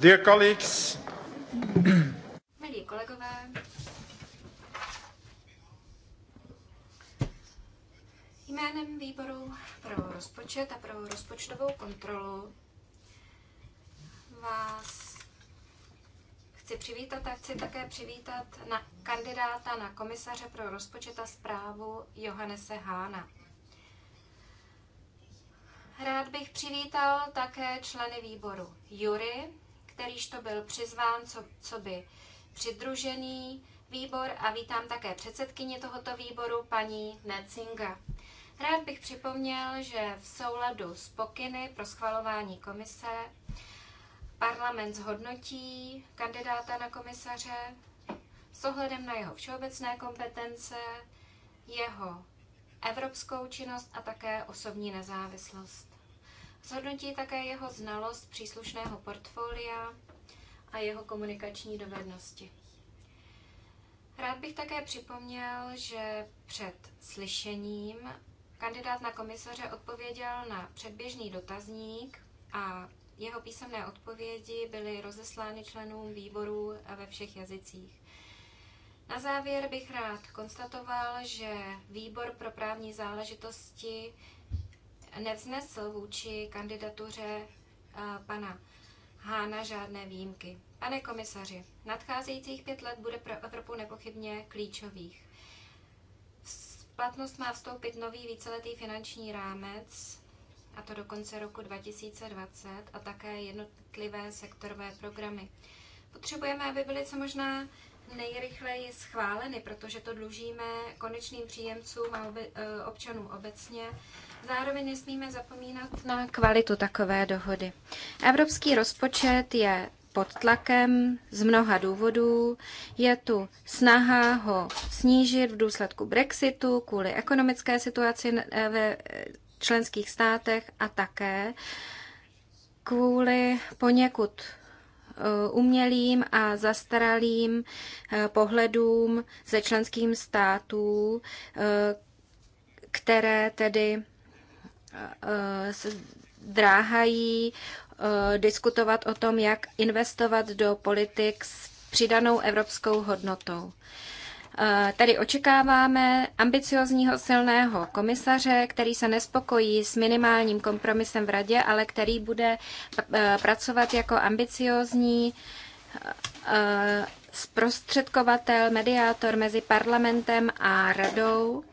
Dear colleagues. Milí kolegové. Jménem výboru pro rozpočet a pro rozpočtovou kontrolu vás chci přivítat a chci také přivítat na kandidáta na komisaře pro rozpočet a zprávu Johannese Hána. Rád bych přivítal také členy výboru Jury, kterýž to byl přizván, co, co by přidružený výbor a vítám také předsedkyně tohoto výboru, paní Netzinga. Rád bych připomněl, že v souladu s pokyny pro schvalování komise parlament zhodnotí kandidáta na komisaře s ohledem na jeho všeobecné kompetence, jeho evropskou činnost a také osobní nezávislost. Zhodnotí také jeho znalost příslušného portfolia a jeho komunikační dovednosti. Rád bych také připomněl, že před slyšením kandidát na komisaře odpověděl na předběžný dotazník a jeho písemné odpovědi byly rozeslány členům výboru ve všech jazycích. Na závěr bych rád konstatoval, že výbor pro právní záležitosti nevznesl vůči kandidatuře eh, pana Hána žádné výjimky. Pane komisaři, nadcházejících pět let bude pro Evropu nepochybně klíčových. V platnost má vstoupit nový víceletý finanční rámec, a to do konce roku 2020, a také jednotlivé sektorové programy. Potřebujeme, aby byly co možná nejrychleji schváleny, protože to dlužíme konečným příjemcům a eh, občanům obecně Zároveň nesmíme zapomínat na kvalitu takové dohody. Evropský rozpočet je pod tlakem z mnoha důvodů. Je tu snaha ho snížit v důsledku Brexitu kvůli ekonomické situaci eh, ve členských státech a také kvůli poněkud eh, umělým a zastaralým eh, pohledům ze členským států, které tedy Eh, se zdráhají eh, diskutovat o tom, jak investovat do politik s přidanou evropskou hodnotou. Eh, tady očekáváme ambiciozního silného komisaře, který se nespokojí s minimálním kompromisem v radě, ale který bude pracovat jako ambiciozní zprostředkovatel, mediátor mezi parlamentem a radou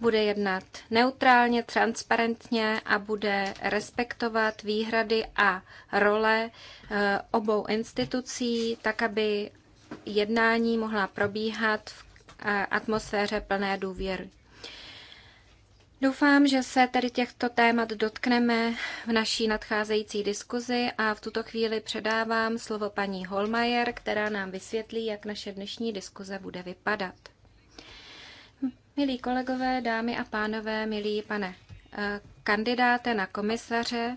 bude jednat neutrálně, transparentně a bude respektovat výhrady a role eh, obou institucí, tak aby jednání mohla probíhat v eh, atmosféře plné důvěry. Doufám, že se tedy těchto témat dotkneme v naší nadcházející diskuzi a v tuto chvíli předávám slovo paní Holmajer, která nám vysvětlí, jak naše dnešní diskuze bude vypadat. Milí kolegové, dámy a pánové, milí pane eh, kandidáte na komisaře,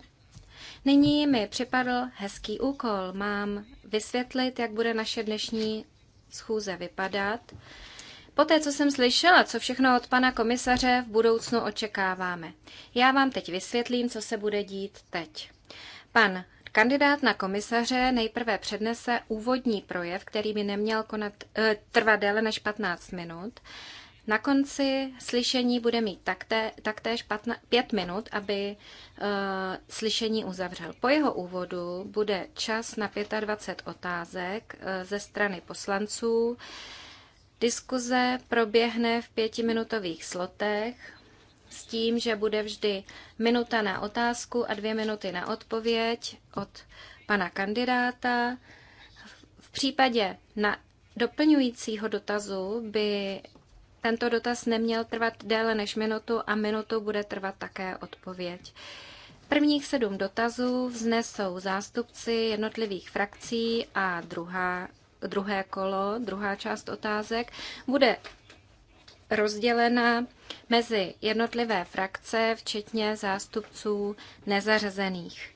nyní mi připadl hezký úkol. Mám vysvětlit, jak bude naše dnešní schůze vypadat. Poté, co jsem slyšela, co všechno od pana komisaře v budoucnu očekáváme, já vám teď vysvětlím, co se bude dít teď. Pan Kandidát na komisaře nejprve přednese úvodní projev, který by neměl konat, eh, trvat déle než 15 minut. Na konci slyšení bude mít takté, taktéž patna, pět minut, aby uh, slyšení uzavřel. Po jeho úvodu bude čas na 25 otázek uh, ze strany poslanců. Diskuze proběhne v pětiminutových slotech s tím, že bude vždy minuta na otázku a dvě minuty na odpověď od pana kandidáta. V případě na doplňujícího dotazu by tento dotaz neměl trvat déle než minutu a minutu bude trvat také odpověď. Prvních sedm dotazů vznesou zástupci jednotlivých frakcí a druhá, druhé kolo, druhá část otázek bude rozdělena mezi jednotlivé frakce, včetně zástupců nezařazených.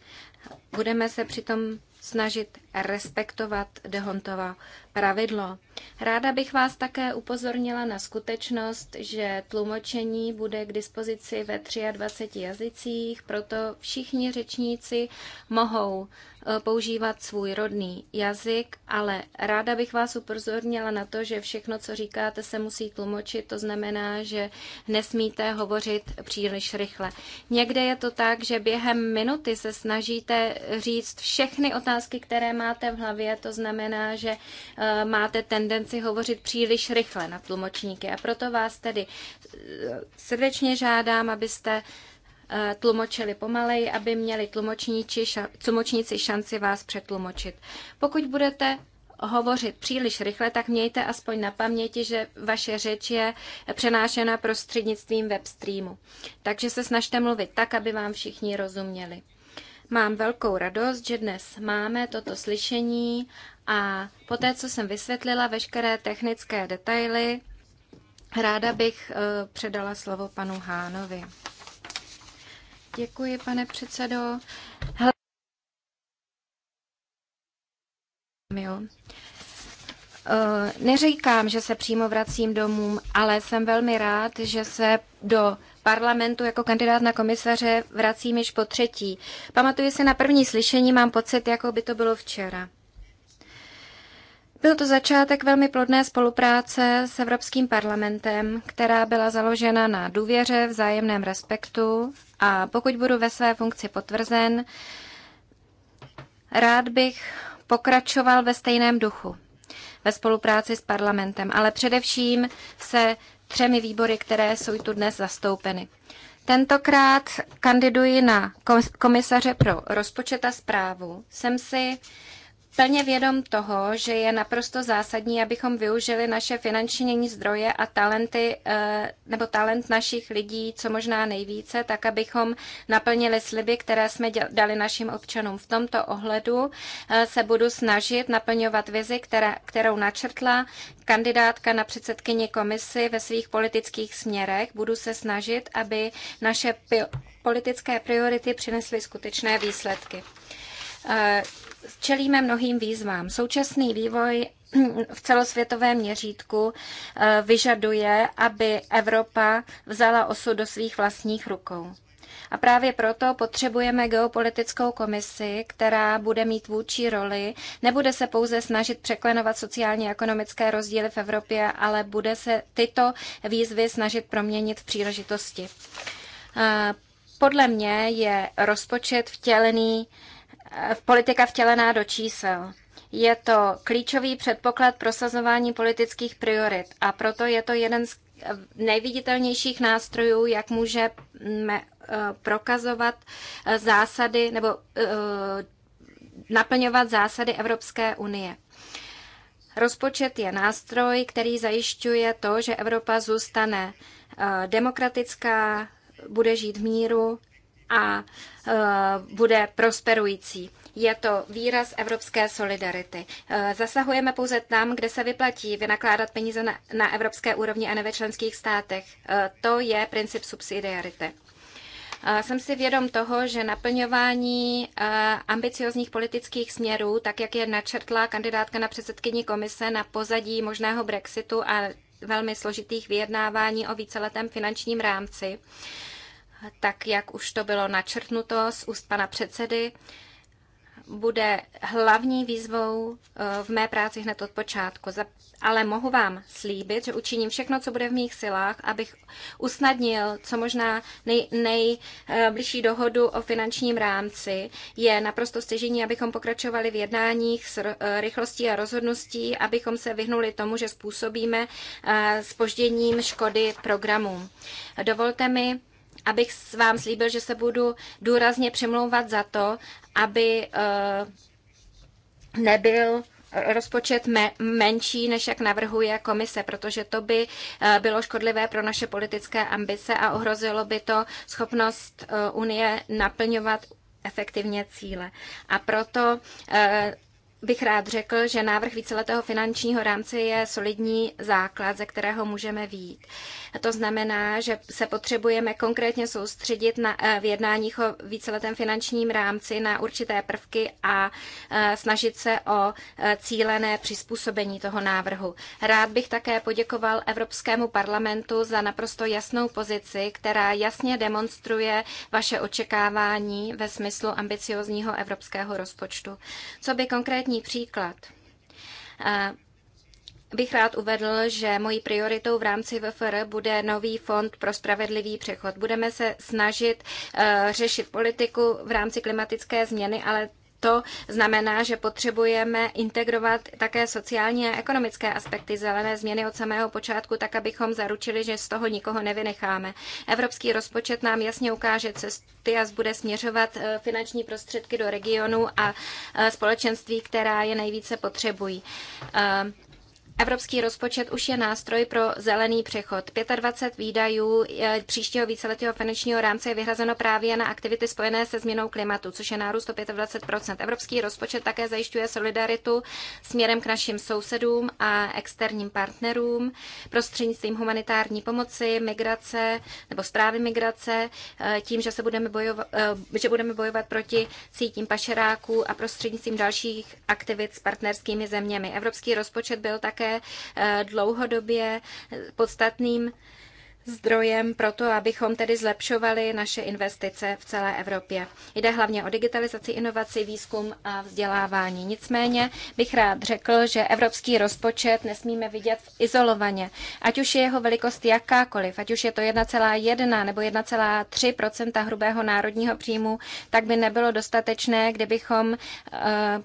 Budeme se přitom snažit respektovat Dehontova pravidlo. Ráda bych vás také upozornila na skutečnost, že tlumočení bude k dispozici ve 23 jazycích, proto všichni řečníci mohou eh, používat svůj rodný jazyk, ale ráda bych vás upozornila na to, že všechno, co říkáte, se musí tlumočit, to znamená, že nesmíte hovořit příliš rychle. Někde je to tak, že během minuty se snažíte říct všechny otázky, které má máte v hlavě, to znamená, že eh, máte tendenci hovořit příliš rychle na tlumočníky. A proto vás tedy eh, srdečně žádám, abyste eh, tlumočili pomalej, aby měli tlumočníci šanci vás přetlumočit. Pokud budete hovořit příliš rychle, tak mějte aspoň na paměti, že vaše řeč je přenášena prostřednictvím webstreamu. Takže se snažte mluvit tak, aby vám všichni rozuměli. Mám velkou radost, že dnes máme toto slyšení a poté, co jsem vysvětlila veškeré technické detaily, ráda bych eh, předala slovo panu Hánovi. Děkuji, pane předsedo. Eh, neříkám, že se přímo vracím domů, ale jsem velmi rád, že se do parlamentu jako kandidát na komisaře vracím již po třetí. Pamatuji se na první slyšení, mám pocit, jako by to bylo včera. Byl to začátek velmi plodné spolupráce s Evropským parlamentem, která byla založena na důvěře, vzájemném respektu a pokud budu ve své funkci potvrzen, rád bych pokračoval ve stejném duchu ve spolupráci s parlamentem, ale především se třemi výbory, které jsou tu dnes zastoupeny. Tentokrát kandiduji na komisaře pro rozpočet a zprávu. Jsem si plně vědom toho, že je naprosto zásadní, abychom využili naše finanční zdroje a talenty eh, nebo talent našich lidí co možná nejvíce, tak abychom naplnili sliby, které jsme dali našim občanům. V tomto ohledu eh, se budu snažit naplňovat vizi, která, kterou načrtla kandidátka na předsedkyni komisy ve svých politických směrech. Budu se snažit, aby naše politické priority přinesly skutečné výsledky. Eh, čelíme mnohým výzvám. Současný vývoj v celosvětovém měřítku eh, vyžaduje, aby Evropa vzala osu do svých vlastních rukou. A právě proto potřebujeme geopolitickou komisi, která bude mít vůči roli, nebude se pouze snažit překlenovat sociálně ekonomické rozdíly v Evropě, ale bude se tyto výzvy snažit proměnit v příležitosti. Eh, podle mě je rozpočet vtělený politika vtělená do čísel. Je to klíčový předpoklad prosazování politických priorit a proto je to jeden z eh, nejviditelnějších nástrojů, jak můžeme mm, eh, prokazovat eh, zásady nebo naplňovat zásady Evropské unie. Rozpočet je nástroj, který zajišťuje to, že Evropa zůstane demokratická, bude žít v míru a e, bude prosperující. Je to výraz evropské solidarity. E, zasahujeme pouze tam, kde se vyplatí vynakládat peníze na, evropské úrovni a ne ve členských státech. E, to je princip subsidiarity. Jsem si vědom toho, že naplňování ambiciozních politických směrů, tak jak je načrtla kandidátka na předsedkyni komise na pozadí možného Brexitu a velmi složitých vyjednávání o víceletém finančním rámci, tak jak už to bylo načrtnuto z úst pana předsedy, bude hlavní výzvou eh, v mé práci hned od počátku. Ale mohu vám slíbit, že učiním všechno, co bude v mých silách, abych usnadnil co možná nej, nejbližší dohodu o finančním rámci. Je naprosto stěžení, abychom pokračovali v jednáních s eh, rychlostí a rozhodností, abychom se vyhnuli tomu, že způsobíme spožděním eh, škody programu. Dovolte mi abych vám slíbil, že se budu důrazně přemlouvat za to, aby eh, nebyl rozpočet me, menší, než jak navrhuje komise, protože to by eh, bylo škodlivé pro naše politické ambice a ohrozilo by to schopnost eh, Unie naplňovat efektivně cíle. A proto bych rád řekl, že návrh víceletého finančního rámce je solidní základ, ze kterého můžeme výjít. To znamená, že se potřebujeme konkrétně soustředit na, eh, v jednáních o víceletém finančním rámci na určité prvky a eh, snažit se o eh, cílené přizpůsobení toho návrhu. Rád bych také poděkoval Evropskému parlamentu za naprosto jasnou pozici, která jasně demonstruje vaše očekávání ve smyslu ambiciozního evropského rozpočtu. Co by konkrétně Konkrétní příklad eh, bych rád uvedl, že mojí prioritou v rámci VFR bude nový fond pro spravedlivý přechod. Budeme se snažit eh, řešit politiku v rámci klimatické změny, ale to znamená, že potřebujeme integrovat také sociální a ekonomické aspekty zelené změny od samého počátku, tak abychom zaručili, že z toho nikoho nevynecháme. Evropský rozpočet nám jasně ukáže cesty a bude směřovat eh, finanční prostředky do regionu a eh, společenství, která je nejvíce potřebují. Eh, Evropský rozpočet už je nástroj pro zelený přechod. 25 výdajů eh, příštího víceletého finančního rámce je vyhrazeno právě na aktivity spojené se změnou klimatu, což je nárůst o 25 Evropský rozpočet také zajišťuje solidaritu směrem k našim sousedům a externím partnerům prostřednictvím humanitární pomoci, migrace nebo zprávy migrace, eh, tím, že, se budeme, bojovat, eh, že budeme bojovat proti sítím pašeráků a prostřednictvím dalších aktivit s partnerskými zeměmi. Evropský rozpočet byl také také eh, dlouhodobě podstatným zdrojem pro to, abychom tedy zlepšovali naše investice v celé Evropě. Jde hlavně o digitalizaci, inovaci, výzkum a vzdělávání. Nicméně bych rád řekl, že evropský rozpočet nesmíme vidět izolovaně. Ať už je jeho velikost jakákoliv, ať už je to 1,1 nebo 1,3 hrubého národního příjmu, tak by nebylo dostatečné, kdybychom eh,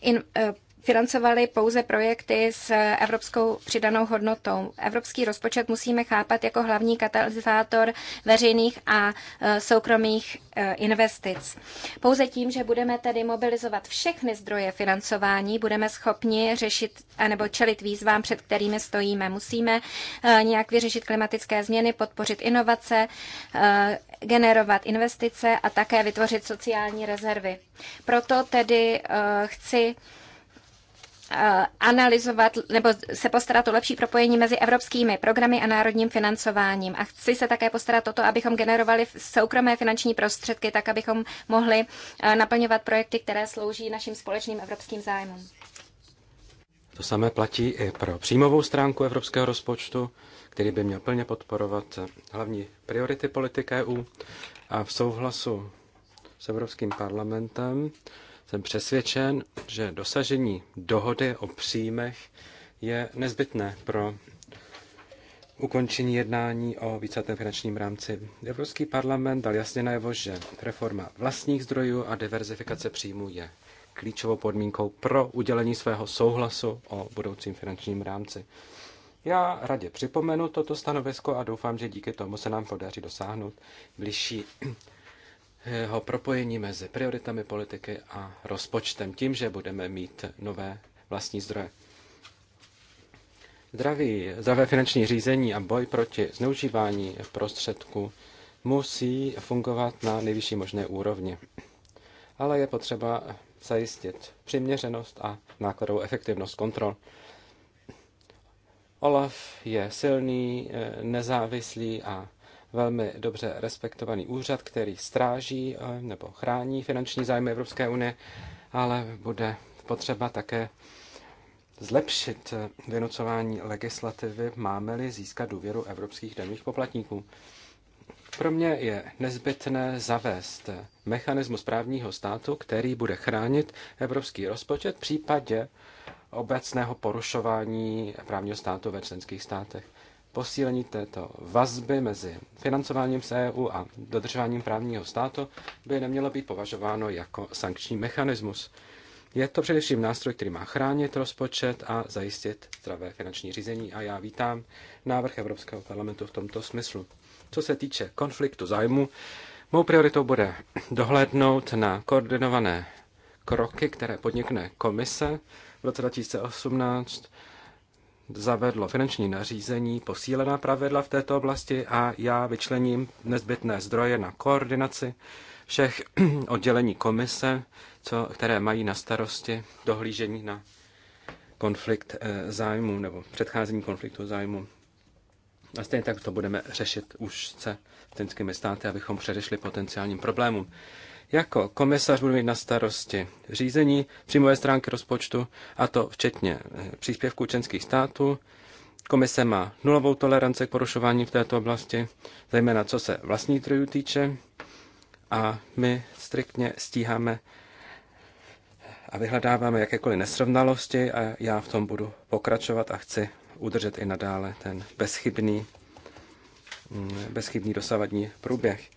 in, eh, financovali pouze projekty s evropskou přidanou hodnotou. Evropský rozpočet musíme chápat jako hlavní katalyzátor veřejných a e, soukromých e, investic. Pouze tím, že budeme tedy mobilizovat všechny zdroje financování, budeme schopni řešit anebo čelit výzvám, před kterými stojíme. Musíme e, nějak vyřešit klimatické změny, podpořit inovace, generovat investice a také vytvořit sociální rezervy. Proto tedy chci Eh, analyzovat nebo se postarat o lepší propojení mezi evropskými programy a národním financováním. A chci se také postarat o to, abychom generovali soukromé finanční prostředky, tak abychom mohli eh, naplňovat projekty, které slouží našim společným evropským zájmům. To samé platí i pro příjmovou stránku evropského rozpočtu, který by měl plně podporovat eh, hlavní priority politiky EU a v souhlasu s Evropským parlamentem jsem přesvědčen, že dosažení dohody o příjmech je nezbytné pro ukončení jednání o víceletém finančním rámci. Evropský parlament dal jasně najevo, že reforma vlastních zdrojů a diverzifikace příjmů je klíčovou podmínkou pro udělení svého souhlasu o budoucím finančním rámci. Já radě připomenu toto stanovisko a doufám, že díky tomu se nám podaří dosáhnout blížší jeho propojení mezi prioritami politiky a rozpočtem tím, že budeme mít nové vlastní zdroje. Zdravý, zdravé finanční řízení a boj proti zneužívání prostředků musí fungovat na nejvyšší možné úrovni. Ale je potřeba zajistit přiměřenost a nákladovou efektivnost kontrol. Olaf je silný, eh, nezávislý a velmi dobře respektovaný úřad, který stráží eh, nebo chrání finanční zájmy Evropské unie, ale bude potřeba také zlepšit eh, vynucování legislativy, máme-li získat důvěru evropských daných poplatníků. Pro mě je nezbytné zavést eh, mechanismus právního státu, který bude chránit evropský rozpočet v případě obecného porušování právního státu ve členských státech posílení této vazby mezi financováním z EU a dodržováním právního státu by nemělo být považováno jako sankční mechanismus. Je to především nástroj, který má chránit rozpočet a zajistit zdravé finanční řízení a já vítám návrh Evropského parlamentu v tomto smyslu. Co se týče konfliktu zájmu, mou prioritou bude dohlédnout na koordinované kroky, které podnikne komise v roce 2018 zavedlo finanční nařízení, posílená pravidla v této oblasti a já vyčlením nezbytné zdroje na koordinaci všech oddělení komise, co, které mají na starosti dohlížení na konflikt eh, zájmu nebo předcházení konfliktu zájmu. A stejně tak to budeme řešit už se členskými státy, abychom předešli potenciálním problémům. Jako komisař budu mít na starosti řízení příjmové stránky rozpočtu, a to včetně eh, příspěvků členských států. Komise má nulovou toleranci k porušování v této oblasti, zejména co se vlastní trojů týče, a my striktně stíháme a vyhledáváme jakékoliv nesrovnalosti a já v tom budu pokračovat a chci udržet i nadále ten bezchybný, mm, bezchybný dosavadní průběh.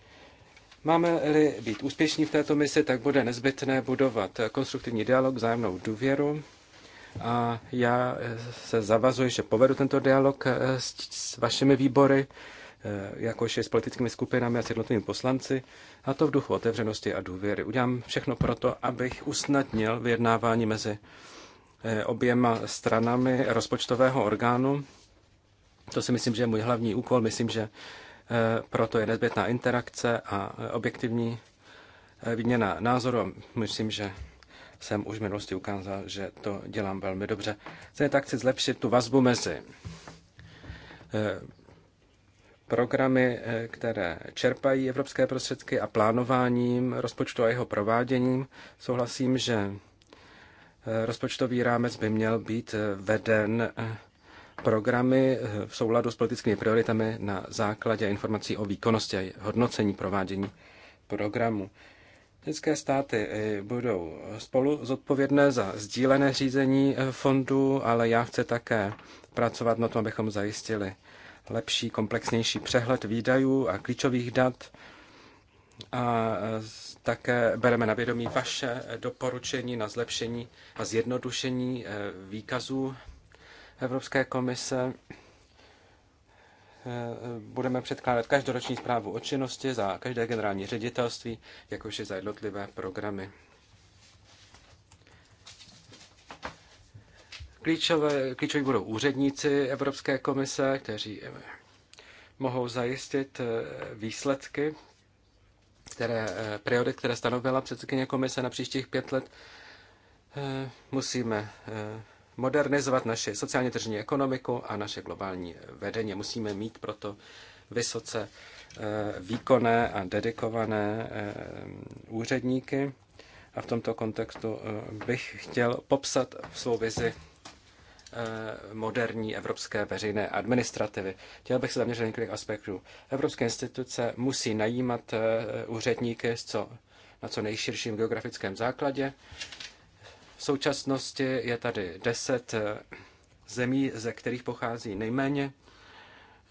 Máme-li být úspěšní v této misi, tak bude nezbytné budovat konstruktivní dialog, vzájemnou důvěru. A já eh, se zavazuji, že povedu tento dialog eh, s, s vašimi výbory, eh, jakož i s politickými skupinami a s jednotlivými poslanci, a to v duchu otevřenosti a důvěry. Udělám všechno proto, abych usnadnil vyjednávání mezi oběma stranami rozpočtového orgánu. To si myslím, že je můj hlavní úkol. Myslím, že Eh, proto je nezbytná interakce a eh, objektivní eh, výměna názoru. Myslím, že jsem už v minulosti ukázal, že to dělám velmi dobře. Stejně tak chci zlepšit tu vazbu mezi programy, které čerpají evropské prostředky a plánováním rozpočtu a jeho prováděním. Souhlasím, že rozpočtový rámec by měl být veden programy eh, v souladu s politickými prioritami na základě informací o výkonnosti a hodnocení provádění programu. České státy eh, budou spolu zodpovědné za sdílené řízení eh, fondů, ale já chci také pracovat na tom, abychom zajistili lepší, komplexnější přehled výdajů a klíčových dat. A také bereme na vědomí vaše doporučení na zlepšení a zjednodušení výkazů Evropské komise eh, budeme předkládat každoroční zprávu o činnosti za každé generální ředitelství, jakož i za jednotlivé programy. Klíčové, klíčoví budou úředníci Evropské komise, kteří eh, mohou zajistit eh, výsledky, které, priorit, které stanovila předsedkyně komise na příštích pět let. Musíme modernizovat naši sociálně tržní ekonomiku a naše globální vedení. Musíme mít proto vysoce eh, výkonné a dedikované eh, úředníky. A v tomto kontextu eh, bych chtěl popsat svou vizi moderní evropské veřejné administrativy. Chtěl bych se zaměřit na několik aspektů. Evropské instituce musí najímat úředníky co, na co nejširším geografickém základě. V současnosti je tady deset eh, zemí, ze kterých pochází nejméně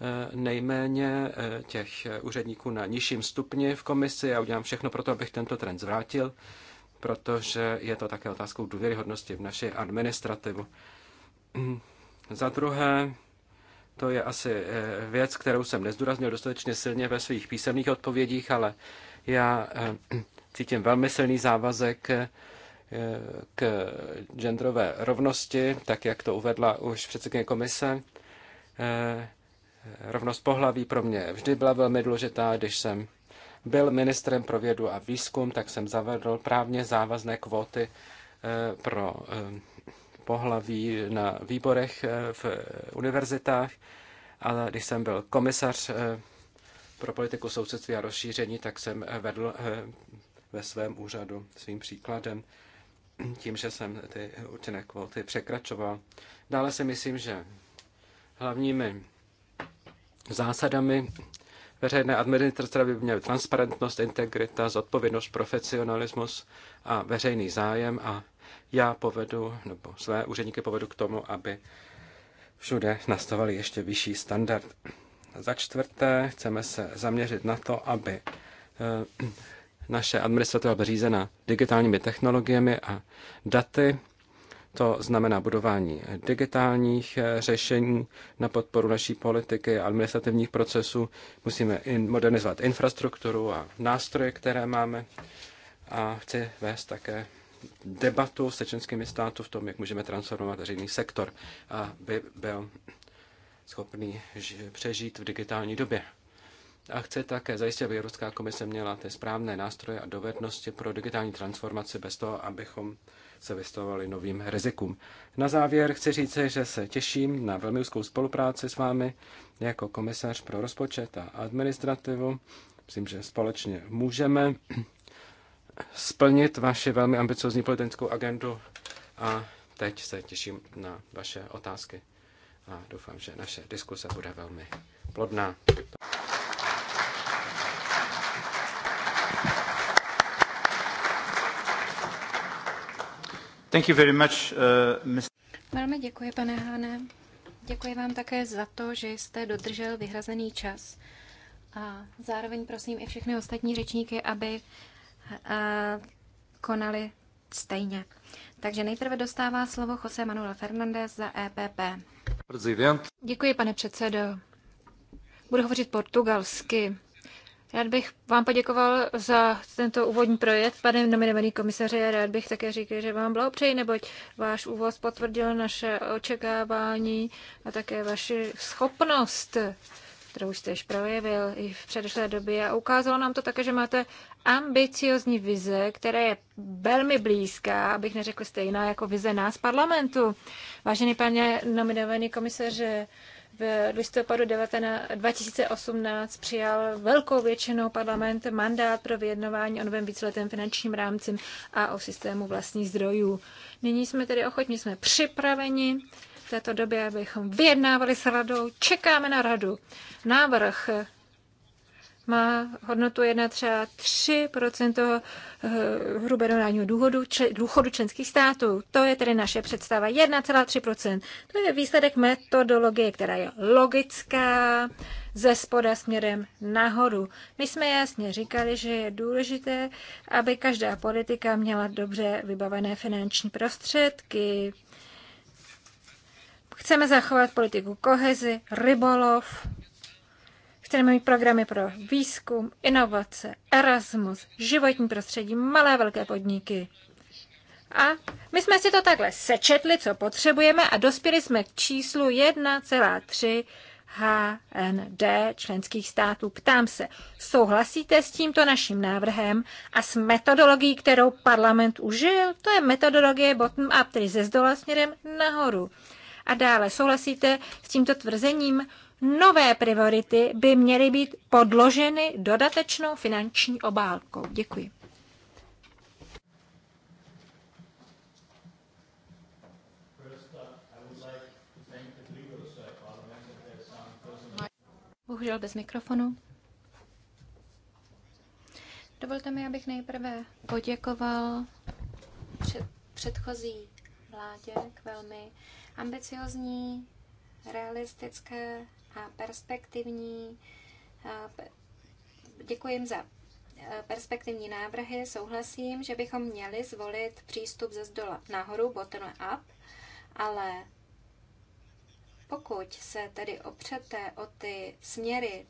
eh, nejméně eh, těch úředníků na nižším stupni v komisi. Já udělám všechno pro to, abych tento trend zvrátil, protože je to také otázkou důvěryhodnosti v naši administrativu. Za druhé, to je asi věc, kterou jsem nezdůraznil dostatečně silně ve svých písemných odpovědích, ale já cítím velmi silný závazek k genderové rovnosti, tak jak to uvedla už předsedkyně komise. Eh, rovnost pohlaví pro mě vždy byla velmi důležitá, když jsem byl ministrem pro vědu a výzkum, tak jsem zavedl právně závazné kvóty eh, pro eh, pohlaví na výborech v univerzitách. A když jsem byl komisař pro politiku sousedství a rozšíření, tak jsem vedl ve svém úřadu svým příkladem tím, že jsem ty určené kvóty překračoval. Dále si myslím, že hlavními zásadami veřejné administrace by měly transparentnost, integrita, zodpovědnost, profesionalismus a veřejný zájem a já povedu, nebo své úředníky povedu k tomu, aby všude nastavali ještě vyšší standard. Za čtvrté chceme se zaměřit na to, aby eh, naše administrativa byla řízena digitálními technologiemi a daty. To znamená budování digitálních eh, řešení na podporu naší politiky a administrativních procesů. Musíme modernizovat infrastrukturu a nástroje, které máme. A chci vést také debatu se členskými státy v tom, jak můžeme transformovat veřejný sektor, aby byl schopný přežít v digitální době a chce také zajistit, aby Evropská komise měla ty správné nástroje a dovednosti pro digitální transformaci bez toho, abychom se vystavovali novým rizikům. Na závěr chci říct, že se těším na velmi úzkou spolupráci s vámi jako komisař pro rozpočet a administrativu. Myslím, že společně můžeme splnit vaši velmi ambiciozní politickou agendu a teď se těším na vaše otázky a doufám, že naše diskuse bude velmi plodná. Thank you very much, uh, Velmi děkuji, pane Hane. Děkuji vám také za to, že jste dodržel vyhrazený čas. A zároveň prosím i všechny ostatní řečníky, aby uh, konali stejně. Takže nejprve dostává slovo Jose Manuel Fernandez za EPP. Prezident. Děkuji, pane předsedo. Budu hovořit portugalsky. Rád bych vám poděkoval za tento úvodní projekt, pane nominovaný komisaře, rád bych také říkal, že vám blahopřeji, neboť váš úvod potvrdil naše očekávání a také vaši schopnost, kterou jste již projevil i v předešlé době. A ukázalo nám to také, že máte ambiciozní vize, která je velmi blízká, abych neřekl stejná jako vize nás parlamentu. Vážený pane nominovaný komisaře, v listopadu 19, 2018 přijal velkou většinou parlament mandát pro vyjednování o novém víceletém finančním rámci a o systému vlastních zdrojů. Nyní jsme tedy ochotní, jsme připraveni v této době, abychom vyjednávali s radou. Čekáme na radu. Návrh má hodnotu jedna 1,3 eh, hrubého národního důchodu, čl- důchodu členských států. To je tedy naše představa 1,3 To je výsledek metodologie, která je logická, ze spoda směrem nahoru. My jsme jasně říkali, že je důležité, aby každá politika měla dobře vybavené finanční prostředky. Chceme zachovat politiku kohezi, rybolov, které mají programy pro výzkum, inovace, Erasmus, životní prostředí, malé a velké podniky. A my jsme si to takhle sečetli, co potřebujeme a dospěli jsme k číslu 1,3 HND členských států. Ptám se, souhlasíte s tímto naším návrhem a s metodologií, kterou parlament užil? To je metodologie bottom-up, tedy ze zdola směrem nahoru. A dále, souhlasíte s tímto tvrzením? nové priority by měly být podloženy dodatečnou finanční obálkou. Děkuji. Bohužel bez mikrofonu. Dovolte mi, abych nejprve poděkoval před, předchozí vládě k velmi ambiciozní, realistické a perspektivní. Děkuji za e, perspektivní návrhy. Souhlasím, že bychom měli zvolit přístup ze zdola nahoru, bottom-up, ale pokud se tedy opřete o ty směry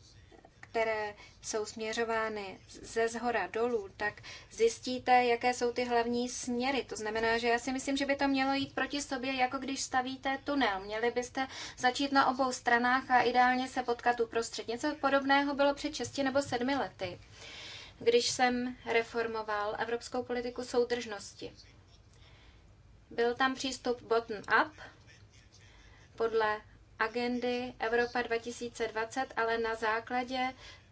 které jsou směřovány ze zhora dolů, tak zjistíte, jaké jsou ty hlavní směry. To znamená, že já si myslím, že by to mělo jít proti sobě, jako když stavíte tunel. Měli byste začít na obou stranách a ideálně se potkat uprostřed. Něco podobného bylo před 6 nebo 7 lety, když jsem reformoval evropskou politiku soudržnosti. Byl tam přístup bottom-up, podle agendy Evropa 2020, ale na základě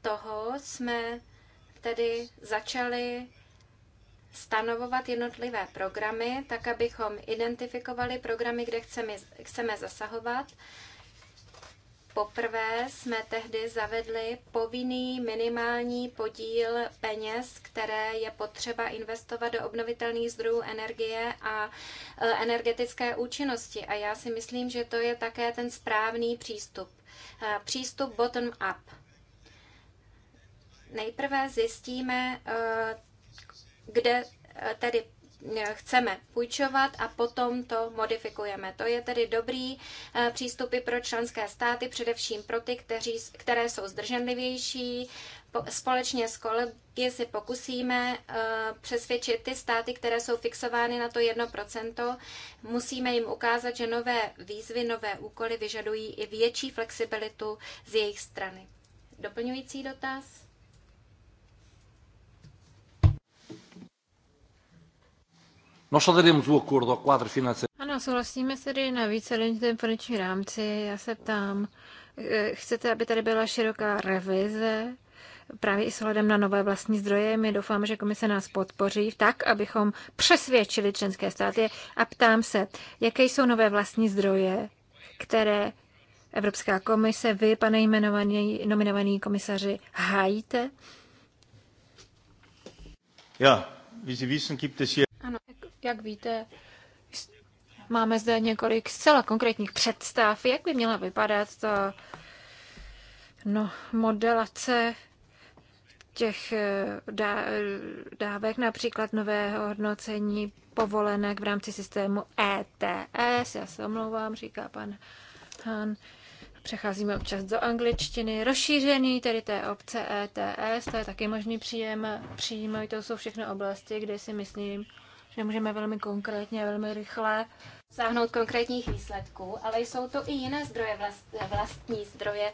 toho jsme tedy začali stanovovat jednotlivé programy, tak abychom identifikovali programy, kde chceme, chceme zasahovat Poprvé jsme tehdy zavedli povinný minimální podíl peněz, které je potřeba investovat do obnovitelných zdrojů energie a e, energetické účinnosti. A já si myslím, že to je také ten správný přístup. E, přístup bottom-up. Nejprve zjistíme, e, kde tedy Eh, chceme půjčovat a potom to modifikujeme. To je tedy dobrý eh, přístup i pro členské státy, především pro ty, kteří, které jsou zdrženlivější. Společně s kolegy si pokusíme eh, přesvědčit ty státy, které jsou fixovány na to 1%. Musíme jim ukázat, že nové výzvy, nové úkoly vyžadují i větší flexibilitu z jejich strany. Doplňující dotaz? Ano, souhlasíme se tedy na víceletém finanční rámci. Já se ptám, eh, chcete, aby tady byla široká revize právě i s ohledem na nové vlastní zdroje. My doufáme, že komise nás podpoří tak, abychom přesvědčili členské státy. A ptám se, jaké jsou nové vlastní zdroje, které Evropská komise, vy, pane jmenovaný, nominovaný komisaři, hájíte? Ja, wie Sie wissen, gibt es hier jak víte, máme zde několik zcela konkrétních představ, jak by měla vypadat ta no, modelace těch eh, eh, dávek, například nového hodnocení povolenek v rámci systému ETS. Já se omlouvám, říká pan Han. Přecházíme občas do angličtiny. Rozšířený tedy té obce ETS, to je taky možný příjem, příjem. To jsou všechny oblasti, kde si myslím, že můžeme velmi konkrétně, velmi rychle sáhnout konkrétních výsledků, ale jsou to i jiné zdroje, vlast, vlastní zdroje,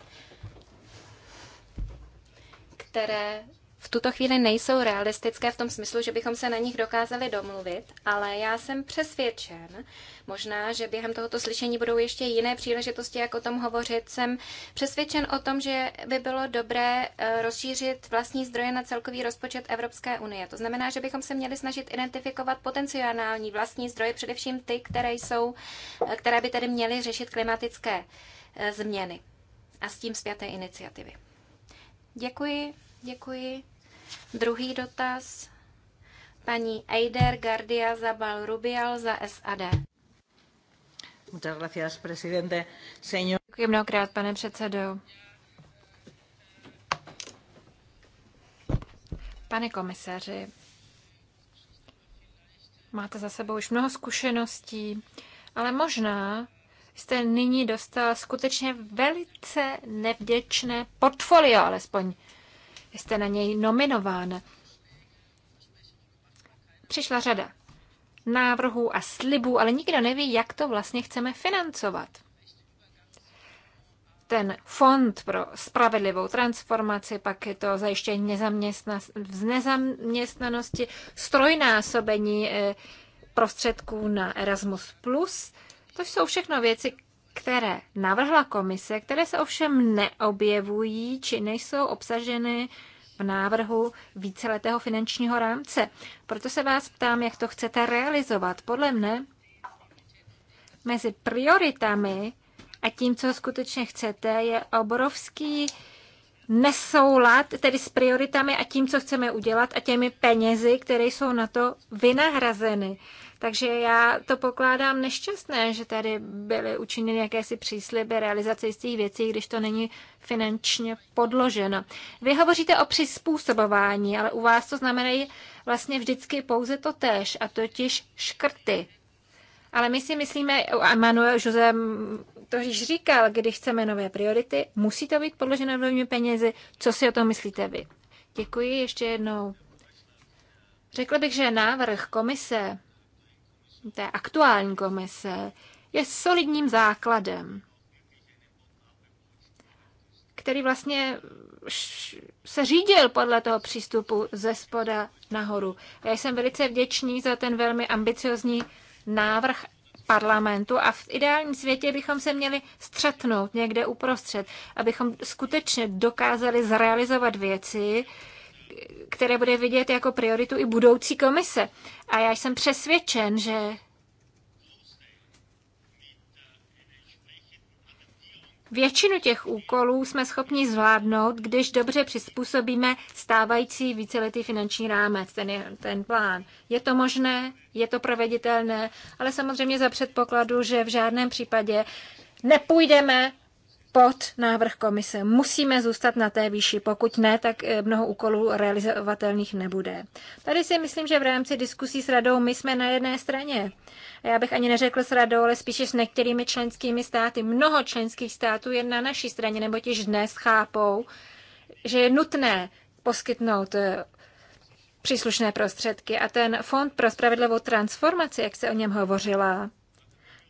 které v tuto chvíli nejsou realistické v tom smyslu, že bychom se na nich dokázali domluvit, ale já jsem přesvědčen, možná, že během tohoto slyšení budou ještě jiné příležitosti, jak o tom hovořit, jsem přesvědčen o tom, že by bylo dobré eh, rozšířit vlastní zdroje na celkový rozpočet Evropské unie. To znamená, že bychom se měli snažit identifikovat potenciální vlastní zdroje, především ty, které, jsou, eh, které by tedy měly řešit klimatické eh, změny a s tím zpěté iniciativy. Děkuji, děkuji. Druhý dotaz paní Eider Gardia Zabal Rubial za SAD. Muchas gracias, presidente. Señor... Děkuji mnohokrát, pane předsedo. Pane komisaři, máte za sebou už mnoho zkušeností, ale možná jste nyní dostal skutečně velice nevděčné portfolio, alespoň jste na něj nominován. Přišla řada návrhů a slibů, ale nikdo neví, jak to vlastně chceme financovat. Ten fond pro spravedlivou transformaci, pak je to zajištění nezaměstna, v nezaměstnanosti, strojnásobení eh, prostředků na Erasmus+. To jsou všechno věci, které navrhla komise, které se ovšem neobjevují či nejsou obsaženy v návrhu víceletého finančního rámce. Proto se vás ptám, jak to chcete realizovat. Podle mne mezi prioritami a tím, co skutečně chcete, je obrovský nesoulad tedy s prioritami a tím, co chceme udělat a těmi penězi, které jsou na to vynahrazeny. Takže já to pokládám nešťastné, že tady byly učiněny jakési přísliby realizace jistých věcí, když to není finančně podloženo. Vy hovoříte o přizpůsobování, ale u vás to znamenají vlastně vždycky pouze to též, a totiž škrty. Ale my si myslíme, a Manuel Jose to již říkal, když chceme nové priority, musí to být podloženo novými penězi. Co si o tom myslíte vy? Děkuji ještě jednou. Řekla bych, že návrh komise té aktuální komise je solidním základem, který vlastně se řídil podle toho přístupu ze spoda nahoru. já jsem velice vděčný za ten velmi ambiciozní návrh parlamentu a v ideálním světě bychom se měli střetnout někde uprostřed, abychom skutečně dokázali zrealizovat věci, které bude vidět jako prioritu i budoucí komise. A já jsem přesvědčen, že Většinu těch úkolů jsme schopni zvládnout, když dobře přizpůsobíme stávající víceletý finanční rámec, ten, je, ten plán. Je to možné, je to proveditelné, ale samozřejmě za předpokladu, že v žádném případě nepůjdeme pod návrh komise. Musíme zůstat na té výši, pokud ne, tak eh, mnoho úkolů realizovatelných nebude. Tady si myslím, že v rámci diskusí s radou my jsme na jedné straně. Já bych ani neřekl s radou, ale spíše s některými členskými státy. Mnoho členských států je na naší straně, nebo již dnes chápou, že je nutné poskytnout eh, příslušné prostředky. A ten fond pro spravedlivou transformaci, jak se o něm hovořila,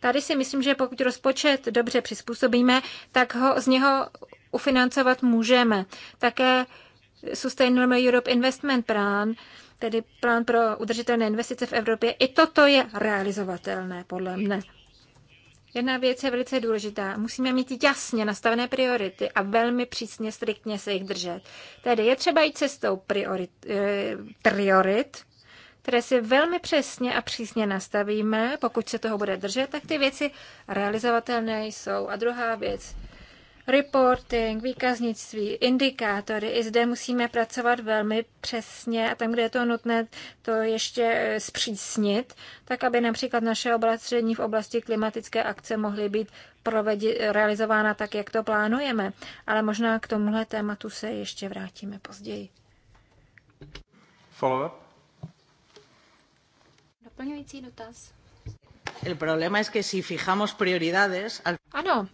Tady si myslím, že pokud rozpočet dobře přizpůsobíme, tak ho z něho ufinancovat můžeme. Také Sustainable Europe Investment Plan, tedy plán pro udržitelné investice v Evropě, i toto je realizovatelné podle mne. Jedna věc je velice důležitá. Musíme mít jasně nastavené priority a velmi přísně, striktně se jich držet. Tedy je třeba jít cestou priorit, eh, priorit které si velmi přesně a přísně nastavíme, pokud se toho bude držet, tak ty věci realizovatelné jsou. A druhá věc, reporting, výkaznictví, indikátory. I zde musíme pracovat velmi přesně a tam, kde je to nutné, to ještě e, zpřísnit, tak aby například naše opatření v oblasti klimatické akce mohly být provedi- realizována tak, jak to plánujeme. Ale možná k tomuhle tématu se ještě vrátíme později. Follow-up? doplňující dotaz? El problema es que si fijamos prioridades... Al... Ano,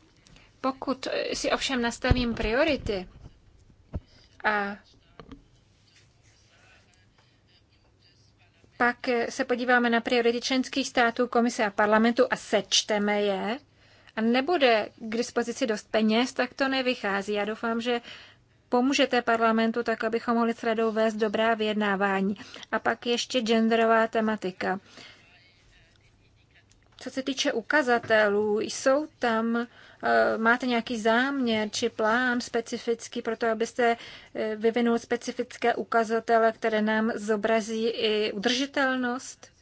pokud si ovšem nastavím priority a pak se podíváme na priority členských států, komise a parlamentu a sečteme je a nebude k dispozici dost peněz, tak to nevychází. Já doufám, že pomůžete parlamentu tak, abychom mohli s radou vést dobrá vyjednávání. A pak ještě genderová tematika. Co se týče ukazatelů, jsou tam, eh, máte nějaký záměr či plán specifický pro to, abyste eh, vyvinul specifické ukazatele, které nám zobrazí i udržitelnost?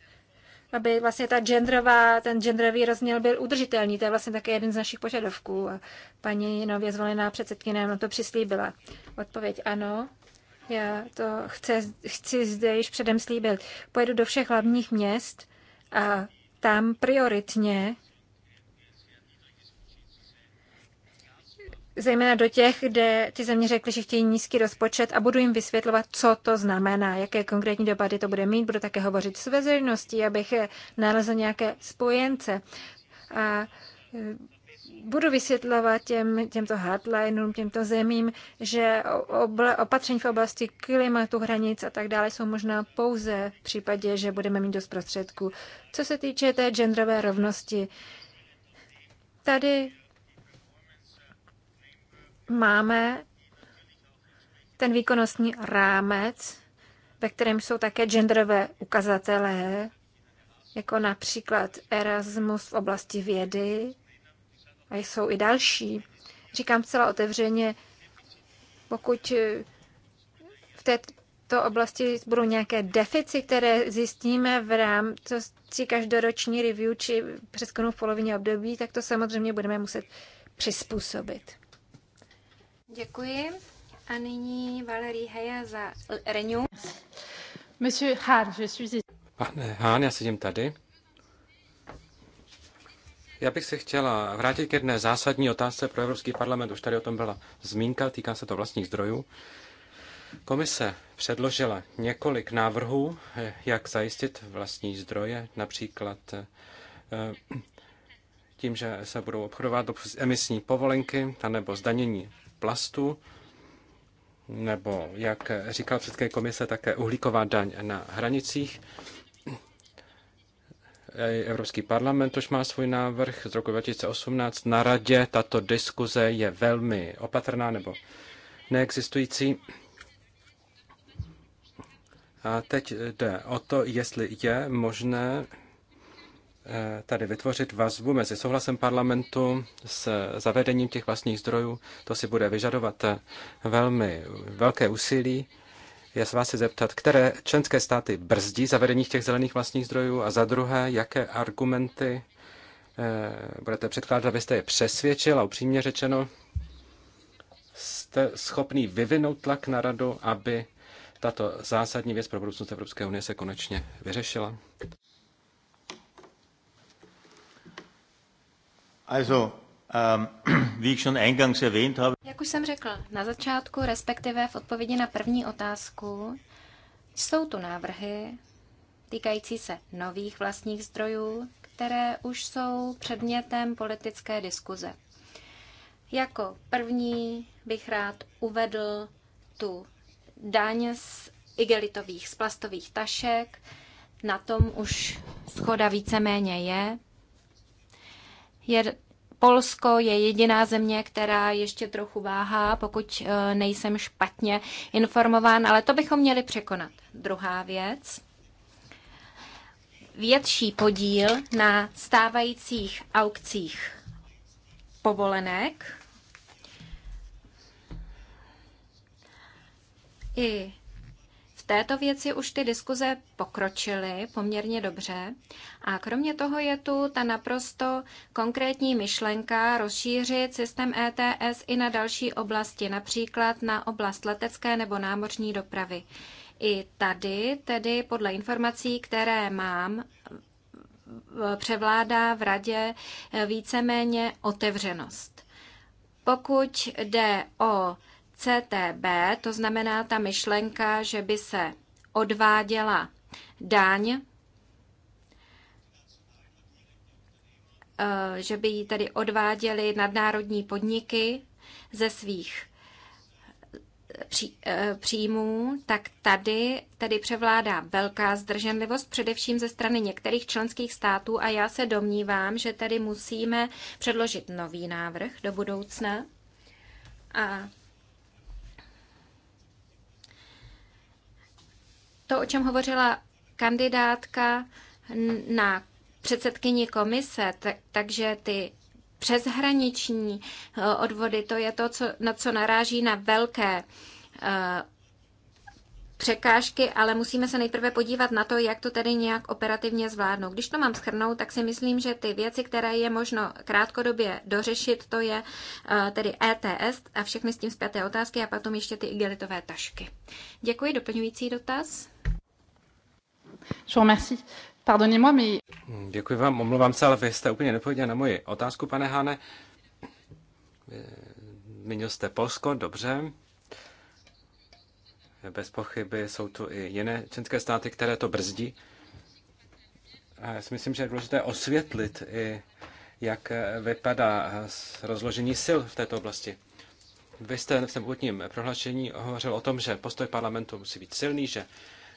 aby vlastně ta genderová, ten genderový rozměr byl udržitelný. To je vlastně také jeden z našich požadavků. A paní nově zvolená předsedkyně nám to přislíbila. Odpověď ano. Já to chci, chci zde již předem slíbit. Pojedu do všech hlavních měst a tam prioritně zejména do těch, kde ty země řekly, že chtějí nízký rozpočet a budu jim vysvětlovat, co to znamená, jaké konkrétní dopady to bude mít. Budu také hovořit s veřejností, abych nalezl nějaké spojence. A e, budu vysvětlovat těm, těmto hardlinům, těmto zemím, že obla, opatření v oblasti klimatu, hranic a tak dále jsou možná pouze v případě, že budeme mít dost prostředků. Co se týče té genderové rovnosti, tady máme ten výkonnostní rámec, ve kterém jsou také genderové ukazatele, jako například Erasmus v oblasti vědy, a jsou i další. Říkám zcela otevřeně, pokud eh, v této oblasti budou nějaké deficity, které zjistíme v rámci každoroční review či přeskonu v polovině období, tak to samozřejmě budeme muset přizpůsobit. Děkuji. A nyní Valerie Heja za Renew. Monsieur Hahn, je suis... Pane Hahn, já sedím tady. Já bych se chtěla vrátit k jedné zásadní otázce pro Evropský parlament. Už tady o tom byla zmínka, týká se to vlastních zdrojů. Komise předložila několik návrhů, eh, jak zajistit vlastní zdroje, například eh, tím, že se budou obchodovat emisní povolenky anebo zdanění plastu, nebo, jak říká předské komise, také uhlíková daň na hranicích. Evropský parlament už má svůj návrh z roku 2018. Na radě tato diskuze je velmi opatrná nebo neexistující. A teď jde o to, jestli je možné Eh, tady vytvořit vazbu mezi souhlasem parlamentu s zavedením těch vlastních zdrojů. To si bude vyžadovat eh, velmi velké úsilí. Já se vás chci zeptat, které členské státy brzdí zavedení těch zelených vlastních zdrojů a za druhé, jaké argumenty eh, budete předkládat, abyste je přesvědčil a upřímně řečeno, jste schopný vyvinout tlak na radu, aby tato zásadní věc pro budoucnost Evropské unie se konečně vyřešila? Also, ähm, jak už jsem řekl, na začátku, respektive v odpovědi na první otázku, jsou tu návrhy týkající se nových vlastních zdrojů, které už jsou předmětem politické diskuze. Jako první bych rád uvedl tu daň z igelitových, z plastových tašek. Na tom už schoda víceméně je je Polsko je jediná země, která ještě trochu váhá, pokud eh, nejsem špatně informován, ale to bychom měli překonat. Druhá věc. Větší podíl na stávajících aukcích povolenek. I této věci už ty diskuze pokročily poměrně dobře. A kromě toho je tu ta naprosto konkrétní myšlenka rozšířit systém ETS i na další oblasti, například na oblast letecké nebo námořní dopravy. I tady, tedy podle informací, které mám, převládá v radě víceméně otevřenost. Pokud jde o CTB, to znamená ta myšlenka, že by se odváděla daň, eh, že by ji tedy odváděly nadnárodní podniky ze svých eh, eh, příjmů, tak tady tedy převládá velká zdrženlivost, především ze strany některých členských států a já se domnívám, že tedy musíme předložit nový návrh do budoucna a to, o čem hovořila kandidátka na předsedkyni komise, tak, takže ty přeshraniční e, odvody, to je to, co, na co naráží na velké e, překážky, ale musíme se nejprve podívat na to, jak to tedy nějak operativně zvládnout. Když to mám schrnout, tak si myslím, že ty věci, které je možno krátkodobě dořešit, to je e, tedy ETS a všechny s tím zpěté otázky a potom ještě ty igelitové tašky. Děkuji, doplňující dotaz. Je vous remercie. Pardonnez-moi, mais... Děkuji vám, omlouvám se, ale vy jste úplně nepověděl na moji otázku, pane Hane. Eh, Zmínil jste Polsko, dobře. Bez pochyby jsou tu i jiné členské státy, které to brzdí. A já si myslím, že je důležité osvětlit i, jak vypadá rozložení sil v této oblasti. Vy jste v tom úvodním prohlášení hovořil o tom, že postoj parlamentu musí být silný, že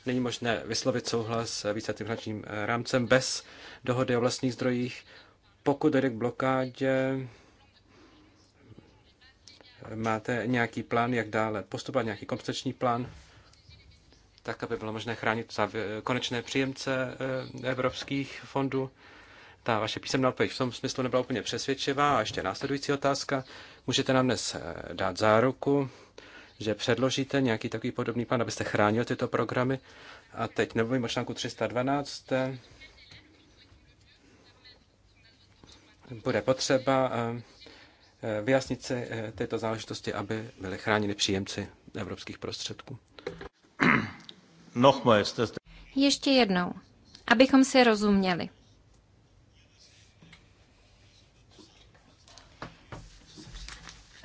Není možné vyslovit souhlas s výsledným finančním eh, rámcem bez dohody o vlastních zdrojích. Pokud jde k blokádě, máte nějaký plán, jak dále postupovat, nějaký kompenzační plán, tak aby bylo možné chránit konečné příjemce eh, evropských fondů. Ta vaše písemná odpověď v tom smyslu nebyla úplně přesvědčivá. A ještě následující otázka. Můžete nám dnes eh, dát záruku, že předložíte nějaký takový podobný plán, abyste chránil tyto programy. A teď nemluvím o článku 312. Eh, bude potřeba eh, eh, vyjasnit si tyto záležitosti, aby byly chráněni příjemci evropských prostředků. Ještě jednou, abychom si rozuměli.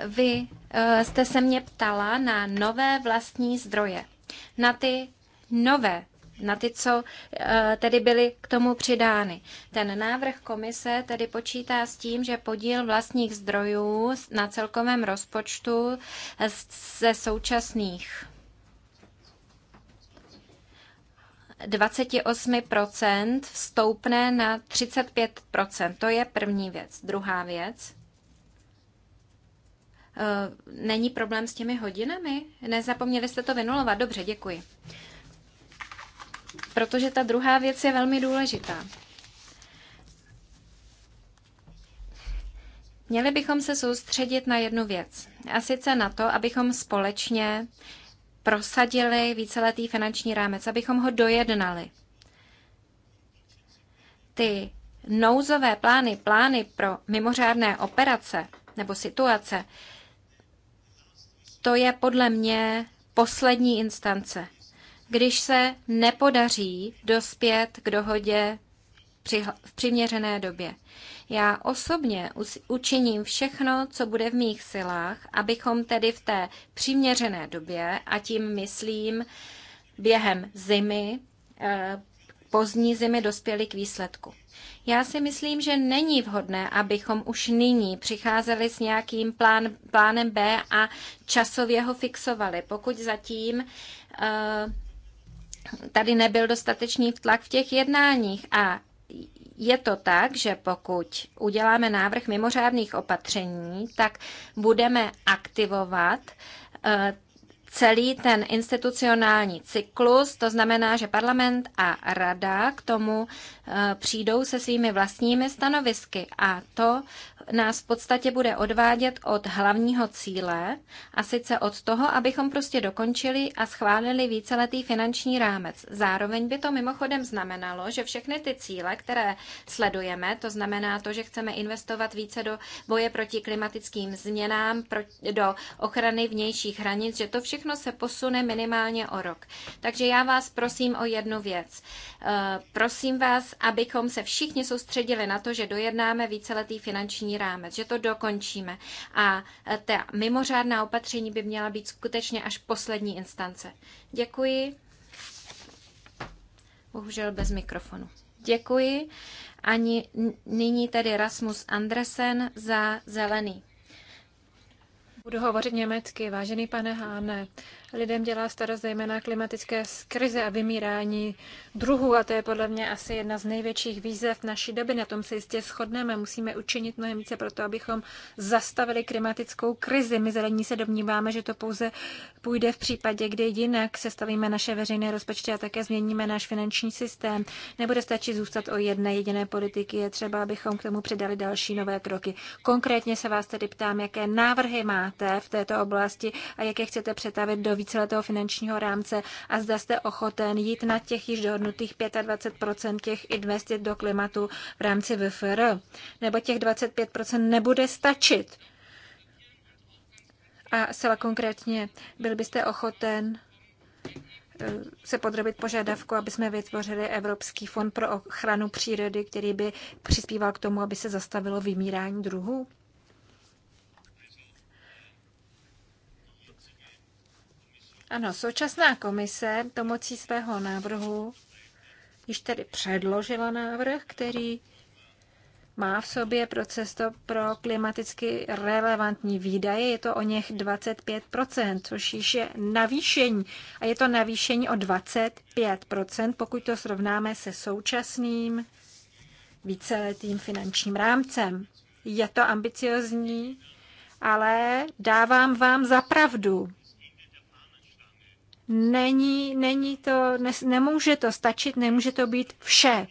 Vy eh, jste se mě ptala na nové vlastní zdroje, na ty nové, na ty, co eh, tedy byly k tomu přidány. Ten návrh komise tedy počítá s tím, že podíl vlastních zdrojů na celkovém rozpočtu ze současných 28% stoupne na 35%. To je první věc. Druhá věc. Eh, není problém s těmi hodinami? Nezapomněli jste to vynulovat? Dobře, děkuji. Protože ta druhá věc je velmi důležitá. Měli bychom se soustředit na jednu věc, a sice na to, abychom společně prosadili víceletý finanční rámec, abychom ho dojednali. Ty nouzové plány, plány pro mimořádné operace nebo situace, to je podle mě poslední instance. Když se nepodaří dospět k dohodě v přiměřené době. Já osobně učiním všechno, co bude v mých silách, abychom tedy v té přiměřené době, a tím myslím během zimy, eh, pozdní zimy, dospěli k výsledku. Já si myslím, že není vhodné, abychom už nyní přicházeli s nějakým plán, plánem B a časově ho fixovali, pokud zatím eh, tady nebyl dostatečný tlak v těch jednáních a je to tak, že pokud uděláme návrh mimořádných opatření, tak budeme aktivovat eh, celý ten institucionální cyklus, to znamená, že parlament a rada k tomu eh, přijdou se svými vlastními stanovisky a to nás v podstatě bude odvádět od hlavního cíle, a sice od toho, abychom prostě dokončili a schválili víceletý finanční rámec. Zároveň by to mimochodem znamenalo, že všechny ty cíle, které sledujeme, to znamená to, že chceme investovat více do boje proti klimatickým změnám, do ochrany vnějších hranic, že to všechno se posune minimálně o rok. Takže já vás prosím o jednu věc. E, prosím vás, abychom se všichni soustředili na to, že dojednáme víceletý finanční rámec, že to dokončíme. A e, ta mimořádná opatření by měla být skutečně až poslední instance. Děkuji. Bohužel bez mikrofonu. Děkuji. Ani nyní tedy Rasmus Andresen za zelený. Budu hovořit německy. Vážený pane Háne, lidem dělá starost zejména klimatické krize a vymírání druhů a to je podle mě asi jedna z největších výzev naší doby. Na tom se jistě shodneme. Musíme učinit mnohem více pro to, abychom zastavili klimatickou krizi. My zelení se domníváme, že to pouze půjde v případě, kdy jinak stavíme naše veřejné rozpočty a také změníme náš finanční systém. Nebude stačit zůstat o jedné jediné politiky. Je třeba, abychom k tomu přidali další nové kroky. Konkrétně se vás tedy ptám, jaké návrhy má? máte v této oblasti a jak je chcete přetavit do víceletého finančního rámce a zda jste ochoten jít na těch již dohodnutých 25% těch investic do klimatu v rámci VFR. Nebo těch 25% nebude stačit. A zcela konkrétně, byl byste ochoten eh, se podrobit požadavku, aby jsme vytvořili Evropský fond pro ochranu přírody, který by přispíval k tomu, aby se zastavilo vymírání druhů? Ano, současná komise pomocí svého návrhu již tedy předložila návrh, který má v sobě proces to pro klimaticky relevantní výdaje, je to o něch 25%, což již je navýšení. A je to navýšení o 25%, pokud to srovnáme se současným víceletým finančním rámcem. Je to ambiciozní, ale dávám vám za pravdu. Není, není to, ne, nemůže to stačit, nemůže to být vše.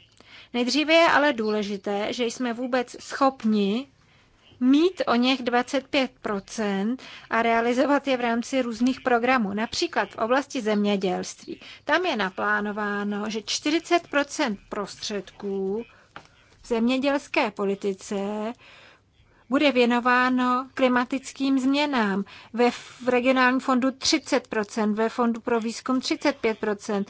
Nejdříve je ale důležité, že jsme vůbec schopni mít o něch 25% a realizovat je v rámci různých programů. Například v oblasti zemědělství. Tam je naplánováno, že 40% prostředků v zemědělské politice bude věnováno klimatickým změnám. Ve regionálním fondu 30%, ve fondu pro výzkum 35%,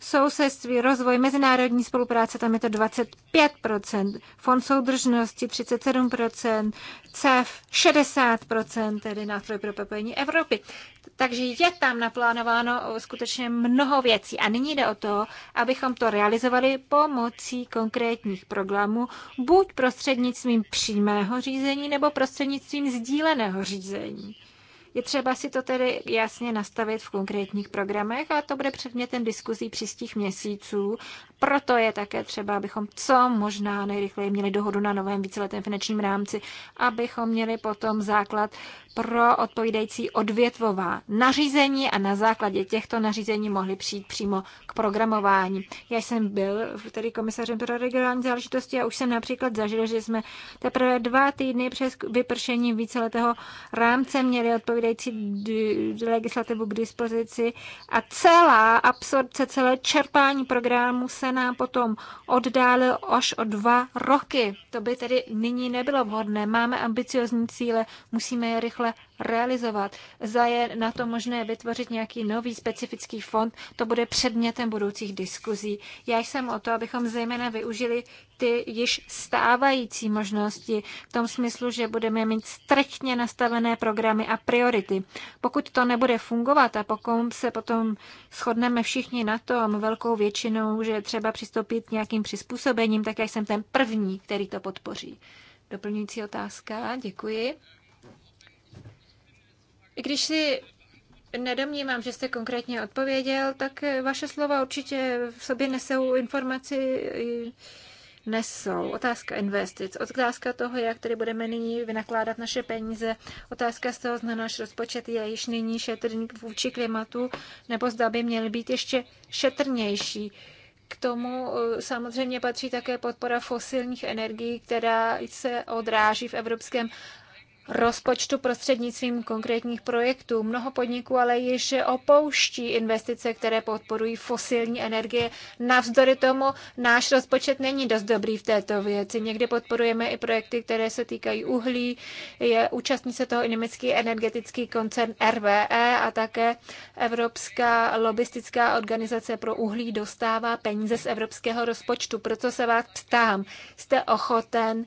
sousedství, rozvoj, mezinárodní spolupráce, tam je to 25%, fond soudržnosti 37%, CEF 60%, tedy nástroj pro propojení Evropy. Takže je tam naplánováno skutečně mnoho věcí. A nyní jde o to, abychom to realizovali pomocí konkrétních programů, buď prostřednictvím přímého řízení, nebo prostřednictvím sdíleného řízení. Je třeba si to tedy jasně nastavit v konkrétních programech a to bude předmětem diskuzí příštích měsíců proto je také třeba, abychom co možná nejrychleji měli dohodu na novém víceletém finančním rámci, abychom měli potom základ pro odpovídající odvětvová nařízení a na základě těchto nařízení mohli přijít přímo k programování. Já jsem byl tedy komisařem pro regionální záležitosti a už jsem například zažil, že jsme teprve dva týdny přes vypršení víceletého rámce měli odpovídající legislativu k dispozici a celá absorpce, celé čerpání programu se nám potom oddálil až o dva roky. To by tedy nyní nebylo vhodné. Máme ambiciozní cíle, musíme je rychle realizovat. Za je na to možné vytvořit nějaký nový specifický fond, to bude předmětem budoucích diskuzí. Já jsem o to, abychom zejména využili ty již stávající možnosti v tom smyslu, že budeme mít strechně nastavené programy a priority. Pokud to nebude fungovat a pokud se potom shodneme všichni na tom velkou většinou, že třeba přistoupit k nějakým přizpůsobením, tak já jsem ten první, který to podpoří. Doplňující otázka, děkuji. I když si nedomnívám, že jste konkrétně odpověděl, tak vaše slova určitě v sobě nesou informaci, nesou. Otázka investic, otázka toho, jak tedy budeme nyní vynakládat naše peníze, otázka z toho, zda náš rozpočet je již nyní šetrný vůči klimatu, nebo zda by měl být ještě šetrnější. K tomu eh, samozřejmě patří také podpora fosilních energií, která se odráží v evropském rozpočtu prostřednictvím konkrétních projektů. Mnoho podniků ale již opouští investice, které podporují fosilní energie. Navzdory tomu náš rozpočet není dost dobrý v této věci. Někdy podporujeme i projekty, které se týkají uhlí. Je, účastní se toho i německý energetický koncern RWE a také Evropská lobistická organizace pro uhlí dostává peníze z evropského rozpočtu. Proto se vás ptám, jste ochoten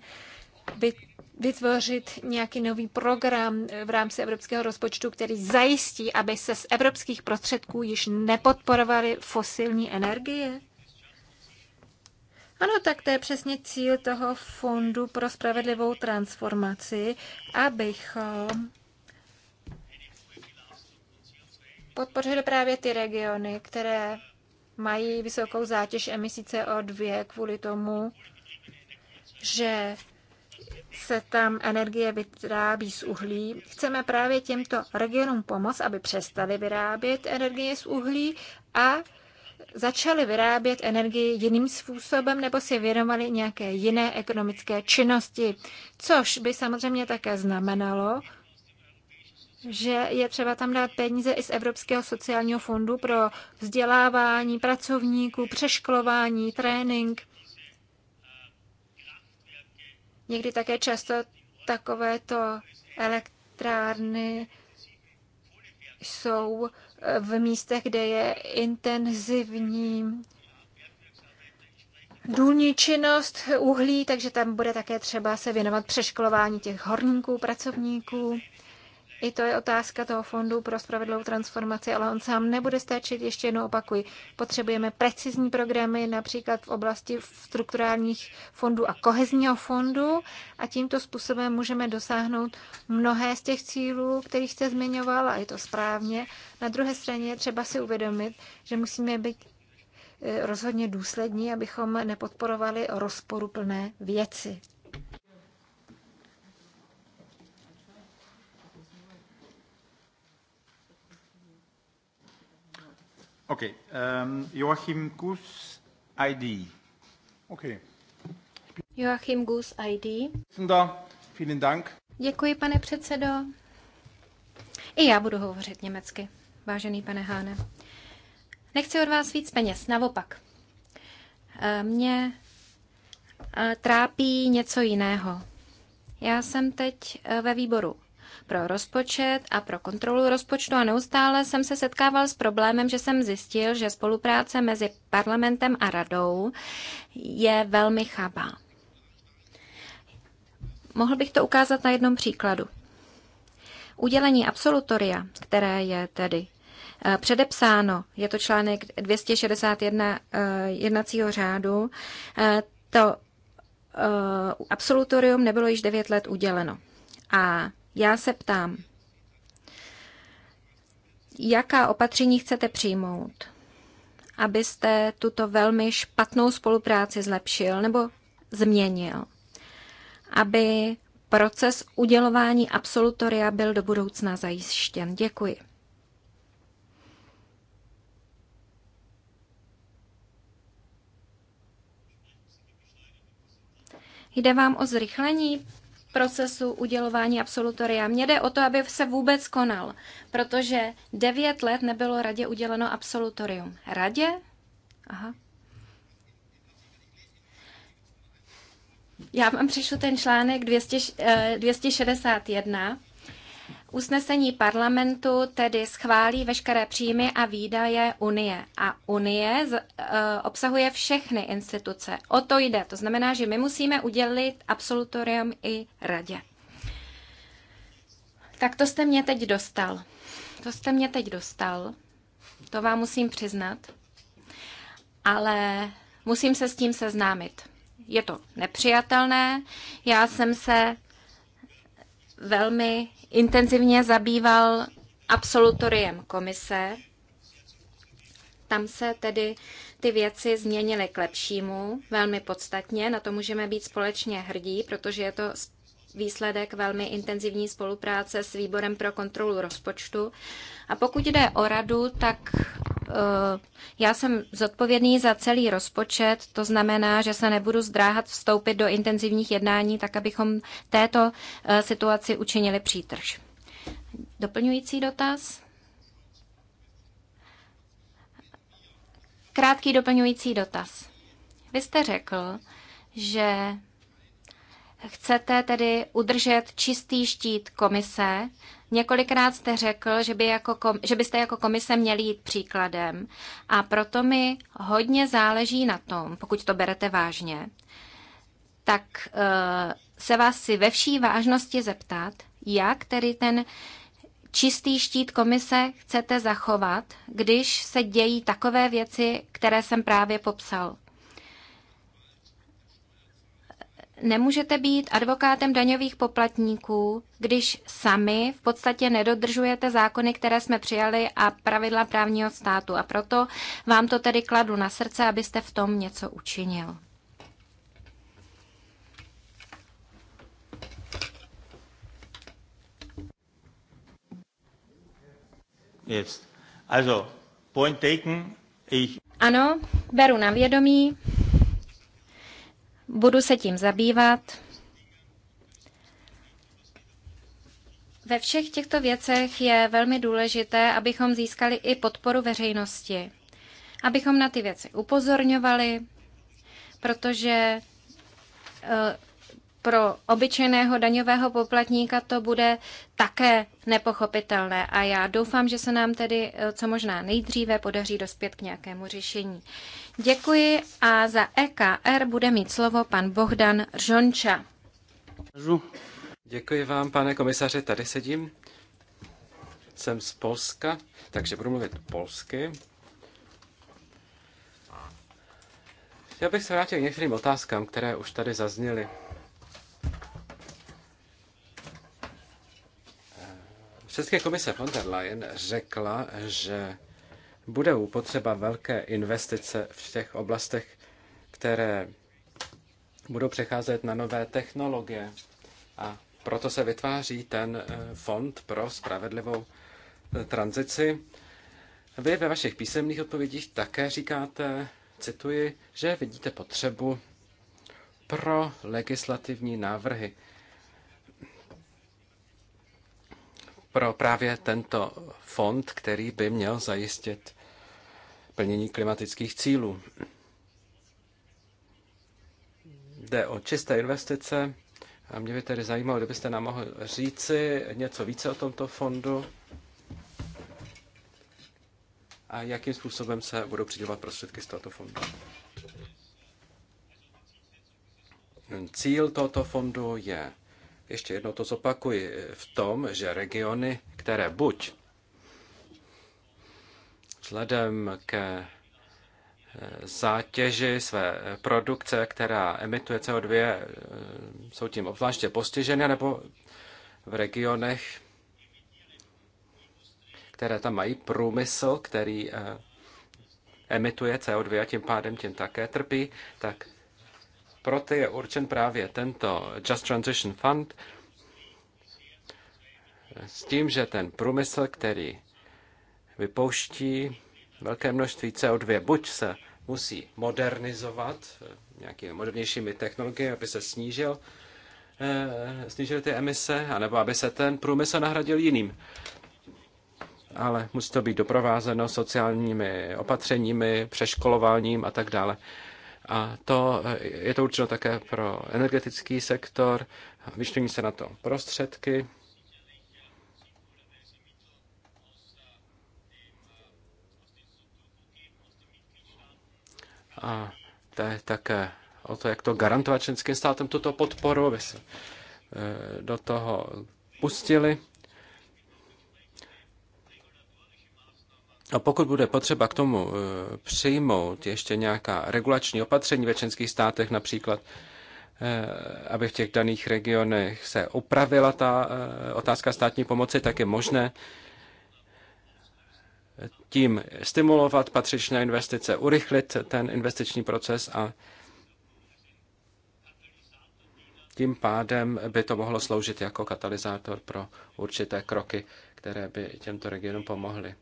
byt vytvořit nějaký nový program v rámci evropského rozpočtu, který zajistí, aby se z evropských prostředků již nepodporovaly fosilní energie? Ano, tak to je přesně cíl toho Fondu pro spravedlivou transformaci, abychom podpořili právě ty regiony, které mají vysokou zátěž emisí CO2 kvůli tomu, že se tam energie vyrábí z uhlí. Chceme právě těmto regionům pomoct, aby přestali vyrábět energie z uhlí a začali vyrábět energii jiným způsobem nebo si věnovali nějaké jiné ekonomické činnosti, což by samozřejmě také znamenalo, že je třeba tam dát peníze i z Evropského sociálního fondu pro vzdělávání pracovníků, přeškolování, trénink. Někdy také často takovéto elektrárny jsou v místech, kde je intenzivní důlní činnost uhlí, takže tam bude také třeba se věnovat přeškolování těch horníků, pracovníků. I to je otázka toho fondu pro spravedlivou transformaci, ale on sám nebude stačit. Ještě jednou opakuji, potřebujeme precizní programy, například v oblasti strukturálních fondů a kohezního fondu a tímto způsobem můžeme dosáhnout mnohé z těch cílů, kterých jste zmiňoval a je to správně. Na druhé straně je třeba si uvědomit, že musíme být eh, rozhodně důslední, abychom nepodporovali rozporuplné věci. Okay. Um, Joachim Kus, ID. Okay. Joachim Gus, ID. Vielen Dank. Děkuji, pane předsedo. I já budu hovořit německy, vážený pane Háne. Nechci od vás víc peněz, naopak. Ehm, mě eh, trápí něco jiného. Já jsem teď eh, ve výboru pro rozpočet a pro kontrolu rozpočtu a neustále jsem se setkával s problémem, že jsem zjistil, že spolupráce mezi parlamentem a radou je velmi chabá. Mohl bych to ukázat na jednom příkladu. Udělení absolutoria, které je tedy eh, předepsáno, je to článek 261 eh, jednacího řádu, eh, to absolutorium nebylo již 9 let uděleno. A já se ptám, jaká opatření chcete přijmout, abyste tuto velmi špatnou spolupráci zlepšil nebo změnil, aby proces udělování absolutoria byl do budoucna zajištěn. Děkuji. Jde vám o zrychlení procesu udělování absolutoria. Mně jde o to, aby se vůbec konal, protože devět let nebylo radě uděleno absolutorium. Radě? Aha. Já vám přišlu ten článek 200, 261 eh, Usnesení parlamentu tedy schválí veškeré příjmy a výdaje Unie. A Unie z, e, obsahuje všechny instituce. O to jde. To znamená, že my musíme udělit absolutorium i radě. Tak to jste mě teď dostal. To jste mě teď dostal. To vám musím přiznat. Ale musím se s tím seznámit. Je to nepřijatelné. Já jsem se velmi intenzivně zabýval absolutoriem komise. Tam se tedy ty věci změnily k lepšímu velmi podstatně. Na to můžeme být společně hrdí, protože je to výsledek velmi intenzivní spolupráce s výborem pro kontrolu rozpočtu. A pokud jde o radu, tak Eh, já jsem zodpovědný za celý rozpočet, to znamená, že se nebudu zdráhat vstoupit do intenzivních jednání, tak abychom této eh, situaci učinili přítrž. Doplňující dotaz? Krátký doplňující dotaz. Vy jste řekl, že chcete tedy udržet čistý štít komise. Několikrát jste řekl, že, by jako kom, že byste jako komise měli jít příkladem a proto mi hodně záleží na tom, pokud to berete vážně, tak uh, se vás si ve vší vážnosti zeptat, jak tedy ten čistý štít komise chcete zachovat, když se dějí takové věci, které jsem právě popsal. nemůžete být advokátem daňových poplatníků, když sami v podstatě nedodržujete zákony, které jsme přijali a pravidla právního státu. A proto vám to tedy kladu na srdce, abyste v tom něco učinil. Jetzt. Also, point taken. Ich... Ano, beru na vědomí. Budu se tím zabývat. Ve všech těchto věcech je velmi důležité, abychom získali i podporu veřejnosti, abychom na ty věci upozorňovali, protože eh, pro obyčejného daňového poplatníka to bude také nepochopitelné a já doufám, že se nám tedy eh, co možná nejdříve podaří dospět k nějakému řešení. Děkuji a za EKR bude mít slovo pan Bohdan Žonča. Děkuji vám, pane komisaři, tady sedím. Jsem z Polska, takže budu mluvit polsky. Chtěl bych se vrátit k některým otázkám, které už tady zazněly. České komise von der Leyen řekla, že budou potřeba velké investice v těch oblastech, které budou přecházet na nové technologie. A proto se vytváří ten eh, fond pro spravedlivou eh, tranzici. Vy ve vašich písemných odpovědích také říkáte, cituji, že vidíte potřebu pro legislativní návrhy pro právě tento fond, který by měl zajistit plnění klimatických cílů. Jde o čisté investice a mě by tedy zajímalo, kdybyste nám mohl říci něco více o tomto fondu a jakým způsobem se budou přidělovat prostředky z tohoto fondu. Cíl tohoto fondu je ještě jednou to zopakuji, eh, v tom, že regiony, které buď vzhledem ke eh, zátěži své eh, produkce, která emituje CO2, jsou tím obzvláště postiženy, nebo v regionech, které tam mají průmysl, který emituje CO2 a tím pádem tím také trpí, tak pro ty je určen právě tento Just Transition Fund s tím, že ten průmysl, který vypouští velké množství CO2, buď se musí modernizovat nějakými modernějšími technologiemi, aby se snížil, eh, snížily ty emise, anebo aby se ten průmysl nahradil jiným. Ale musí to být doprovázeno sociálními opatřeními, přeškolováním a tak dále. A to eh, je to určeno také pro energetický sektor, vyštění se na to prostředky. A to je také o to, jak to garantovat členským státem tuto podporu, aby se eh, do toho pustili. A pokud bude potřeba k tomu eh, přijmout ještě nějaká regulační opatření ve členských státech například, eh, aby v těch daných regionech se upravila ta eh, otázka státní pomoci, tak je možné tím stimulovat patřičné investice, urychlit ten investiční proces a tím pádem by to mohlo sloužit jako katalyzátor pro určité kroky, které by těmto regionům pomohly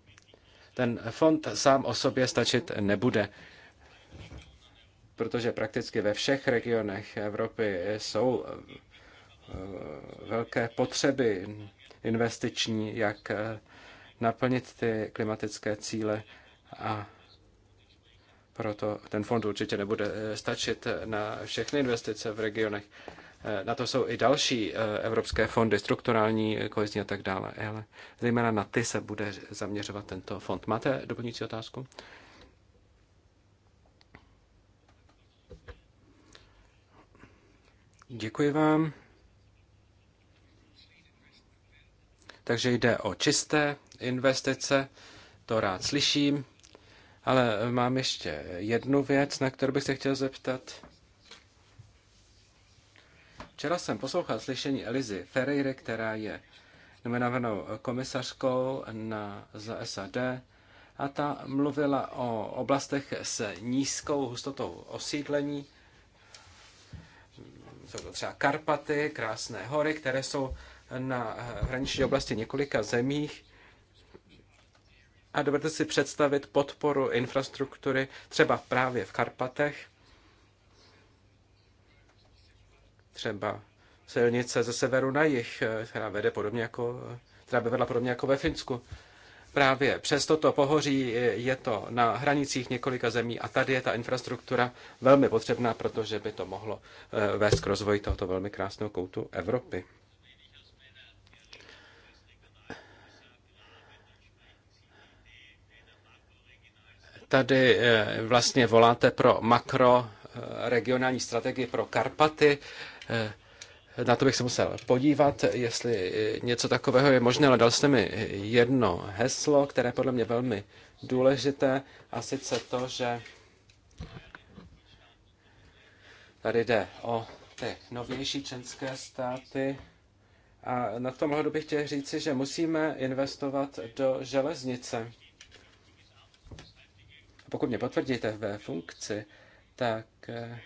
ten fond sám o sobě stačit nebude, protože prakticky ve všech regionech Evropy jsou eh, velké potřeby investiční, jak eh, naplnit ty klimatické cíle a proto ten fond určitě nebude eh, stačit na všechny investice v regionech. Eh, na to jsou i další eh, evropské fondy, strukturální, eh, kohezní a tak dále. Ale zejména na ty se bude zaměřovat tento fond. Máte doplňující otázku? Děkuji vám. Takže jde o čisté investice, to rád slyším, ale mám ještě jednu věc, na kterou bych se chtěl zeptat. Včera jsem poslouchal slyšení Elizy Ferreira, která je jmenovanou komisařkou na, za SAD a ta mluvila o oblastech s nízkou hustotou osídlení. Jsou to třeba Karpaty, krásné hory, které jsou na hraniční oblasti několika zemích. A dovedete si představit podporu infrastruktury třeba právě v Karpatech, třeba silnice ze severu na jih, eh, která vede podobně jako, eh, která by vedla podobně jako ve Finsku. Právě přes toto pohoří eh, je to na hranicích několika zemí a tady je ta infrastruktura velmi potřebná, protože by to mohlo vést k rozvoji tohoto velmi krásného koutu Evropy. Tady vlastně voláte pro makro regionální strategii pro Karpaty. Eh, na to bych se musel podívat, jestli eh, něco takového je možné, ale dal jste mi jedno heslo, které je podle mě velmi důležité, a sice to, že tady jde o ty novější členské státy. A na tom hledu bych chtěl říci, že musíme investovat do železnice. Pokud mě potvrdíte ve funkci, tak eh,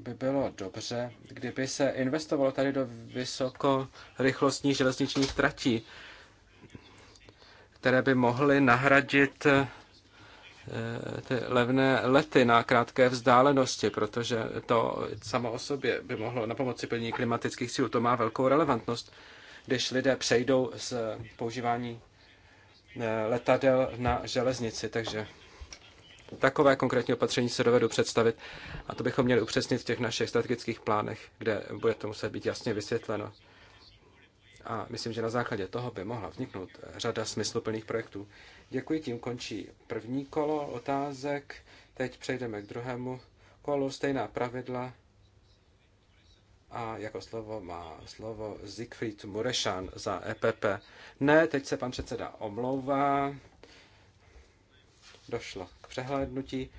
by bylo dobře, kdyby se investovalo tady do vysokorychlostních železničních tratí, které by mohly nahradit eh, ty levné lety na krátké vzdálenosti, protože to samo o sobě by mohlo na pomoci plní klimatických cílů. To má velkou relevantnost, když lidé přejdou z používání eh, letadel na železnici. Takže Takové konkrétní opatření se dovedu představit a to bychom měli upřesnit v těch našich strategických plánech, kde bude to muset být jasně vysvětleno. A myslím, že na základě toho by mohla vzniknout řada smysluplných projektů. Děkuji, tím končí první kolo otázek. Teď přejdeme k druhému kolu. Stejná pravidla. A jako slovo má slovo Siegfried Murešan za EPP. Ne, teď se pan předseda omlouvá. Došlo přehlédnutí.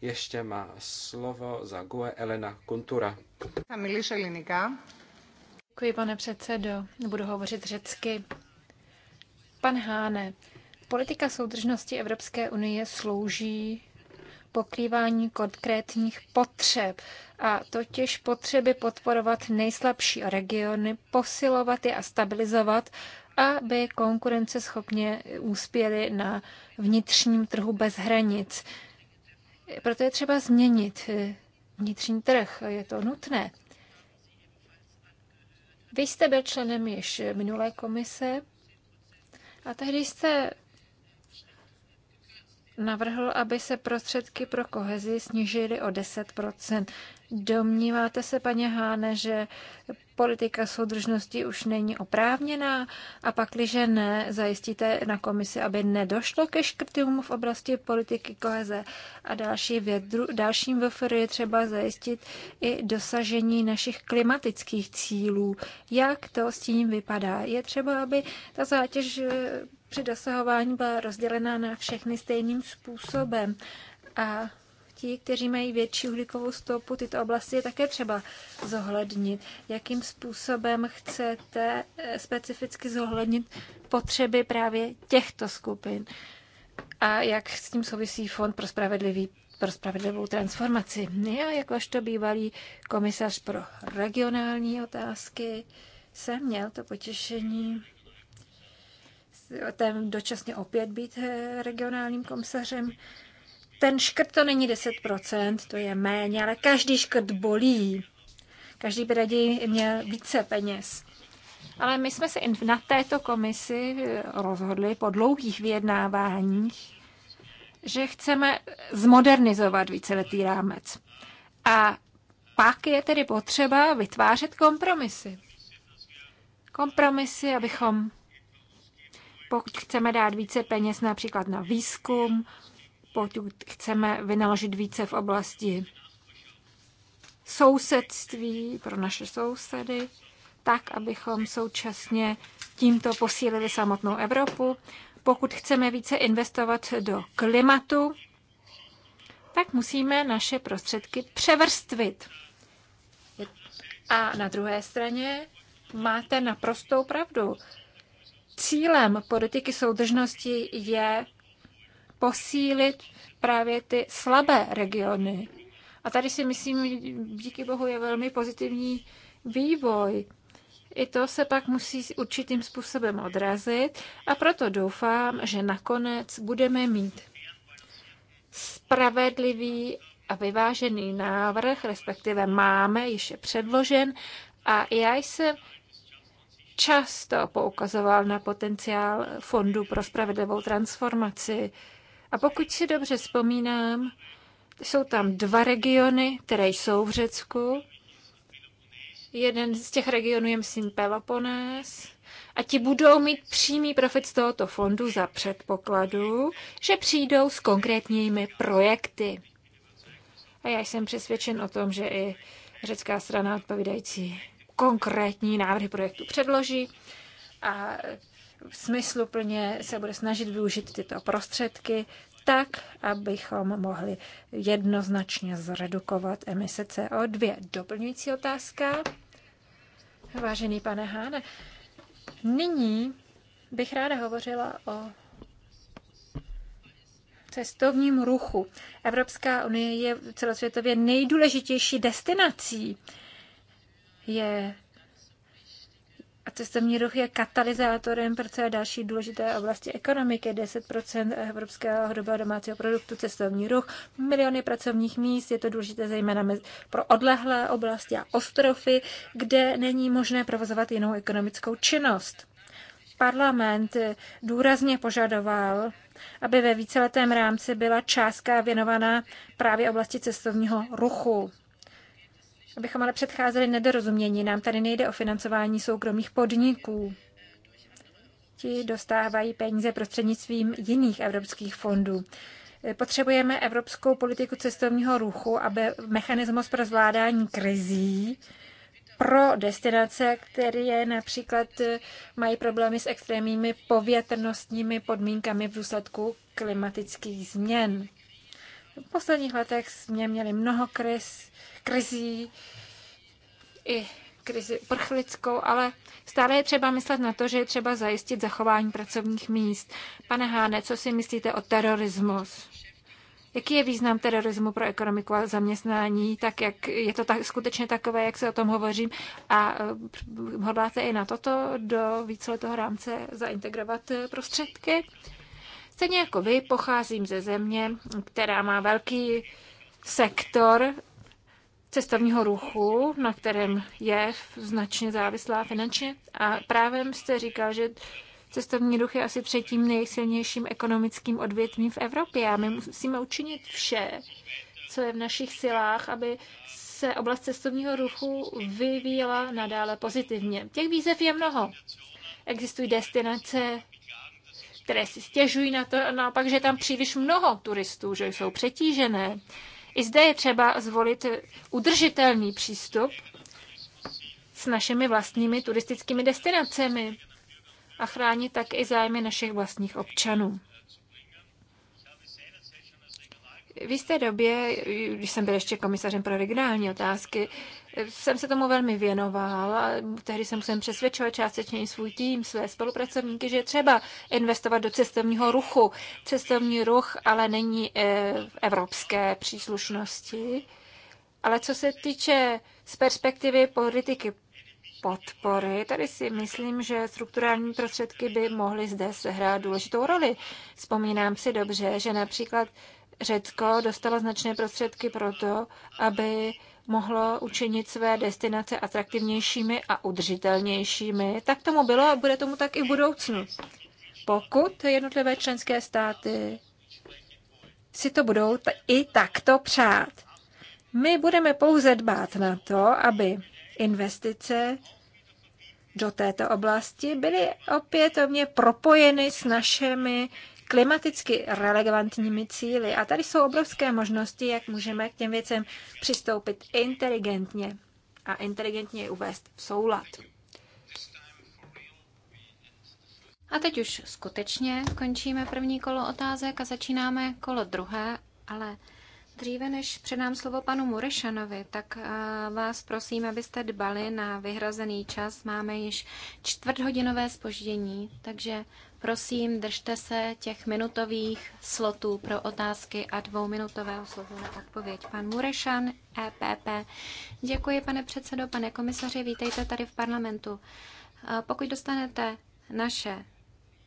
Ještě má slovo za GUE Elena Kuntura. Děkuji, pane předsedo. Budu hovořit řecky. Pan Háne, politika soudržnosti Evropské unie slouží pokrývání konkrétních potřeb a totiž potřeby podporovat nejslabší regiony, posilovat je a stabilizovat aby konkurenceschopně úspěli na vnitřním trhu bez hranic. Proto je třeba změnit eh, vnitřní trh, je to nutné. Vy jste byl členem již minulé komise a tehdy jste navrhl, aby se prostředky pro kohezi snížily o 10 Domníváte se, paně Háne, že politika soudržnosti už není oprávněná a pak, když ne, zajistíte na komisi, aby nedošlo ke škrtům v oblasti politiky koheze a další vědru, dalším VFR je třeba zajistit i dosažení našich klimatických cílů. Jak to s tím vypadá? Je třeba, aby ta zátěž eh, při dosahování byla rozdělená na všechny stejným způsobem. A ti, kteří mají větší uhlíkovou stopu, tyto oblasti je také třeba zohlednit. Jakým způsobem chcete eh, specificky zohlednit potřeby právě těchto skupin? A jak s tím souvisí Fond pro spravedlivý pro spravedlivou transformaci. Já jakožto bývalý komisař pro regionální otázky jsem měl to potěšení ten dočasně opět být eh, regionálním komisařem ten škrt to není 10%, to je méně, ale každý škrt bolí. Každý by raději měl více peněz. Ale my jsme se na této komisi eh, rozhodli po dlouhých vyjednáváních, že chceme zmodernizovat víceletý rámec. A pak je tedy potřeba vytvářet kompromisy. Kompromisy, abychom, pokud chceme dát více peněz například na výzkum, pokud chceme vynaložit více v oblasti sousedství pro naše sousedy, tak, abychom současně tímto posílili samotnou Evropu. Pokud chceme více investovat do klimatu, tak musíme naše prostředky převrstvit. A na druhé straně máte naprostou pravdu. Cílem politiky soudržnosti je posílit právě ty slabé regiony. A tady si myslím, díky bohu je velmi pozitivní vývoj. I to se pak musí určitým způsobem odrazit a proto doufám, že nakonec budeme mít spravedlivý a vyvážený návrh, respektive máme, již je předložen a já jsem často poukazoval na potenciál Fondu pro spravedlivou transformaci. A pokud si dobře vzpomínám, jsou tam dva regiony, které jsou v Řecku. Jeden z těch regionů je, myslím, Peloponés. A ti budou mít přímý profit z tohoto fondu za předpokladu, že přijdou s konkrétními projekty. A já jsem přesvědčen o tom, že i řecká strana odpovídající konkrétní návrhy projektu předloží. A smysluplně se bude snažit využít tyto prostředky tak, abychom mohli jednoznačně zredukovat emise CO2. Doplňující otázka? Vážený pane Háne, nyní bych ráda hovořila o cestovním ruchu. Evropská unie je celosvětově nejdůležitější destinací. Je a cestovní ruch je katalyzátorem pro celé další důležité oblasti ekonomiky. 10% evropského hrubého domácího produktu, cestovní ruch, miliony pracovních míst, je to důležité zejména pro odlehlé oblasti a ostrovy, kde není možné provozovat jinou ekonomickou činnost. Parlament důrazně požadoval, aby ve víceletém rámci byla částka věnovaná právě oblasti cestovního ruchu. Abychom ale předcházeli nedorozumění, nám tady nejde o financování soukromých podniků. Ti dostávají peníze prostřednictvím jiných evropských fondů. Potřebujeme evropskou politiku cestovního ruchu, aby mechanismus pro zvládání krizí pro destinace, které například mají problémy s extrémními povětrnostními podmínkami v důsledku klimatických změn. V posledních letech jsme měli mnoho kriz, krizí, i krizi prchlickou, ale stále je třeba myslet na to, že je třeba zajistit zachování pracovních míst. Pane Háne, co si myslíte o terorismus? Jaký je význam terorismu pro ekonomiku a zaměstnání, tak jak je to tak, skutečně takové, jak se o tom hovořím a eh, hodláte i na toto do víceletého rámce zaintegrovat eh, prostředky? Stejně jako vy, pocházím ze země, která má velký sektor cestovního ruchu, na kterém je značně závislá finančně. A právě jste říkal, že cestovní ruch je asi třetím nejsilnějším ekonomickým odvětvím v Evropě a my musíme učinit vše, co je v našich silách, aby se oblast cestovního ruchu vyvíjela nadále pozitivně. Těch výzev je mnoho. Existují destinace, které si stěžují na to, a naopak, že je tam příliš mnoho turistů, že jsou přetížené. I zde je třeba zvolit udržitelný přístup s našimi vlastními turistickými destinacemi a chránit tak i zájmy našich vlastních občanů. V jisté době, když jsem byl ještě komisařem pro regionální otázky, jsem se tomu velmi věnoval a tehdy jsem musel přesvědčovat částečně i svůj tým, své spolupracovníky, že třeba investovat do cestovního ruchu. Cestovní ruch ale není eh, v evropské příslušnosti. Ale co se týče z perspektivy politiky podpory. Tady si myslím, že strukturální prostředky by mohly zde sehrát důležitou roli. Vzpomínám si dobře, že například Řecko dostalo značné prostředky pro to, aby mohlo učinit své destinace atraktivnějšími a udržitelnějšími. Tak tomu bylo a bude tomu tak i v budoucnu. Pokud jednotlivé členské státy si to budou i takto přát. My budeme pouze dbát na to, aby investice do této oblasti byly opětovně propojeny s našimi klimaticky relevantními cíly. A tady jsou obrovské možnosti, jak můžeme k těm věcem přistoupit inteligentně a inteligentně je uvést v soulad. A teď už skutečně končíme první kolo otázek a začínáme kolo druhé, ale dříve než předám slovo panu Murešanovi, tak eh, vás prosím, abyste dbali na vyhrazený čas. Máme již čtvrthodinové spoždění, takže Prosím, držte se těch minutových slotů pro otázky a dvouminutového slotu na odpověď. Pan Murešan, EPP. Děkuji, pane předsedo, pane komisaři, vítejte tady v parlamentu. Pokud dostanete naše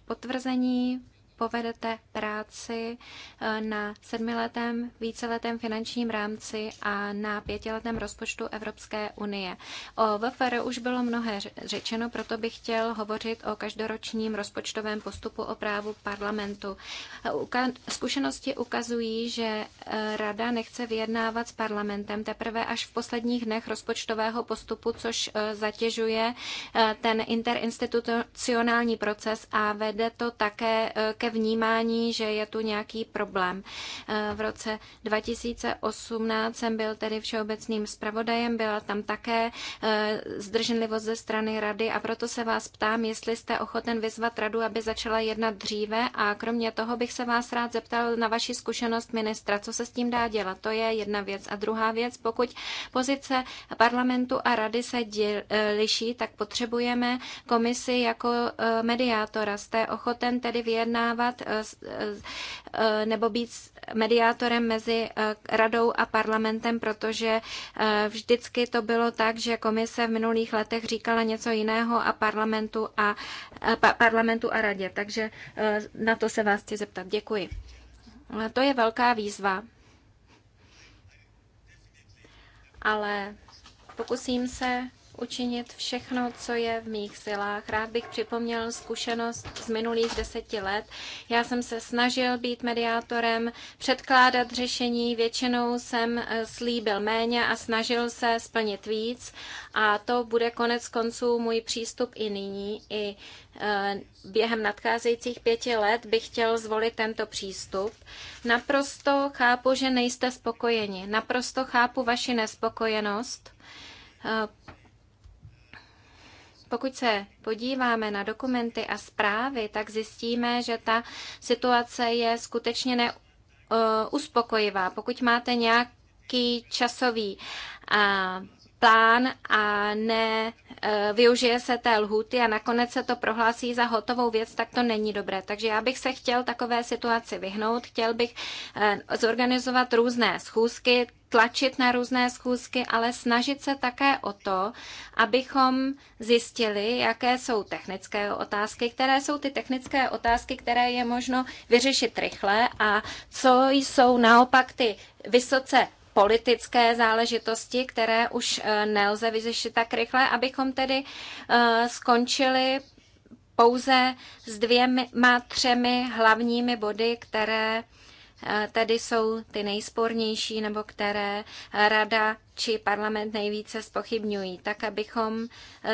potvrzení povedete práci eh, na sedmiletém, víceletém finančním rámci a na pětiletém rozpočtu Evropské unie. O VFR už bylo mnohé řečeno, proto bych chtěl hovořit o každoročním rozpočtovém postupu o právu parlamentu. Eh, zkušenosti ukazují, že eh, rada nechce vyjednávat s parlamentem teprve až v posledních dnech rozpočtového postupu, což zatěžuje ten interinstitucionální proces a vede to také k nějaké vnímání, že je tu nějaký problém. Eh, v roce 2018 jsem byl tedy všeobecným zpravodajem, byla tam také eh, zdrženlivost ze strany rady a proto se vás ptám, jestli jste ochoten vyzvat radu, aby začala jednat dříve a kromě toho bych se vás rád zeptal na vaši zkušenost ministra, co se s tím dá dělat. To je jedna věc. A druhá věc, pokud pozice parlamentu a rady se děl, liší, tak potřebujeme komisi jako eh, mediátora. Jste ochoten tedy vyjednávat vyjednávat eh, eh, nebo být mediátorem mezi eh, radou a parlamentem, protože vždycky to bylo tak, že komise v minulých letech říkala něco jiného a parlamentu a, parlamentu a radě. Takže na to se vás chci zeptat. Děkuji. To je velká výzva. Ale pokusím se učinit všechno, co je v mých silách. Rád bych připomněl zkušenost z minulých deseti let. Já jsem se snažil být mediátorem, předkládat řešení, většinou jsem eh, slíbil méně a snažil se splnit víc a to bude konec konců můj přístup i nyní, i eh, během nadcházejících pěti let bych chtěl zvolit tento přístup. Naprosto chápu, že nejste spokojeni, naprosto chápu vaši nespokojenost eh, pokud se podíváme na dokumenty a zprávy, tak zjistíme, že ta situace je skutečně neuspokojivá. Uh, Pokud máte nějaký časový plán a ne e, využije se té lhuty a nakonec se to prohlásí za hotovou věc, tak to není dobré. Takže já bych se chtěl takové situaci vyhnout, chtěl bych e, zorganizovat různé schůzky, tlačit na různé schůzky, ale snažit se také o to, abychom zjistili, jaké jsou technické otázky, které jsou ty technické otázky, které je možno vyřešit rychle a co jsou naopak ty vysoce politické záležitosti, které už eh, nelze vyřešit tak rychle, abychom tedy eh, skončili pouze s dvěma, třemi hlavními body, které eh, tedy jsou ty nejspornější nebo které rada či parlament nejvíce spochybňují, tak abychom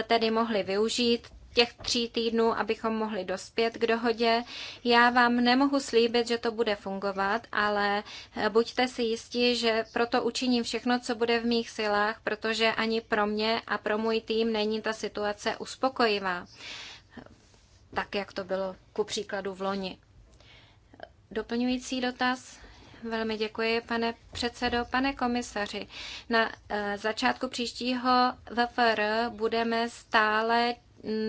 tedy mohli využít těch tří týdnů, abychom mohli dospět k dohodě. Já vám nemohu slíbit, že to bude fungovat, ale eh, buďte si jistí, že proto učiním všechno, co bude v mých silách, protože ani pro mě a pro můj tým není ta situace uspokojivá, tak jak to bylo ku příkladu v loni. Doplňující dotaz? Velmi děkuji, pane předsedo, pane komisaři. Na eh, začátku příštího VFR budeme stále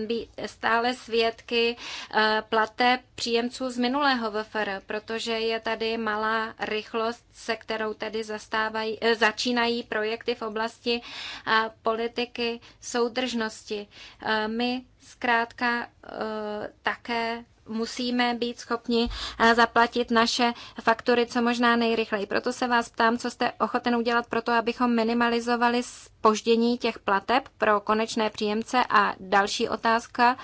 být stále svědky eh, plate příjemců z minulého VFR, protože je tady malá rychlost, se kterou tedy zastávají, eh, začínají projekty v oblasti eh, politiky soudržnosti. My zkrátka také musíme být schopni eh, zaplatit naše faktury co možná nejrychleji. Proto se vás ptám, co jste ochoten udělat pro to, abychom minimalizovali spoždění těch plateb pro konečné příjemce. A další otázka,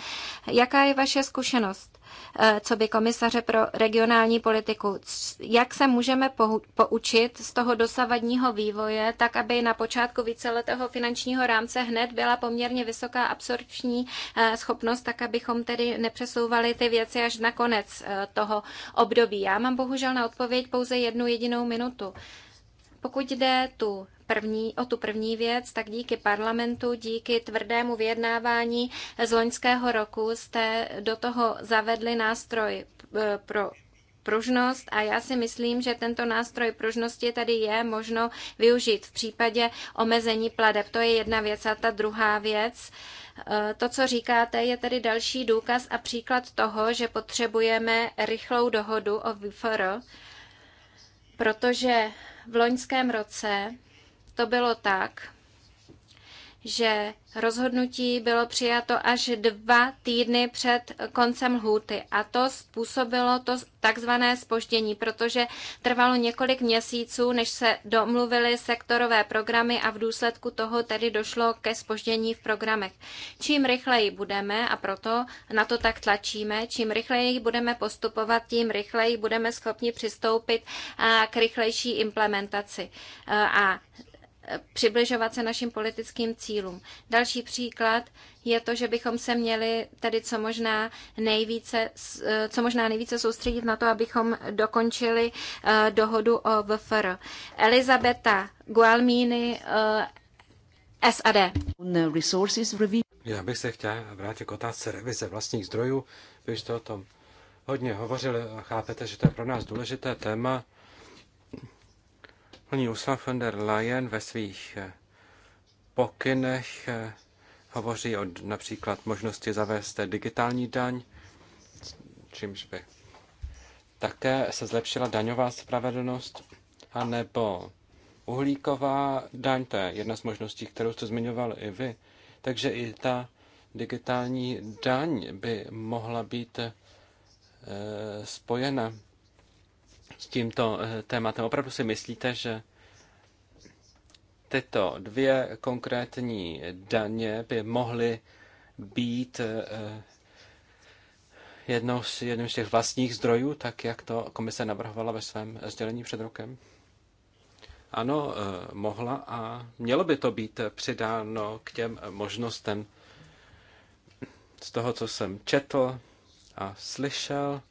jaká je vaše zkušenost? Eh, co by komisaře pro regionální politiku. Jak se můžeme poučit z toho dosavadního vývoje, tak aby na počátku víceletého finančního rámce hned byla poměrně vysoká absorpční eh, schopnost, tak abychom tedy nepřesouvali ty věci až na konec eh, toho období. Já mám bohužel na odpověď pouze jednu jedinou minutu. Pokud jde tu první, o tu první věc, tak díky parlamentu, díky tvrdému vyjednávání z loňského roku jste do toho zavedli nástroj eh, pro pružnost a já si myslím, že tento nástroj pružnosti tady je možno využít v případě omezení pladeb. To je jedna věc a ta druhá věc. Eh, to, co říkáte, je tedy další důkaz a příklad toho, že potřebujeme rychlou dohodu o VFR, protože v loňském roce to bylo tak, že rozhodnutí bylo přijato až dva týdny před koncem lhůty a to způsobilo to takzvané spoždění, protože trvalo několik měsíců, než se domluvily sektorové programy a v důsledku toho tedy došlo ke spoždění v programech. Čím rychleji budeme, a proto na to tak tlačíme, čím rychleji budeme postupovat, tím rychleji budeme schopni přistoupit k rychlejší implementaci. A přibližovat se našim politickým cílům. Další příklad je to, že bychom se měli tedy co možná nejvíce, eh, co možná nejvíce soustředit na to, abychom dokončili eh, dohodu o VFR. Elizabeta Gualmini, eh, SAD. Já bych se chtěl vrátit k otázce revize vlastních zdrojů. Vy jste o tom hodně hovořili a chápete, že to je pro nás důležité téma. Paní Ursula von der Leyen ve svých eh, pokynech eh, hovoří o například možnosti zavést digitální daň, čímž by také se zlepšila daňová spravedlnost, anebo uhlíková daň, to je jedna z možností, kterou jste zmiňoval i vy. Takže i ta digitální daň by mohla být eh, spojena s tímto eh, tématem. Opravdu si myslíte, že tyto dvě konkrétní daně by mohly být eh, jednou z, jedním z těch vlastních zdrojů, tak jak to komise navrhovala ve svém sdělení před rokem? Ano, eh, mohla a mělo by to být přidáno k těm možnostem. Z toho, co jsem četl a slyšel,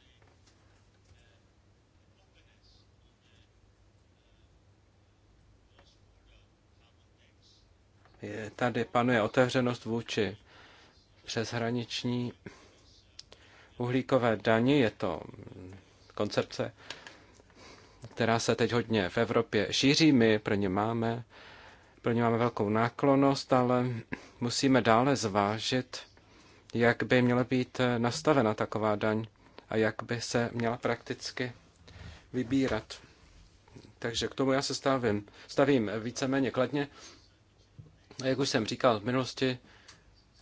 tady panuje otevřenost vůči přeshraniční uhlíkové dani. Je to koncepce, která se teď hodně v Evropě šíří. My pro ně máme, pro ně máme velkou náklonost, ale musíme dále zvážit, jak by měla být nastavena taková daň a jak by se měla prakticky vybírat. Takže k tomu já se stavím, stavím víceméně kladně. Jak už jsem říkal v minulosti,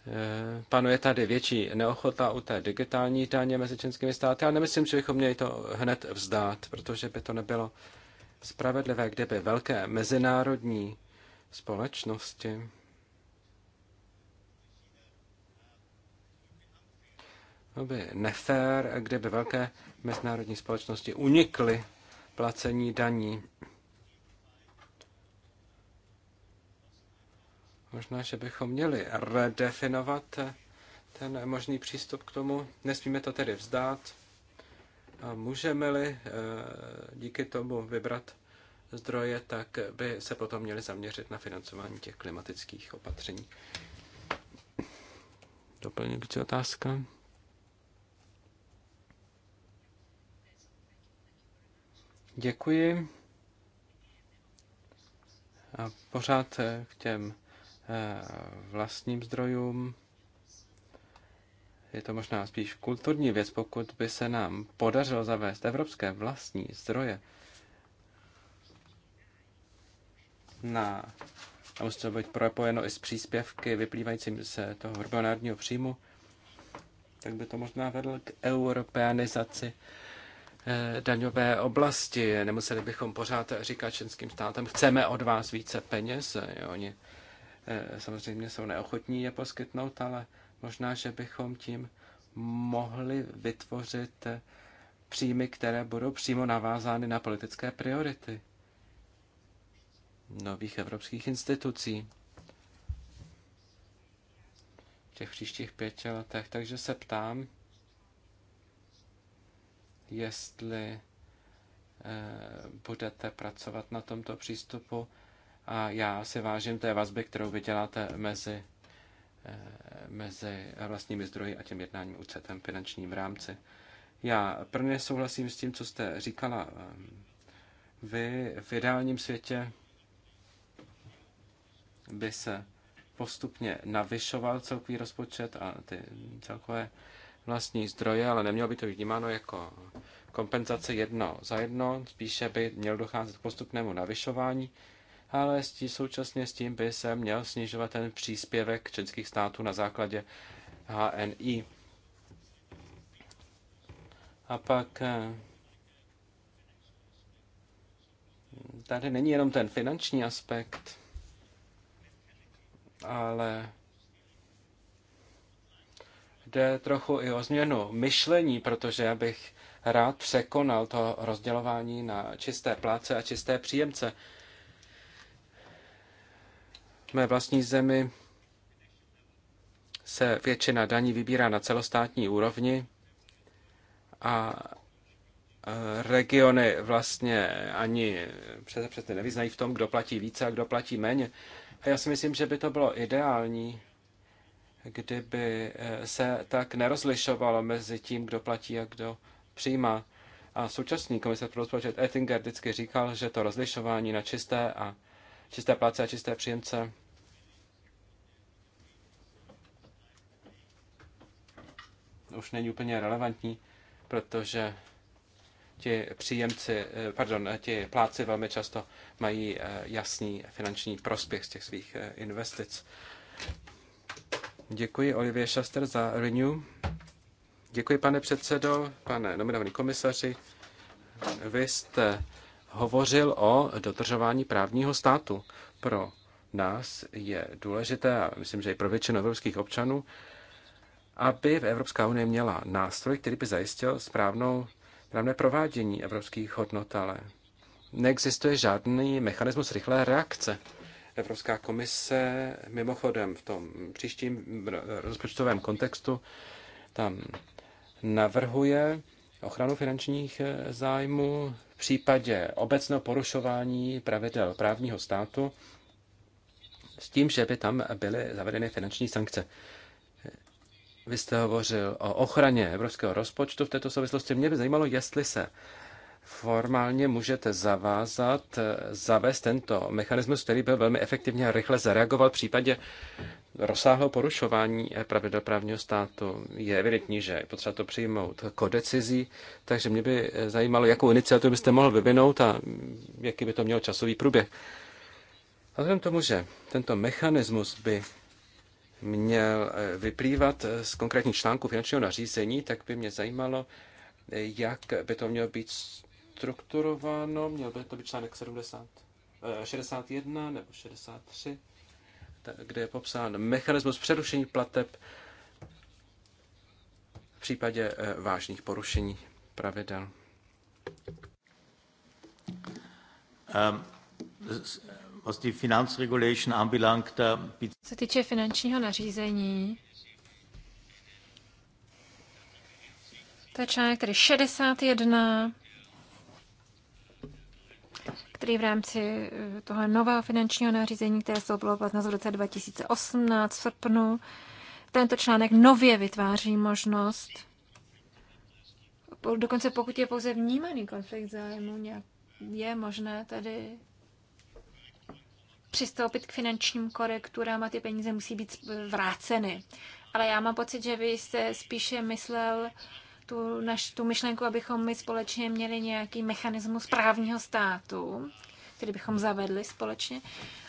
eh, panuje tady větší neochota u té digitální daně mezi členskými státy, ale nemyslím, že bychom měli to hned vzdát, protože by to nebylo spravedlivé, kdyby velké mezinárodní společnosti Bylo by nefér, kdyby velké mezinárodní společnosti unikly placení daní Možná, že bychom měli redefinovat ten možný přístup k tomu. Nesmíme to tedy vzdát. A můžeme-li eh, díky tomu vybrat zdroje, tak by se potom měli zaměřit na financování těch klimatických opatření. Doplňující otázka. Děkuji. A pořád eh, k těm Eh, vlastním zdrojům. Je to možná spíš kulturní věc, pokud by se nám podařilo zavést evropské vlastní zdroje na a musí to být propojeno i s příspěvky vyplývajícím z toho hrubého národního příjmu, tak by to možná vedlo k europeanizaci eh, daňové oblasti. Nemuseli bychom pořád říkat členským státem, chceme od vás více peněz. Oni Eh, samozřejmě jsou neochotní je poskytnout, ale možná, že bychom tím mohli vytvořit eh, příjmy, které budou přímo navázány na politické priority nových evropských institucí v těch příštích pěti letech. Takže se ptám, jestli eh, budete pracovat na tomto přístupu a já si vážím té vazby, kterou vy děláte mezi, eh, mezi vlastními zdroji a těm jednáním u CETem finančním rámci. Já prvně souhlasím s tím, co jste říkala. Ehm, vy v ideálním světě by se postupně navyšoval celkový rozpočet a ty celkové vlastní zdroje, ale nemělo by to vnímáno jako kompenzace jedno za jedno, spíše by mělo docházet k postupnému navyšování ale současně s tím by se měl snižovat ten příspěvek českých států na základě HNI. A pak eh, tady není jenom ten finanční aspekt, ale jde trochu i o změnu myšlení, protože já bych rád překonal to rozdělování na čisté pláce a čisté příjemce mé vlastní zemi se většina daní vybírá na celostátní úrovni a e, regiony vlastně ani přece, přece nevyznají v tom, kdo platí více a kdo platí méně. A já si myslím, že by to bylo ideální, kdyby e, se tak nerozlišovalo mezi tím, kdo platí a kdo přijímá. A současný komisar pro rozpočet Ettinger vždycky říkal, že to rozlišování na čisté a čisté pláce a čisté příjemce už není úplně relevantní, protože ti příjemci, eh, pardon, ti pláci velmi často mají eh, jasný finanční prospěch z těch svých eh, investic. Děkuji Olivier Šaster za Renew. Děkuji, pane předsedo, pane nominovaný komisaři. Vy jste hovořil o dodržování právního státu. Pro nás je důležité, a myslím, že i pro většinu evropských občanů, aby v Evropská unie měla nástroj, který by zajistil správnou, správné provádění evropských hodnot, ale neexistuje žádný mechanismus rychlé reakce. Evropská komise mimochodem v tom příštím rozpočtovém kontextu tam navrhuje ochranu finančních zájmů v případě obecného porušování pravidel právního státu s tím, že by tam byly zavedeny finanční sankce. Vy jste hovořil o ochraně evropského rozpočtu v této souvislosti. Mě by zajímalo, jestli se formálně můžete zavázat, eh, zavést tento mechanismus, který byl velmi efektivně a rychle zareagoval v případě rozsáhlého porušování eh, pravidel právního státu. Je evidentní, že je potřeba to přijmout kodecizí, takže mě by eh, zajímalo, jakou iniciativu byste mohl vyvinout a jaký by to mělo časový průběh. A vzhledem tomu, že tento mechanismus by měl eh, vyplývat eh, z konkrétních článků finančního nařízení, tak by mě zajímalo, eh, jak by to mělo být strukturováno. Měl by to být článek 70, 61 nebo 63, kde je popsán mechanismus přerušení plateb v případě vážných porušení pravidel. Um, co se týče finančního nařízení, to je článek tedy 61, který v rámci eh, toho nového finančního nařízení, které se bylo v roce 2018 v srpnu, tento článek nově vytváří možnost, dokonce pokud je pouze vnímaný konflikt zájmu, nějak je možné tady přistoupit k finančním korekturám a ty peníze musí být vráceny. Ale já mám pocit, že vy jste spíše myslel tu, naš, tu myšlenku, abychom my společně měli nějaký mechanismus právního státu, který bychom zavedli společně.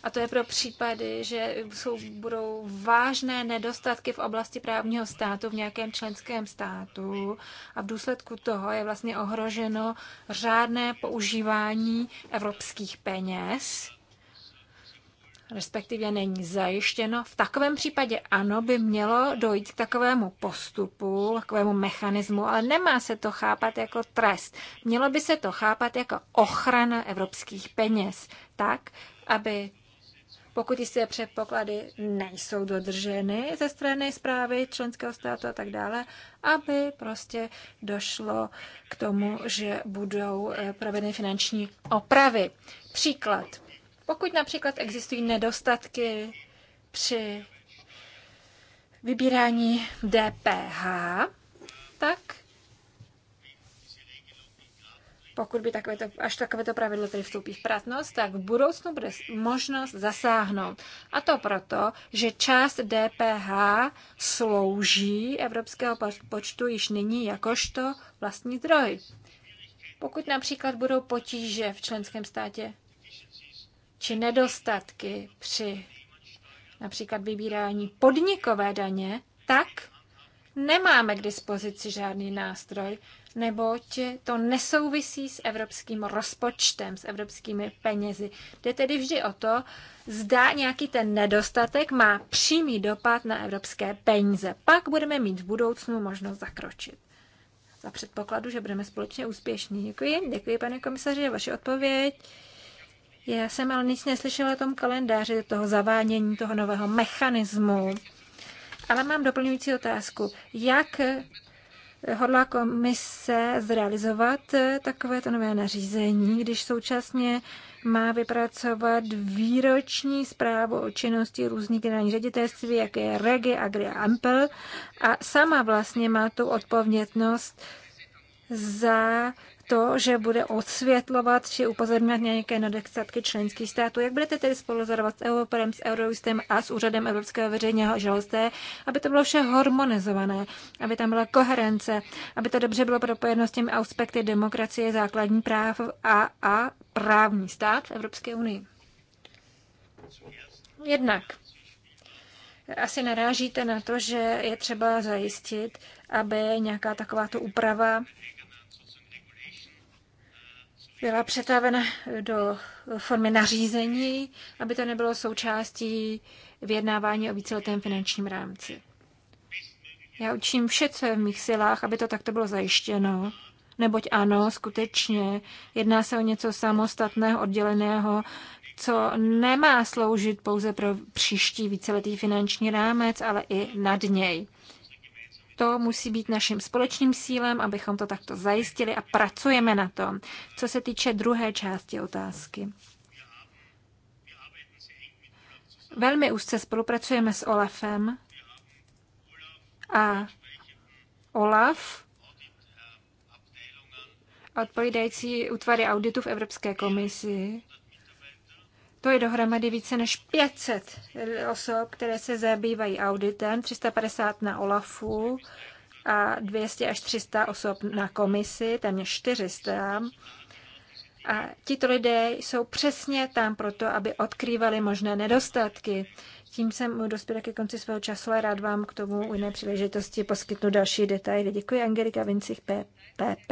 A to je pro případy, že jsou, budou vážné nedostatky v oblasti právního státu v nějakém členském státu a v důsledku toho je vlastně ohroženo řádné používání evropských peněz respektive není zajištěno. V takovém případě ano, by mělo dojít k takovému postupu, k takovému mechanismu, ale nemá se to chápat jako trest. Mělo by se to chápat jako ochrana evropských peněz, tak, aby pokud jisté předpoklady nejsou dodrženy ze strany zprávy členského státu a tak dále, aby prostě došlo k tomu, že budou eh, provedeny finanční opravy. Příklad. Pokud například existují nedostatky při vybírání DPH, tak pokud by takovéto, až takovéto pravidlo tedy vstoupí v pratnost, tak v budoucnu bude možnost zasáhnout. A to proto, že část DPH slouží evropského počtu již nyní jakožto vlastní zdroj. Pokud například budou potíže v členském státě či nedostatky při například vybírání podnikové daně, tak nemáme k dispozici žádný nástroj, neboť to nesouvisí s evropským rozpočtem, s evropskými penězi. Jde tedy vždy o to, zda nějaký ten nedostatek má přímý dopad na evropské peníze. Pak budeme mít v budoucnu možnost zakročit. Za předpokladu, že budeme společně úspěšní. Děkuji, děkuji pane komisaři za vaši odpověď. Já jsem ale nic neslyšela o tom kalendáři, toho zavádění, toho nového mechanismu. Ale mám doplňující otázku. Jak eh, hodlá komise zrealizovat eh, takovéto nové nařízení, když současně má vypracovat výroční zprávu o činnosti různých generálních ředitelství, jak je Regi, Agri a Ampel a sama vlastně má tu odpovědnost za to, že bude osvětlovat či upozorňovat nějaké nedostatky členských států. Jak budete tedy spolupracovat s Europolem, s Eurojustem a s Úřadem Evropského veřejného žalosté, aby to bylo vše harmonizované, aby tam byla koherence, aby to dobře bylo propojeno s těmi aspekty demokracie, základní práv a, a právní stát v Evropské unii? Jednak asi narážíte na to, že je třeba zajistit, aby nějaká takováto úprava byla přetavena do formy nařízení, aby to nebylo součástí vyjednávání o víceletém finančním rámci. Já učím vše, co je v mých silách, aby to takto bylo zajištěno. Neboť ano, skutečně, jedná se o něco samostatného, odděleného, co nemá sloužit pouze pro příští víceletý finanční rámec, ale i nad něj. To musí být naším společným sílem, abychom to takto zajistili a pracujeme na tom. Co se týče druhé části otázky. Velmi úzce spolupracujeme s Olafem a Olaf odpovídající útvary auditu v Evropské komisi to je dohromady více než 500 osob, které se zabývají auditem, 350 na OLAFu a 200 až 300 osob na komisi, téměř 400. A tito lidé jsou přesně tam proto, aby odkrývali možné nedostatky. Tím jsem dospěl ke konci svého času a rád vám k tomu u jiné příležitosti poskytnu další detaily. Děkuji Angelika Vincich PPP.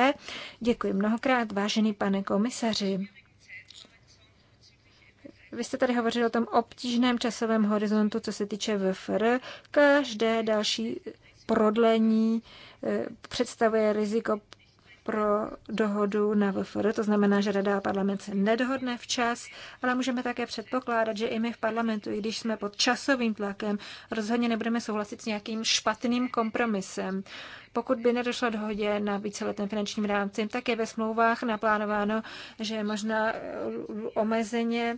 Děkuji mnohokrát, vážený pane komisaři. Vy jste tady hovořil o tom obtížném časovém horizontu, co se týče VFR. Každé další prodlení eh, představuje riziko pro dohodu na VFR, to znamená, že Rada a parlament se nedohodne včas, ale můžeme také předpokládat, že i my v parlamentu, i když jsme pod časovým tlakem, rozhodně nebudeme souhlasit s nějakým špatným kompromisem. Pokud by nedošlo dohodě na víceletém finančním rámci, tak je ve smlouvách naplánováno, že možná eh, omezeně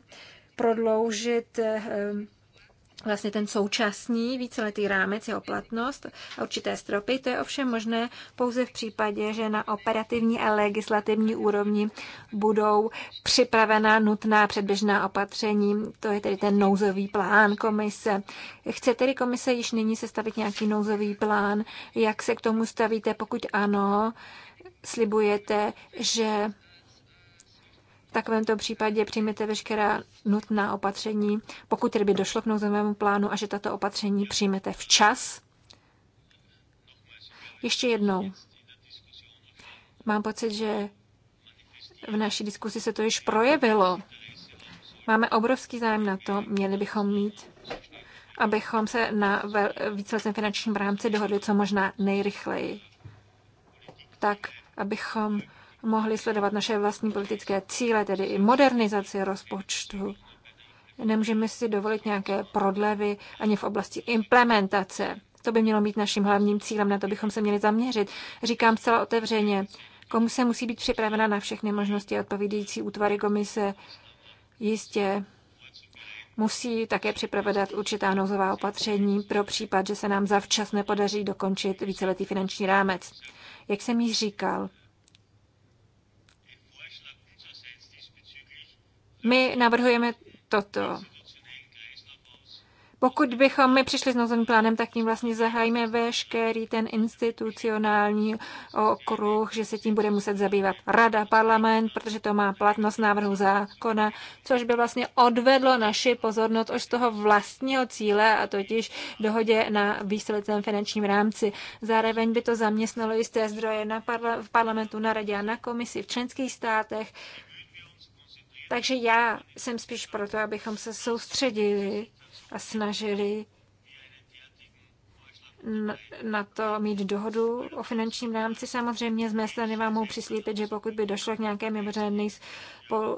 prodloužit eh, eh, vlastně ten současný víceletý rámec, jeho platnost a určité stropy. To je ovšem možné pouze v případě, že na operativní a legislativní úrovni budou připravena nutná předběžná opatření. To je tedy ten nouzový plán komise. Chce tedy komise již nyní sestavit nějaký nouzový plán? Jak se k tomu stavíte? Pokud ano, slibujete, že takovémto případě přijmete veškerá nutná opatření, pokud tedy by došlo k nouzovému plánu a že tato opatření přijmete včas. Ještě jednou. Mám pocit, že v naší diskusi se to již projevilo. Máme obrovský zájem na to, měli bychom mít, abychom se na víceletém finančním rámci dohodli co možná nejrychleji. Tak, abychom mohli sledovat naše vlastní politické cíle, tedy i modernizaci rozpočtu. Nemůžeme si dovolit nějaké prodlevy ani v oblasti implementace. To by mělo být naším hlavním cílem, na to bychom se měli zaměřit. Říkám zcela otevřeně, komu se musí být připravena na všechny možnosti odpovídající útvary komise. Jistě musí také připravovat určitá nouzová opatření pro případ, že se nám zavčas nepodaří dokončit víceletý finanční rámec. Jak jsem již říkal, My navrhujeme toto. Pokud bychom my přišli s nouzovým plánem, tak tím vlastně zahájíme veškerý ten institucionální okruh, že se tím bude muset zabývat rada, parlament, protože to má platnost návrhu zákona, což by vlastně odvedlo naši pozornost už z toho vlastního cíle, a totiž dohodě na výsledném finančním rámci. Zároveň by to zaměstnalo jisté zdroje na parla- v parlamentu, na radě a na komisi v členských státech, takže já jsem spíš proto, abychom se soustředili a snažili na to mít dohodu o finančním rámci. Samozřejmě z mé strany vám mohu přislípit, že pokud by došlo k nějaké mimořádné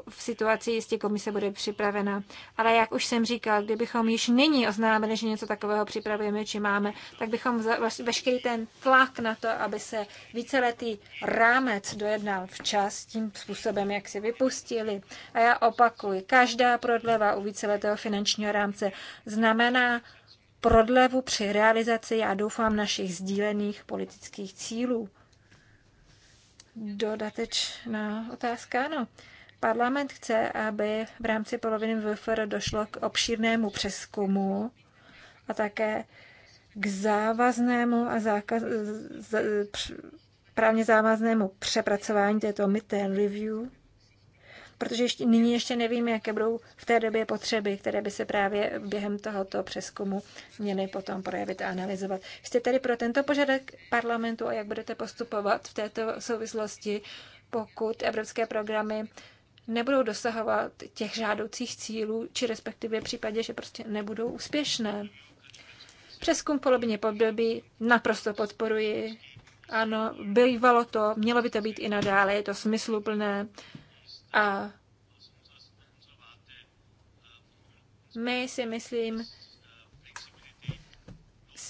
v situaci, jistě komise bude připravena. Ale jak už jsem říkal, kdybychom již nyní oznámili, že něco takového připravujeme, či máme, tak bychom veškerý ten tlak na to, aby se víceletý rámec dojednal včas tím způsobem, jak si vypustili. A já opakuji, každá prodleva u víceletého finančního rámce znamená prodlevu při realizaci, já doufám, našich sdílených politických cílů. Dodatečná otázka, ano. Parlament chce, aby v rámci poloviny VFR došlo k obšírnému přeskumu a také k závaznému a zákaz, z, z, právně závaznému přepracování této midterm review protože ještě, nyní ještě nevíme, jaké budou v té době potřeby, které by se právě během tohoto přeskumu měly potom projevit a analyzovat. Jste tedy pro tento požadavek parlamentu a jak budete postupovat v této souvislosti, pokud evropské programy nebudou dosahovat těch žádoucích cílů, či respektive v případě, že prostě nebudou úspěšné. Přeskum polobně podobí naprosto podporuji. Ano, bývalo to, mělo by to být i nadále, je to smysluplné. A my si myslím,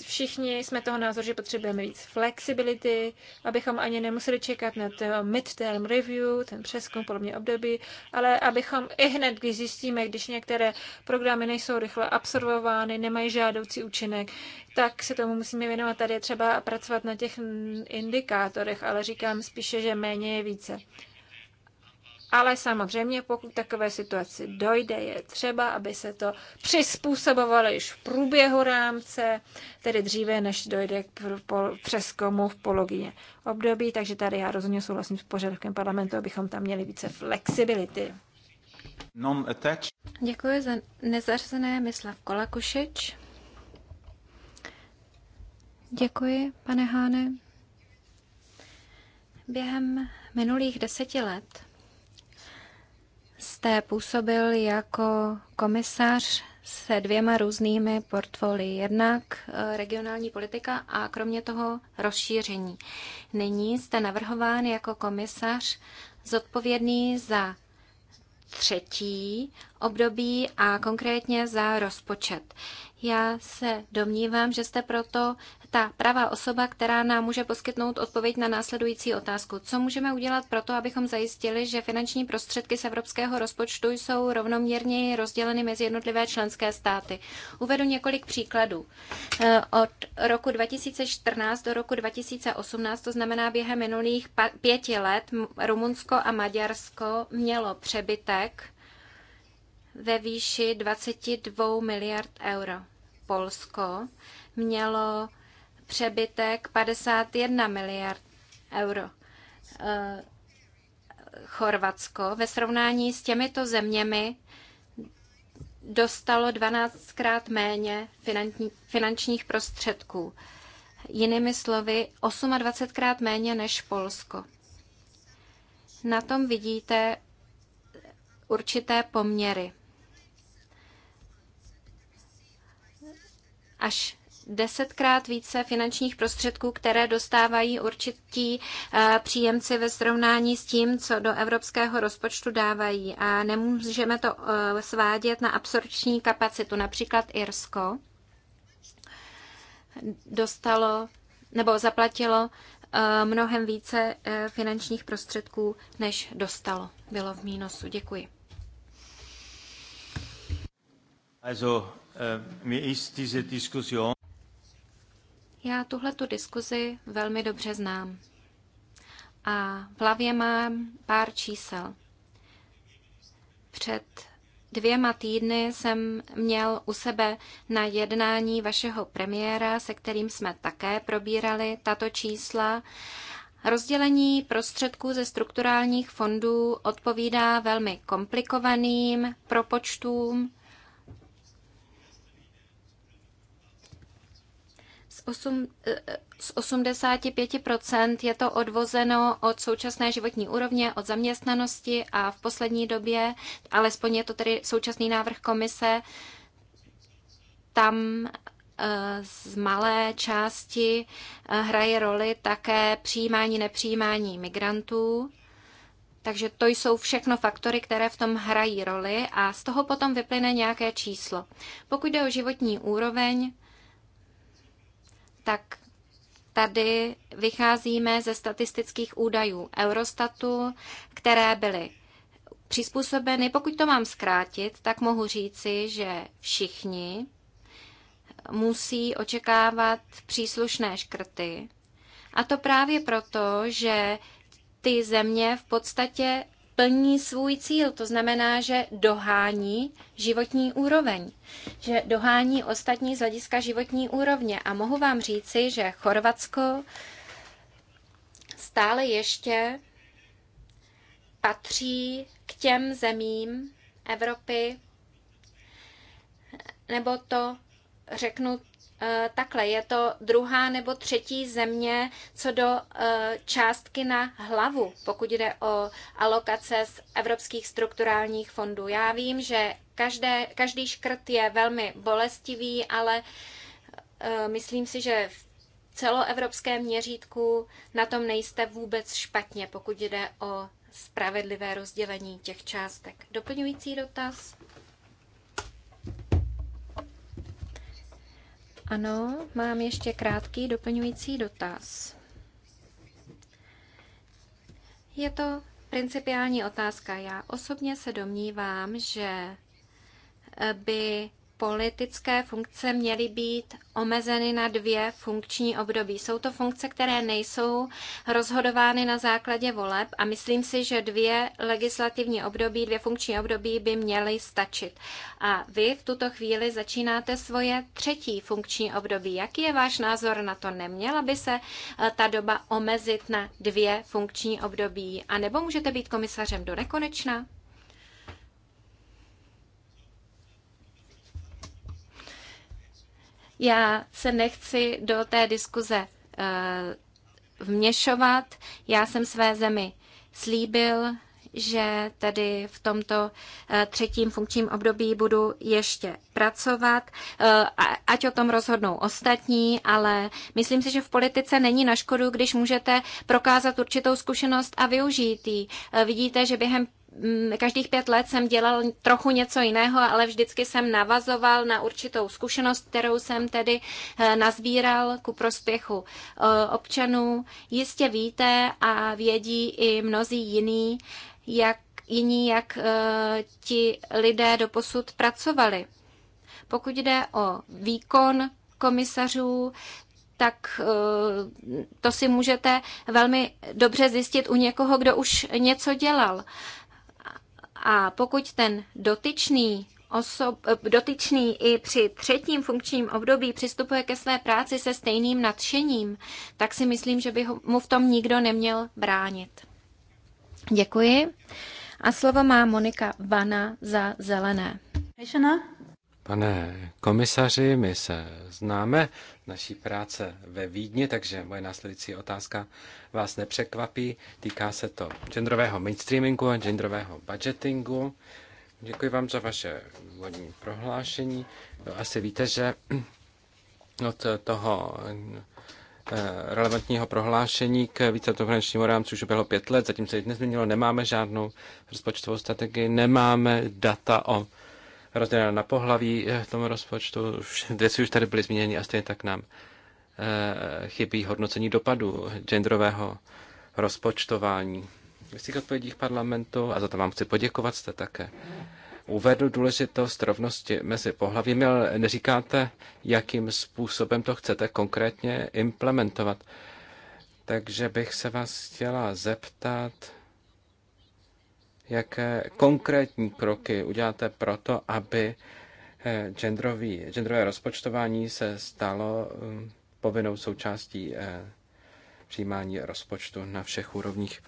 všichni jsme toho názoru, že potřebujeme víc flexibility, abychom ani nemuseli čekat na to midterm review, ten přeskum podobně období, ale abychom i hned, když zjistíme, když některé programy nejsou rychle absorbovány, nemají žádoucí účinek, tak se tomu musíme věnovat. Tady je třeba pracovat na těch indikátorech, ale říkám spíše, že méně je více. Ale samozřejmě, pokud takové situaci dojde, je třeba, aby se to přizpůsobovalo již v průběhu rámce, tedy dříve, než dojde k přeskomu v pologině období. Takže tady já rozhodně souhlasím s požadavkem parlamentu, abychom tam měli více flexibility. Děkuji za nezařazené myslav Kolakušič. Děkuji, pane Háne. Během minulých deseti let jste působil jako komisař se dvěma různými portfolii. Jednak e, regionální politika a kromě toho rozšíření. Nyní jste navrhován jako komisař zodpovědný za třetí období a konkrétně za rozpočet. Já se domnívám, že jste proto ta pravá osoba, která nám může poskytnout odpověď na následující otázku. Co můžeme udělat pro to, abychom zajistili, že finanční prostředky z evropského rozpočtu jsou rovnoměrně rozděleny mezi jednotlivé členské státy? Uvedu několik příkladů. Eh, od roku 2014 do roku 2018, to znamená během minulých pěti let, Rumunsko a Maďarsko mělo přebytek ve výši 22 miliard euro. Polsko mělo přebytek 51 miliard euro. E, Chorvatsko ve srovnání s těmito zeměmi dostalo 12krát méně finančních prostředků. Jinými slovy 28krát méně než Polsko. Na tom vidíte určité poměry. Až desetkrát více finančních prostředků, které dostávají určití eh, příjemci ve srovnání s tím, co do evropského rozpočtu dávají. A nemůžeme to eh, svádět na absorpční kapacitu. Například Irsko dostalo nebo zaplatilo eh, mnohem více finančních prostředků, než dostalo. Bylo v mínusu. Děkuji. Also, mir ist diese Diskussion já tu diskuzi velmi dobře znám. A v hlavě mám pár čísel. Před dvěma týdny jsem měl u sebe na jednání vašeho premiéra, se kterým jsme také probírali tato čísla. Rozdělení prostředků ze strukturálních fondů odpovídá velmi komplikovaným propočtům. Eh, z 85% je to odvozeno od současné životní úrovně, od zaměstnanosti a v poslední době, alespoň je to tedy současný návrh komise, tam eh, z malé části eh, hraje roli také přijímání, nepřijímání migrantů. Takže to jsou všechno faktory, které v tom hrají roli a z toho potom vyplyne nějaké číslo. Pokud jde o životní úroveň, tak tady vycházíme ze statistických údajů Eurostatu, které byly přizpůsobeny. Pokud to mám zkrátit, tak mohu říci, že všichni musí očekávat příslušné škrty. A to právě proto, že ty země v podstatě plní svůj cíl, to znamená, že dohání životní úroveň, že dohání ostatní z hlediska životní úrovně. A mohu vám říci, že Chorvatsko stále ještě patří k těm zemím Evropy, nebo to řeknu Eh, takhle, je to druhá nebo třetí země co do eh, částky na hlavu, pokud jde o alokace z evropských strukturálních fondů. Já vím, že každé, každý škrt je velmi bolestivý, ale eh, myslím si, že v celoevropském měřítku na tom nejste vůbec špatně, pokud jde o spravedlivé rozdělení těch částek. Doplňující dotaz? Ano, mám ještě krátký doplňující dotaz. Je to principiální otázka. Já osobně se domnívám, že by politické funkce měly být omezeny na dvě funkční období. Jsou to funkce, které nejsou rozhodovány na základě voleb a myslím si, že dvě legislativní období, dvě funkční období by měly stačit. A vy v tuto chvíli začínáte svoje třetí funkční období. Jaký je váš názor na to? Neměla by se eh, ta doba omezit na dvě funkční období? A nebo můžete být komisařem do nekonečna? Já se nechci do té diskuze eh, vměšovat. Já jsem své zemi slíbil, že tady v tomto eh, třetím funkčním období budu ještě pracovat, eh, ať o tom rozhodnou ostatní, ale myslím si, že v politice není na škodu, když můžete prokázat určitou zkušenost a využít ji. Vidíte, že během každých pět let jsem dělal trochu něco jiného, ale vždycky jsem navazoval na určitou zkušenost, kterou jsem tedy eh, nazbíral ku prospěchu eh, občanů. Jistě víte a vědí i mnozí jiní, jak, jiní, jak eh, ti lidé doposud pracovali. Pokud jde o výkon komisařů, tak to si můžete velmi dobře zjistit u někoho, kdo už něco dělal. A pokud ten dotyčný osob, eh, dotyčný i při třetím funkčním období přistupuje ke své práci se stejným nadšením, tak si myslím, že by ho, mu v tom nikdo neměl bránit. Děkuji. A slovo má Monika Vana za zelené. Vyšená? Pane komisaři, my se známe naší práce ve Vídni, takže moje následující otázka vás nepřekvapí. Týká se to genderového mainstreamingu a genderového budgetingu. Děkuji vám za vaše úvodní prohlášení. No, asi víte, že od toho eh, relevantního prohlášení k víceletému rámci už bylo pět let, zatím se nic nezměnilo, nemáme žádnou rozpočtovou strategii, nemáme data o rozdělena na pohlaví eh, v tom rozpočtu. Věci už tady byly zmíněny a stejně tak nám eh, chybí hodnocení dopadu genderového rozpočtování. V svých odpovědích parlamentu, a za to vám chci poděkovat, jste také uvedl důležitost rovnosti mezi pohlavími, ale neříkáte, jakým způsobem to chcete konkrétně implementovat. Takže bych se vás chtěla zeptat, jaké konkrétní kroky uděláte proto, aby eh, genderový, genderové rozpočtování se stalo hm, povinnou součástí eh, přijímání rozpočtu na všech úrovních.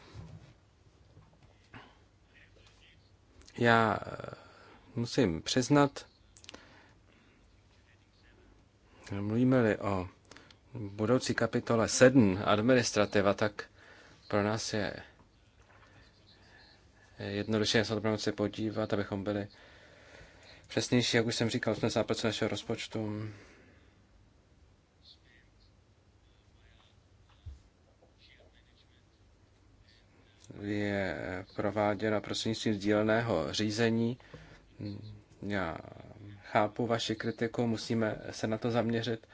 Já eh, musím přiznat, mluvíme-li o budoucí kapitole 7 administrativa, tak pro nás je jednoduše se to se podívat, abychom byli přesnější, jak už jsem říkal, 80% našeho rozpočtu. je prováděna prostřednictvím sdíleného řízení. Já chápu vaši kritiku, musíme se na to zaměřit.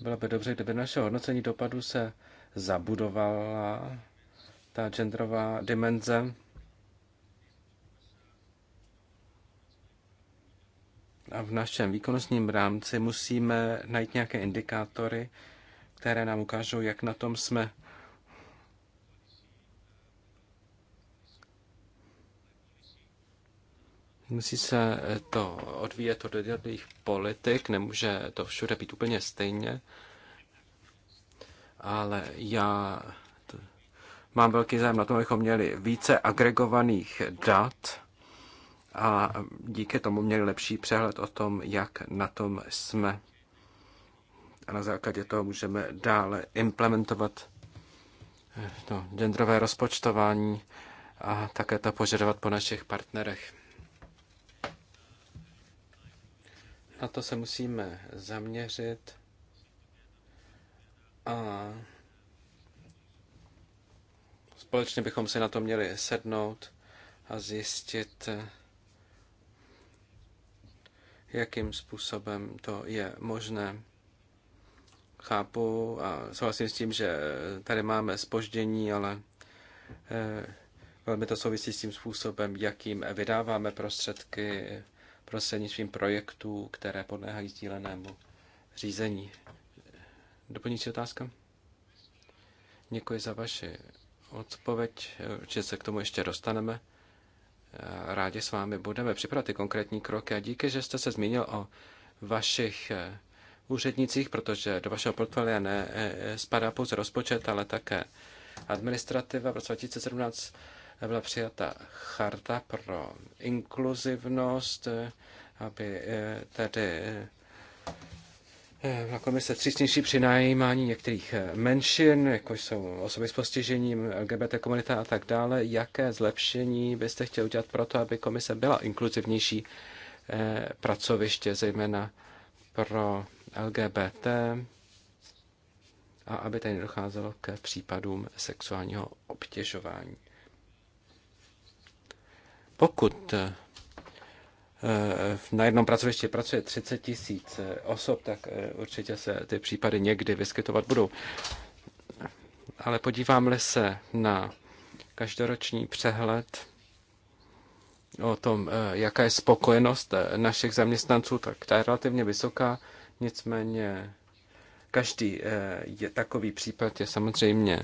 Bylo by dobře, kdyby naše hodnocení dopadu se zabudovala ta genderová dimenze. A v našem výkonnostním rámci musíme najít nějaké indikátory, které nám ukážou, jak na tom jsme. Musí se to odvíjet od jednotlivých politik, nemůže to všude být úplně stejně, ale já Mám velký zájem na tom, abychom měli více agregovaných dat a díky tomu měli lepší přehled o tom, jak na tom jsme. A na základě toho můžeme dále implementovat to genderové rozpočtování a také to požadovat po našich partnerech. Na to se musíme zaměřit a Společně bychom si na to měli sednout a zjistit, jakým způsobem to je možné. Chápu a souhlasím s tím, že tady máme spoždění, ale eh, velmi to souvisí s tím způsobem, jakým vydáváme prostředky prostřednictvím projektů, které podléhají sdílenému řízení. Doplňující otázka? Děkuji za vaši odpověď, určitě se k tomu ještě dostaneme. Rádi s vámi budeme připravit ty konkrétní kroky a díky, že jste se zmínil o vašich eh, úřednicích, protože do vašeho portfolia ne, eh, eh, spadá pouze rozpočet, ale také administrativa. V roce 2017 byla přijata charta pro inkluzivnost, aby tedy Eh, na komise přísnější při najímání některých eh, menšin, jako jsou osoby s postižením, LGBT komunita a tak dále. Jaké zlepšení byste chtěli udělat pro to, aby komise byla inkluzivnější eh, pracoviště, zejména pro LGBT a aby tady nedocházelo k případům sexuálního obtěžování. Pokud Eh, na jednom pracovišti pracuje 30 tisíc eh, osob, tak eh, určitě se ty případy někdy vyskytovat budou. Ale podíváme se na každoroční přehled o tom, jaká je spokojenost našich zaměstnanců, tak ta je relativně vysoká, nicméně každý je takový případ je samozřejmě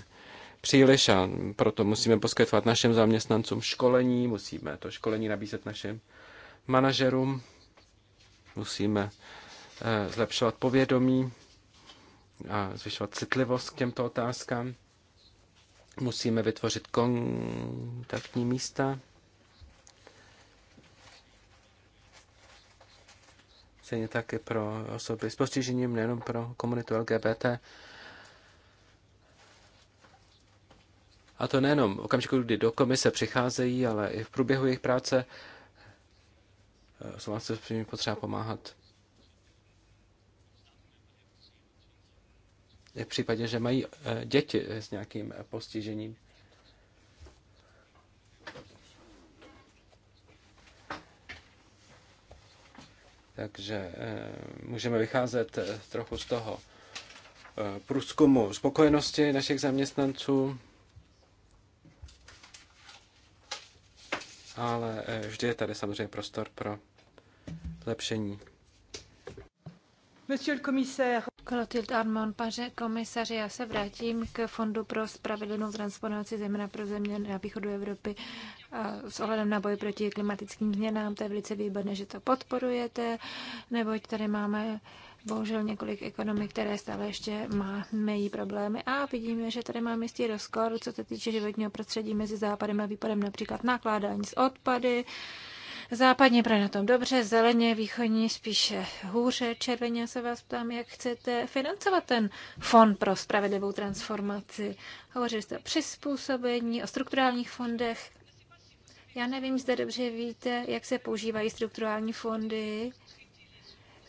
příliš a proto musíme poskytovat našim zaměstnancům školení, musíme to školení nabízet našim manažerům. Musíme eh, zlepšovat povědomí a zvyšovat citlivost k těmto otázkám. Musíme vytvořit kontaktní místa. Stejně taky pro osoby s postižením, nejenom pro komunitu LGBT. A to nejenom v okamžiku, kdy do komise přicházejí, ale i v průběhu jejich práce Slováci s příjmy potřeba pomáhat. Je v případě, že mají eh, děti eh, s nějakým eh, postižením. Takže můžeme vycházet trochu z toho průzkumu spokojenosti našich zaměstnanců, ale vždy je tady samozřejmě prostor pro zlepšení. Monsieur le commissaire. pane komisaři, já se vrátím k Fondu pro spravedlnou transformaci zejména pro země na východu Evropy s ohledem na boj proti klimatickým změnám. To je velice výborné, že to podporujete, neboť tady máme bohužel několik ekonomik, které stále ještě má, mají problémy a vidíme, že tady máme jistý rozkor, co se týče životního prostředí mezi západem a výpadem, například nakládání z odpady, Západně bude na tom dobře, zeleně, východní spíše hůře, červeně se vás ptám, jak chcete financovat ten fond pro spravedlivou transformaci. Hovořili jste o přizpůsobení, o strukturálních fondech. Já nevím, zda dobře víte, jak se používají strukturální fondy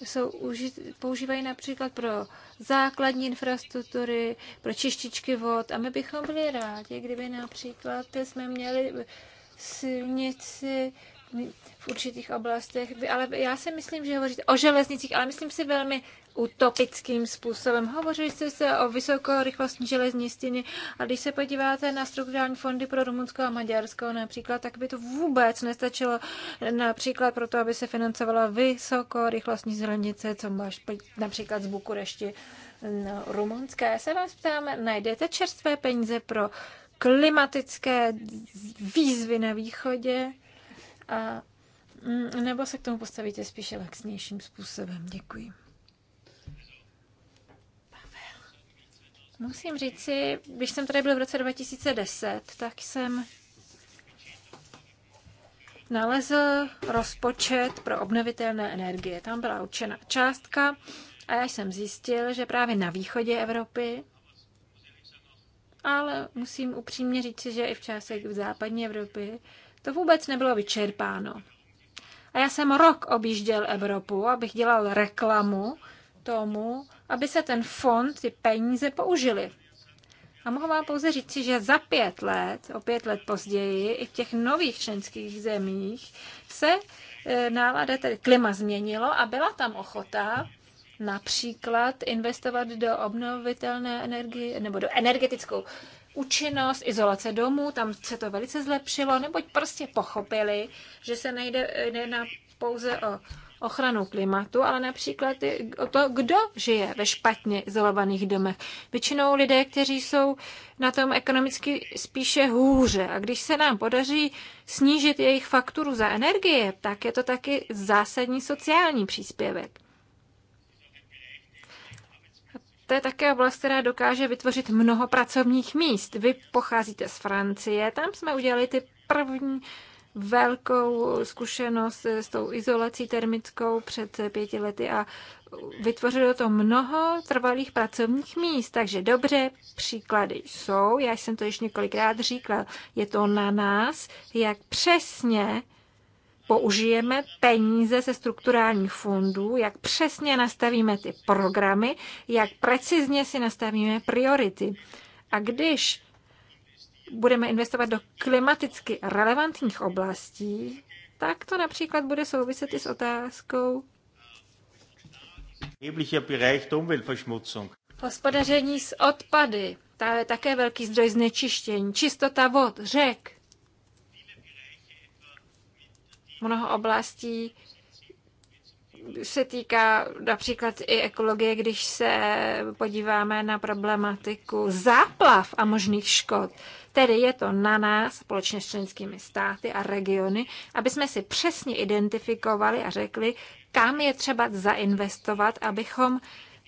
jsou uži- používají například pro základní infrastruktury, pro čištičky vod. A my bychom byli rádi, kdyby například jsme měli silnici v určitých oblastech, ale já si myslím, že hovoříte o železnicích, ale myslím si velmi utopickým způsobem. Hovořili jste se o vysokorychlostní železnictině a když se podíváte na strukturální fondy pro Rumunsko a Maďarsko například, tak by to vůbec nestačilo například proto, aby se financovala vysokorychlostní železnice, co máš například z Bukurešti no, rumunské. Já se vás ptám, najdete čerstvé peníze pro klimatické výzvy na východě? a mm, nebo se k tomu postavíte spíše laxnějším způsobem. Děkuji. Pavel. Musím říci, když jsem tady byl v roce 2010, tak jsem nalezl rozpočet pro obnovitelné energie. Tam byla určena částka a já jsem zjistil, že právě na východě Evropy, ale musím upřímně říct, že i v částech v západní Evropy, to vůbec nebylo vyčerpáno. A já jsem rok objížděl Evropu, abych dělal reklamu tomu, aby se ten fond, ty peníze použily. A mohu vám pouze říct, že za pět let, o pět let později, i v těch nových členských zemích se e, nálada, tedy klima změnilo a byla tam ochota například investovat do obnovitelné energie nebo do energetickou účinnost izolace domů, tam se to velice zlepšilo, neboť prostě pochopili, že se nejde, na pouze o ochranu klimatu, ale například o to, kdo žije ve špatně izolovaných domech. Většinou lidé, kteří jsou na tom ekonomicky spíše hůře. A když se nám podaří snížit jejich fakturu za energie, tak je to taky zásadní sociální příspěvek. to je také oblast, která dokáže vytvořit mnoho pracovních míst. Vy pocházíte z Francie, tam jsme udělali ty první velkou zkušenost s tou izolací termickou před pěti lety a vytvořilo to mnoho trvalých pracovních míst. Takže dobře, příklady jsou, já jsem to již několikrát říkala, je to na nás, jak přesně použijeme peníze ze strukturálních fondů, jak přesně nastavíme ty programy, jak precizně si nastavíme priority. A když budeme investovat do klimaticky relevantních oblastí, tak to například bude souviset i s otázkou hospodaření s odpady. to je také velký zdroj znečištění. Čistota vod, řek, Mnoho oblastí se týká například i ekologie, když se podíváme na problematiku záplav a možných škod. Tedy je to na nás, společně s členskými státy a regiony, aby jsme si přesně identifikovali a řekli, kam je třeba zainvestovat, abychom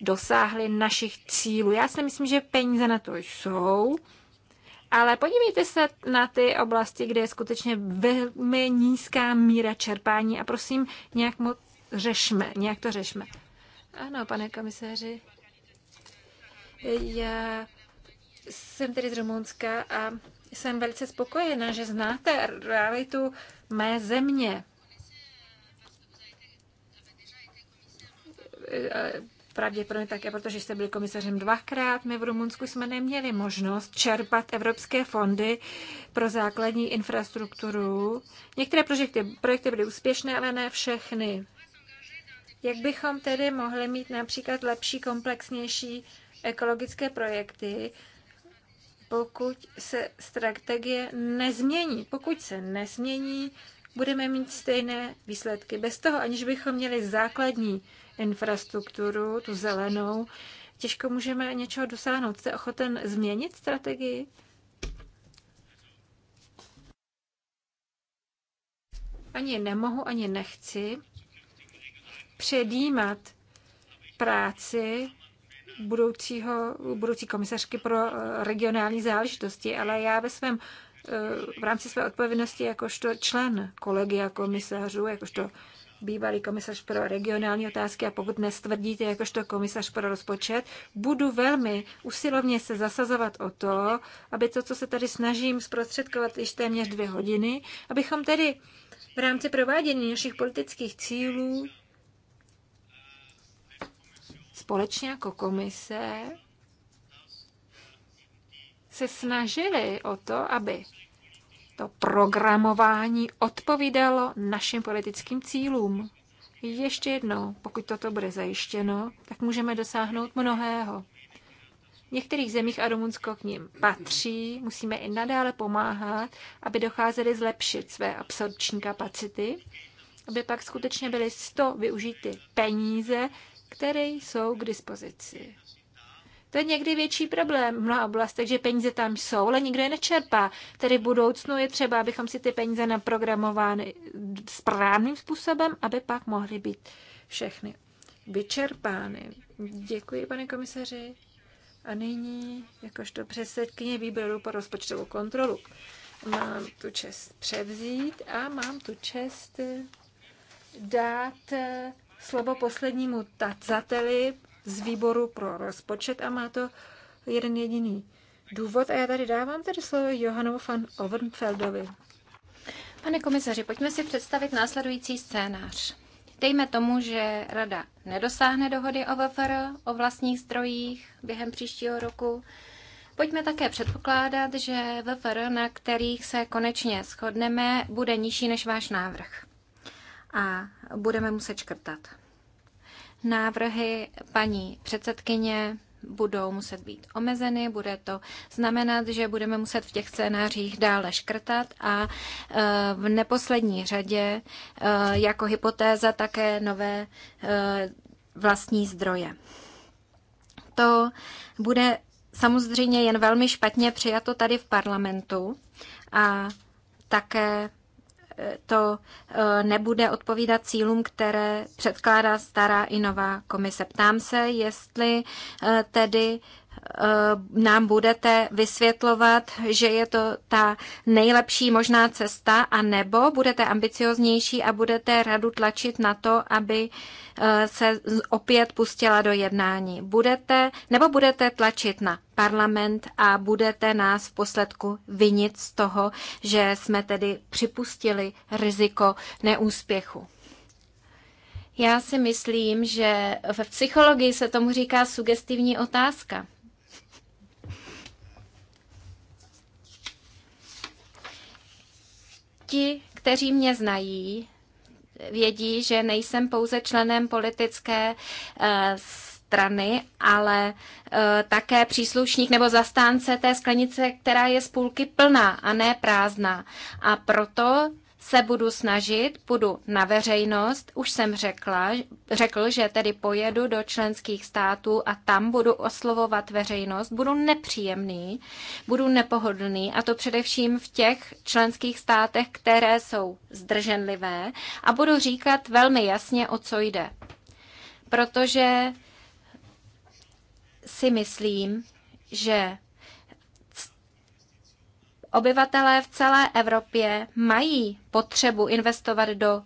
dosáhli našich cílů. Já si myslím, že peníze na to jsou, ale podívejte se na ty oblasti, kde je skutečně velmi nízká míra čerpání a prosím, nějak moc řešme, nějak to řešme. Ano, pane komisaři, já jsem tedy z Rumunska a jsem velice spokojená, že znáte realitu mé země. Pravděpodobně také, protože jste byli komisařem dvakrát. My v Rumunsku jsme neměli možnost čerpat evropské fondy pro základní infrastrukturu. Některé projekty, projekty byly úspěšné, ale ne všechny. Jak bychom tedy mohli mít například lepší, komplexnější ekologické projekty, pokud se strategie nezmění. Pokud se nezmění, budeme mít stejné výsledky. Bez toho, aniž bychom měli základní infrastrukturu, tu zelenou, těžko můžeme něčeho dosáhnout. Jste ochoten změnit strategii? Ani nemohu, ani nechci předjímat práci budoucího, budoucí komisařky pro eh, regionální záležitosti, ale já ve svém eh, v rámci své odpovědnosti jakožto člen kolegia komisařů, jakožto bývalý komisař pro regionální otázky a pokud nestvrdíte jakožto komisař pro rozpočet, budu velmi usilovně se zasazovat o to, aby to, co se tady snažím zprostředkovat již téměř dvě hodiny, abychom tedy v rámci provádění našich politických cílů společně jako komise se snažili o to, aby to programování odpovídalo našim politickým cílům. Ještě jednou, pokud toto bude zajištěno, tak můžeme dosáhnout mnohého. V některých zemích a Rumunsko k ním patří, musíme i nadále pomáhat, aby docházeli zlepšit své absorpční kapacity, aby pak skutečně byly 100 využity peníze, které jsou k dispozici. To je někdy větší problém v mnoha oblastech, že peníze tam jsou, ale nikdo je nečerpá. Tedy v budoucnu je třeba, abychom si ty peníze naprogramovány správným způsobem, aby pak mohly být všechny vyčerpány. Děkuji, pane komisaři. A nyní, jakožto předsedkyně výboru pro rozpočtovou kontrolu, mám tu čest převzít a mám tu čest dát slovo poslednímu tazateli, z výboru pro rozpočet a má to jeden jediný důvod. A já tady dávám tedy slovo Johanu van Overnfeldovi. Pane komisaři, pojďme si představit následující scénář. Dejme tomu, že rada nedosáhne dohody o VFR, o vlastních zdrojích během příštího roku. Pojďme také předpokládat, že VFR, na kterých se konečně shodneme, bude nižší než váš návrh. A budeme muset škrtat návrhy paní předsedkyně budou muset být omezeny, bude to znamenat, že budeme muset v těch scénářích dále škrtat a e, v neposlední řadě e, jako hypotéza také nové e, vlastní zdroje. To bude samozřejmě jen velmi špatně přijato tady v parlamentu a také to e, nebude odpovídat cílům, které předkládá stará i nová komise. Ptám se, jestli e, tedy Eh, nám budete vysvětlovat, že je to ta nejlepší možná cesta, a nebo budete ambicioznější a budete radu tlačit na to, aby eh, se opět pustila do jednání. Budete, nebo budete tlačit na parlament a budete nás v posledku vinit z toho, že jsme tedy připustili riziko neúspěchu. Já si myslím, že v psychologii se tomu říká sugestivní otázka. Ti, kteří mě znají, vědí, že nejsem pouze členem politické eh, strany, ale eh, také příslušník nebo zastánce té sklenice, která je z půlky plná a ne prázdná. A proto se budu snažit, budu na veřejnost. Už jsem řekla, řekl, že tedy pojedu do členských států a tam budu oslovovat veřejnost. Budu nepříjemný, budu nepohodlný a to především v těch členských státech, které jsou zdrženlivé a budu říkat velmi jasně, o co jde. Protože si myslím, že Obyvatelé v celé Evropě mají potřebu investovat do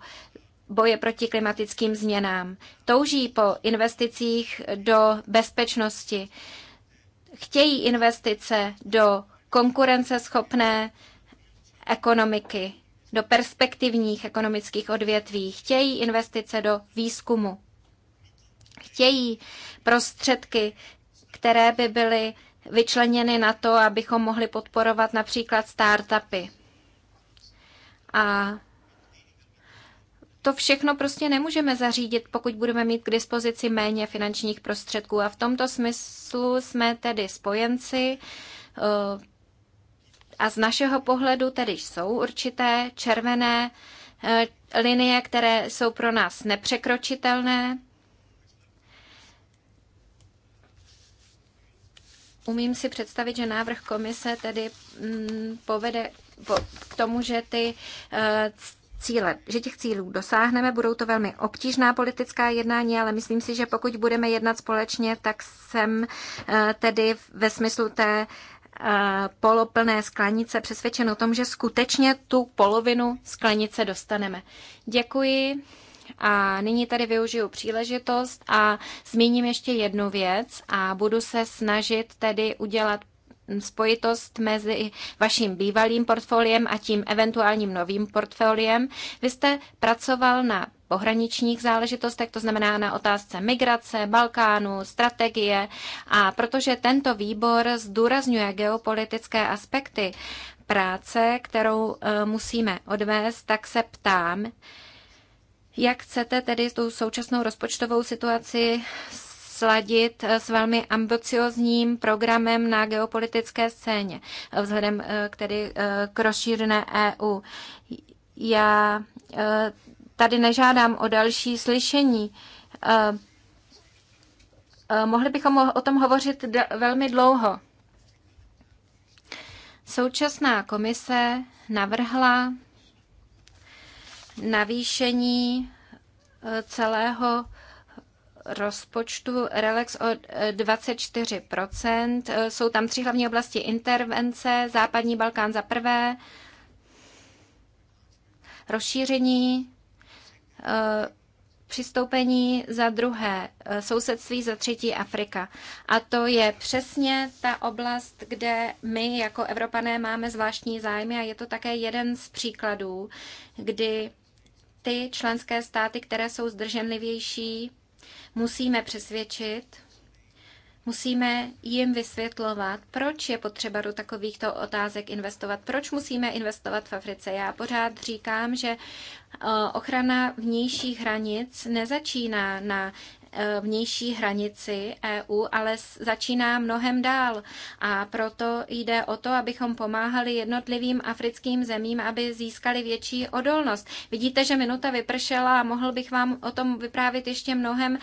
boje proti klimatickým změnám. Touží po investicích do bezpečnosti. Chtějí investice do konkurenceschopné ekonomiky, do perspektivních ekonomických odvětví. Chtějí investice do výzkumu. Chtějí prostředky, které by byly vyčleněny na to, abychom mohli podporovat například startupy. A to všechno prostě nemůžeme zařídit, pokud budeme mít k dispozici méně finančních prostředků. A v tomto smyslu jsme tedy spojenci eh, a z našeho pohledu tedy jsou určité červené eh, linie, které jsou pro nás nepřekročitelné. Umím si představit, že návrh komise tedy mm, povede k tomu, že ty eh, cíle, že těch cílů dosáhneme. Budou to velmi obtížná politická jednání, ale myslím si, že pokud budeme jednat společně, tak jsem eh, tedy ve smyslu té eh, poloplné sklenice přesvědčen o tom, že skutečně tu polovinu sklenice dostaneme. Děkuji. A nyní tady využiju příležitost a zmíním ještě jednu věc a budu se snažit tedy udělat spojitost mezi vaším bývalým portfoliem a tím eventuálním novým portfoliem. Vy jste pracoval na pohraničních záležitostech, to znamená na otázce migrace, Balkánu, strategie. A protože tento výbor zdůrazňuje geopolitické aspekty práce, kterou eh, musíme odvést, tak se ptám, jak chcete tedy tou současnou rozpočtovou situaci sladit eh, s velmi ambiciozním programem na geopolitické scéně, eh, vzhledem eh, k, tedy, k rozšířené EU. Já tady nežádám o další slyšení. Mohli bychom o tom hovořit velmi dlouho. Současná komise navrhla navýšení eh, celého rozpočtu Relex o 24%. Eh, eh, jsou tam tři hlavní oblasti intervence, Západní Balkán za prvé, rozšíření, přistoupení za druhé, sousedství za třetí Afrika. A to je přesně ta oblast, kde my jako Evropané máme zvláštní zájmy a je to také jeden z příkladů, kdy ty členské státy, které jsou zdrženlivější, musíme přesvědčit, musíme jim vysvětlovat, proč je potřeba do takovýchto otázek investovat, proč musíme investovat v Africe. Já pořád říkám, že eh, ochrana vnějších hranic nezačíná na Eh, vnější hranici EU, ale začíná mnohem dál. A proto jde o to, abychom pomáhali jednotlivým africkým zemím, aby získali větší odolnost. Vidíte, že minuta vypršela a mohl bych vám o tom vyprávět ještě mnohem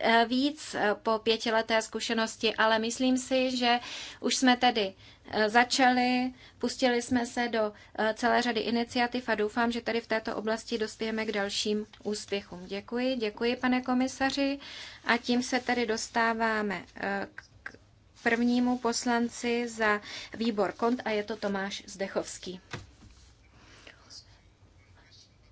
eh, víc eh, po pětileté zkušenosti, ale myslím si, že už jsme tedy Eh, začali, pustili jsme se do eh, celé řady iniciativ a doufám, že tady v této oblasti dospějeme k dalším úspěchům. Děkuji, děkuji, pane komisaři. A tím se tedy dostáváme eh, k prvnímu poslanci za výbor KONT a je to Tomáš Zdechovský.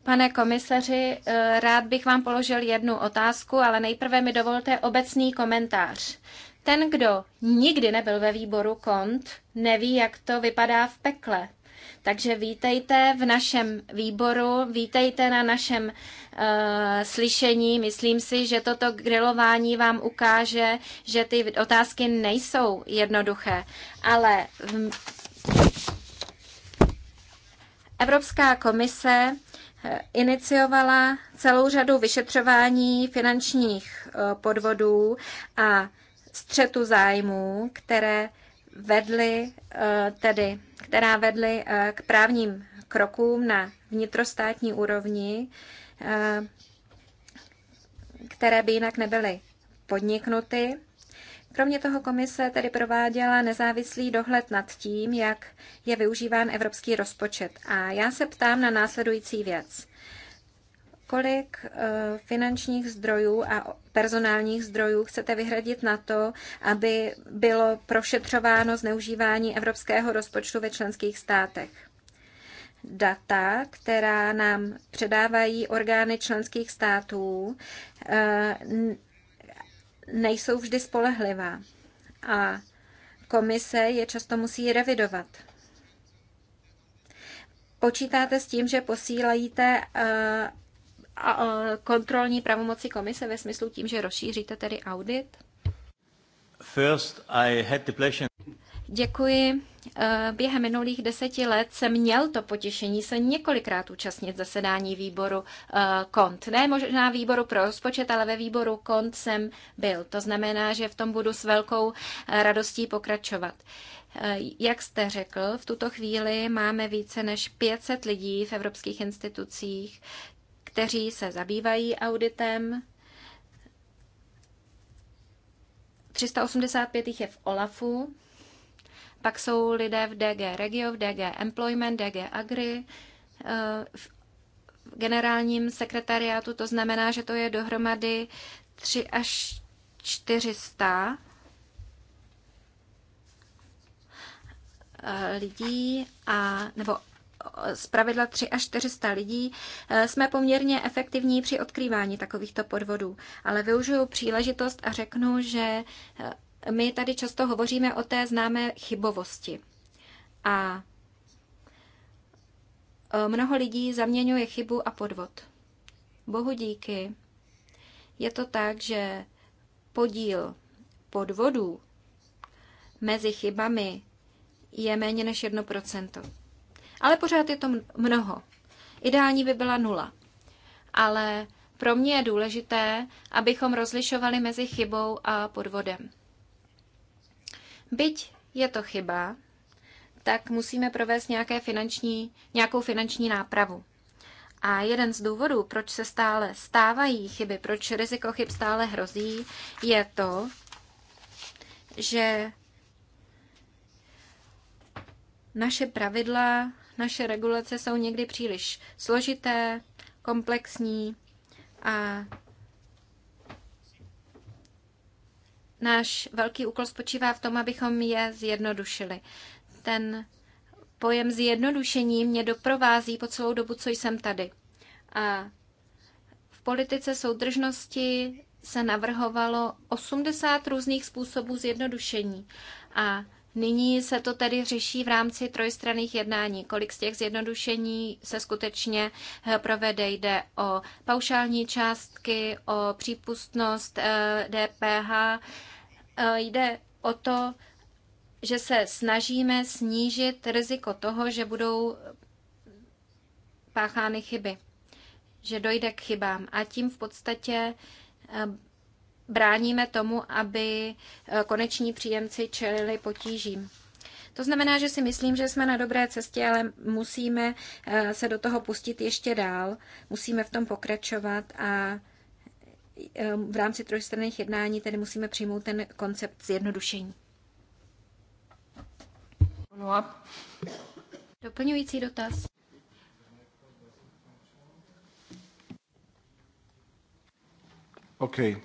Pane komisaři, rád bych vám položil jednu otázku, ale nejprve mi dovolte obecný komentář. Ten, kdo nikdy nebyl ve výboru kont, neví, jak to vypadá v pekle. Takže vítejte v našem výboru, vítejte na našem uh, slyšení. Myslím si, že toto grilování vám ukáže, že ty otázky nejsou jednoduché, ale Evropská komise eh, iniciovala celou řadu vyšetřování finančních eh, podvodů a střetu zájmů, které vedly, eh, tedy, která vedly eh, k právním krokům na vnitrostátní úrovni, eh, které by jinak nebyly podniknuty. Kromě toho komise tedy prováděla nezávislý dohled nad tím, jak je využíván evropský rozpočet. A já se ptám na následující věc kolik eh, finančních zdrojů a personálních zdrojů chcete vyhradit na to, aby bylo prošetřováno zneužívání evropského rozpočtu ve členských státech. Data, která nám předávají orgány členských států, eh, nejsou vždy spolehlivá a komise je často musí revidovat. Počítáte s tím, že posílajíte eh, kontrolní pravomoci komise ve smyslu tím, že rozšíříte tedy audit? First, I had the pleasure... Děkuji. Eh, během minulých deseti let jsem měl to potěšení se několikrát účastnit zasedání výboru eh, KONT. Ne možná výboru pro rozpočet, ale ve výboru KONT jsem byl. To znamená, že v tom budu s velkou eh, radostí pokračovat. Jak jste řekl, v tuto chvíli máme více než 500 lidí v evropských institucích, kteří se zabývají auditem. 385 jich je v OLAFu, pak jsou lidé v DG Regio, v DG Employment, DG Agri, eh, v generálním sekretariátu, to znamená, že to je dohromady 3 až 400 eh, lidí a, nebo pravidla 3 až 400 lidí, eh, jsme poměrně efektivní při odkrývání takovýchto podvodů. Ale využiju příležitost a řeknu, že eh, my tady často hovoříme o té známé chybovosti. A eh, mnoho lidí zaměňuje chybu a podvod. Bohu díky. Je to tak, že podíl podvodů mezi chybami je méně než 1% ale pořád je to mnoho. Ideální by byla nula. Ale pro mě je důležité, abychom rozlišovali mezi chybou a podvodem. Byť je to chyba, tak musíme provést nějaké finanční, nějakou finanční nápravu. A jeden z důvodů, proč se stále stávají chyby, proč riziko chyb stále hrozí, je to, že naše pravidla naše regulace jsou někdy příliš složité, komplexní a náš velký úkol spočívá v tom, abychom je zjednodušili. Ten pojem zjednodušení mě doprovází po celou dobu, co jsem tady. A v politice soudržnosti se navrhovalo 80 různých způsobů zjednodušení. A Nyní se to tedy řeší v rámci trojstranných jednání. Kolik z těch zjednodušení se skutečně eh, provede? Jde o paušální částky, o přípustnost DPH. Eh, eh, jde o to, že se snažíme snížit riziko toho, že budou páchány chyby, že dojde k chybám. A tím v podstatě bráníme tomu, aby eh, koneční příjemci čelili potížím. To znamená, že si myslím, že jsme na dobré cestě, ale musíme eh, se do toho pustit ještě dál, musíme v tom pokračovat a eh, v rámci trojstranných jednání tedy musíme přijmout ten koncept zjednodušení. Doplňující dotaz. Okay.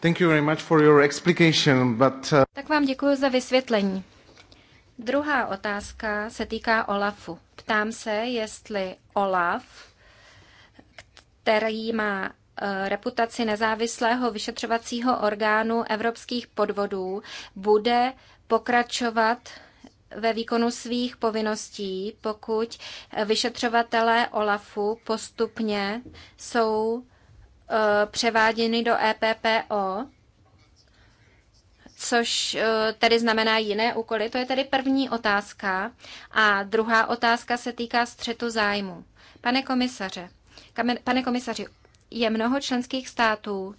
Thank you very much for your but... Uh... Tak vám děkuji za vysvětlení. Druhá otázka se týká Olafu. Ptám se, jestli Olaf, který má eh, reputaci nezávislého vyšetřovacího orgánu evropských podvodů, bude pokračovat ve výkonu svých povinností, pokud vyšetřovatelé OLAFu postupně jsou Eh, převáděny do EPPO, což eh, tedy znamená jiné úkoly. To je tedy první otázka. A druhá otázka se týká střetu zájmu. Pane komisaře, pane komisaři, je mnoho členských států,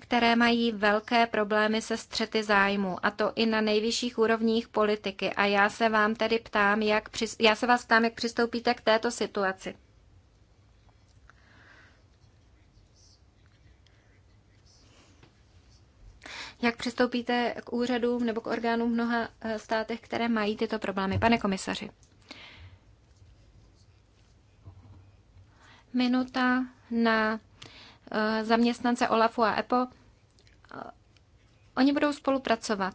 které mají velké problémy se střety zájmu, a to i na nejvyšších úrovních politiky. A já se vám tedy ptám, jak při, já se vás ptám, jak přistoupíte k této situaci. jak přistoupíte k úřadům nebo k orgánům v mnoha eh, státech, které mají tyto problémy. Pane komisaři. Minuta na eh, zaměstnance OLAFu a EPO. Eh, oni budou spolupracovat.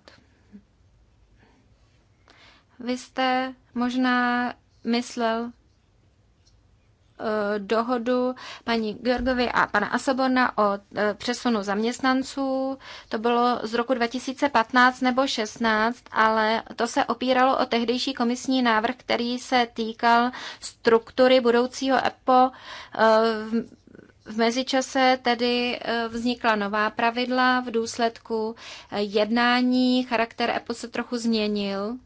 Vy jste možná myslel, Eh, dohodu paní Georgovi a pana Asobona o eh, přesunu zaměstnanců. To bylo z roku 2015 nebo 16, ale to se opíralo o tehdejší komisní návrh, který se týkal struktury budoucího EPO eh, v mezičase tedy vznikla nová pravidla v důsledku jednání, charakter EPO se trochu změnil.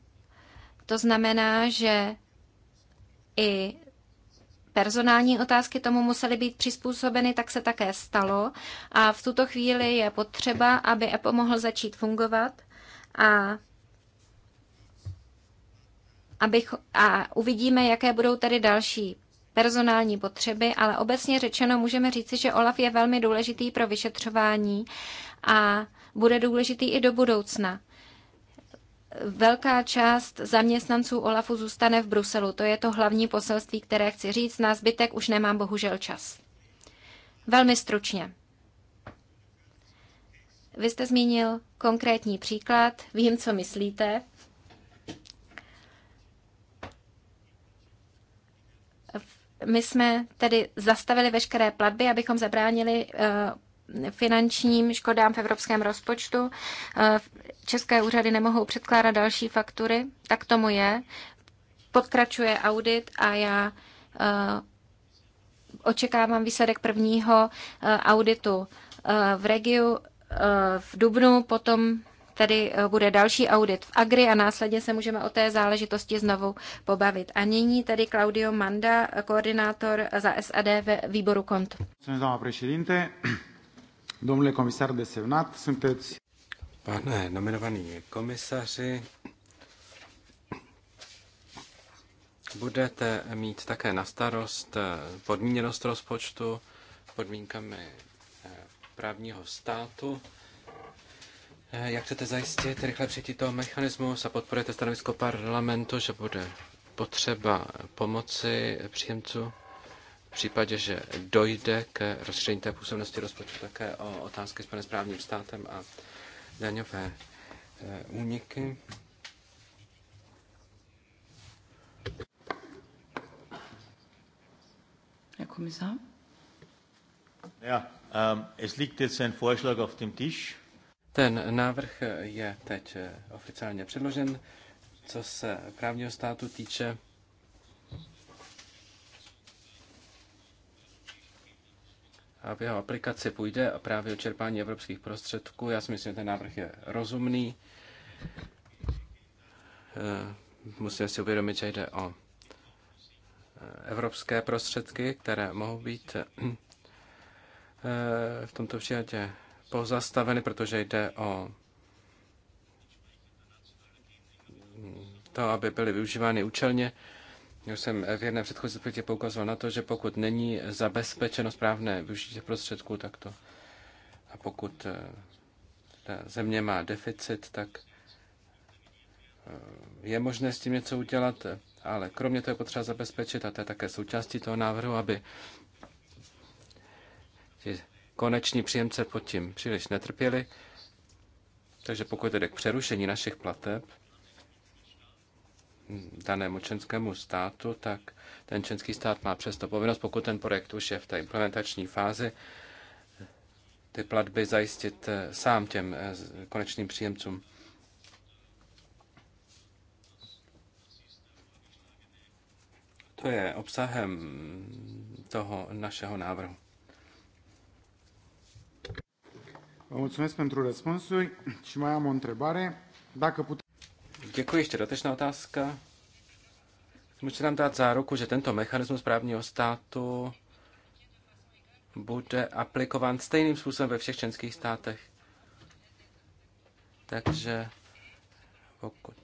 To znamená, že i personální otázky tomu musely být přizpůsobeny, tak se také stalo. A v tuto chvíli je potřeba, aby EPO mohl začít fungovat a abych, a uvidíme, jaké budou tady další personální potřeby, ale obecně řečeno můžeme říci, že OLAF je velmi důležitý pro vyšetřování a bude důležitý i do budoucna velká část zaměstnanců OLAFu zůstane v Bruselu. To je to hlavní poselství, které chci říct. Na zbytek už nemám bohužel čas. Velmi stručně. Vy jste zmínil konkrétní příklad, vím, co myslíte. My jsme tedy zastavili veškeré platby, abychom zabránili eh, finančním škodám v evropském rozpočtu. Eh, české úřady nemohou předkládat další faktury, tak tomu je. Podkračuje audit a já eh, očekávám výsledek prvního eh, auditu v Regiu v Dubnu, potom tady bude další audit v Agri a následně se můžeme o té záležitosti znovu pobavit. A nyní tedy Claudio Manda, koordinátor za SAD ve výboru KONT. Jsem Domnule komisar desemnat, sunteți... Pane nominovaný komisaři, budete mít také na starost eh, podmíněnost rozpočtu podmínkami eh, právního státu. Eh, jak chcete zajistit rychle přijetí toho mechanismu a podporujete stanovisko parlamentu, že bude potřeba pomoci příjemcům? případě, že dojde k rozšíření té působnosti rozpočtu také o otázky s panem správním státem a daňové eh, úniky. Herr Kommissar? Ja, um, es liegt jetzt ein Vorschlag auf dem Tisch. Ten návrh je teď eh, oficiálně předložen. Co se právního státu týče, a v jeho aplikaci půjde právě o čerpání evropských prostředků. Já si myslím, že ten návrh je rozumný. Eh, musíme si uvědomit, že jde o eh, evropské prostředky, které mohou být eh, v tomto případě pozastaveny, protože jde o mm, to, aby byly využívány účelně. Já jsem eh, v jedné předchozí odpovědi poukazoval na to, že pokud není zabezpečeno správné využití prostředků, tak to. A pokud eh, ta země má deficit, tak eh, je možné s tím něco udělat, ale kromě toho je potřeba zabezpečit, a to je také součástí toho návrhu, aby ti koneční příjemce pod tím příliš netrpěli. Takže pokud jde k přerušení našich plateb, danému členskému státu, tak ten členský stát má přesto povinnost, pokud ten projekt už je v té implementační fázi, ty platby zajistit eh, sám těm eh, konečným příjemcům. To je obsahem toho našeho návrhu. Vă mulțumesc pentru răspunsuri și mai am o întrebare. Dacă putem... Děkuji. Ještě dotečná otázka. Můžete nám dát záruku, že tento mechanismus právního státu bude aplikován stejným způsobem ve všech členských státech. Takže pokud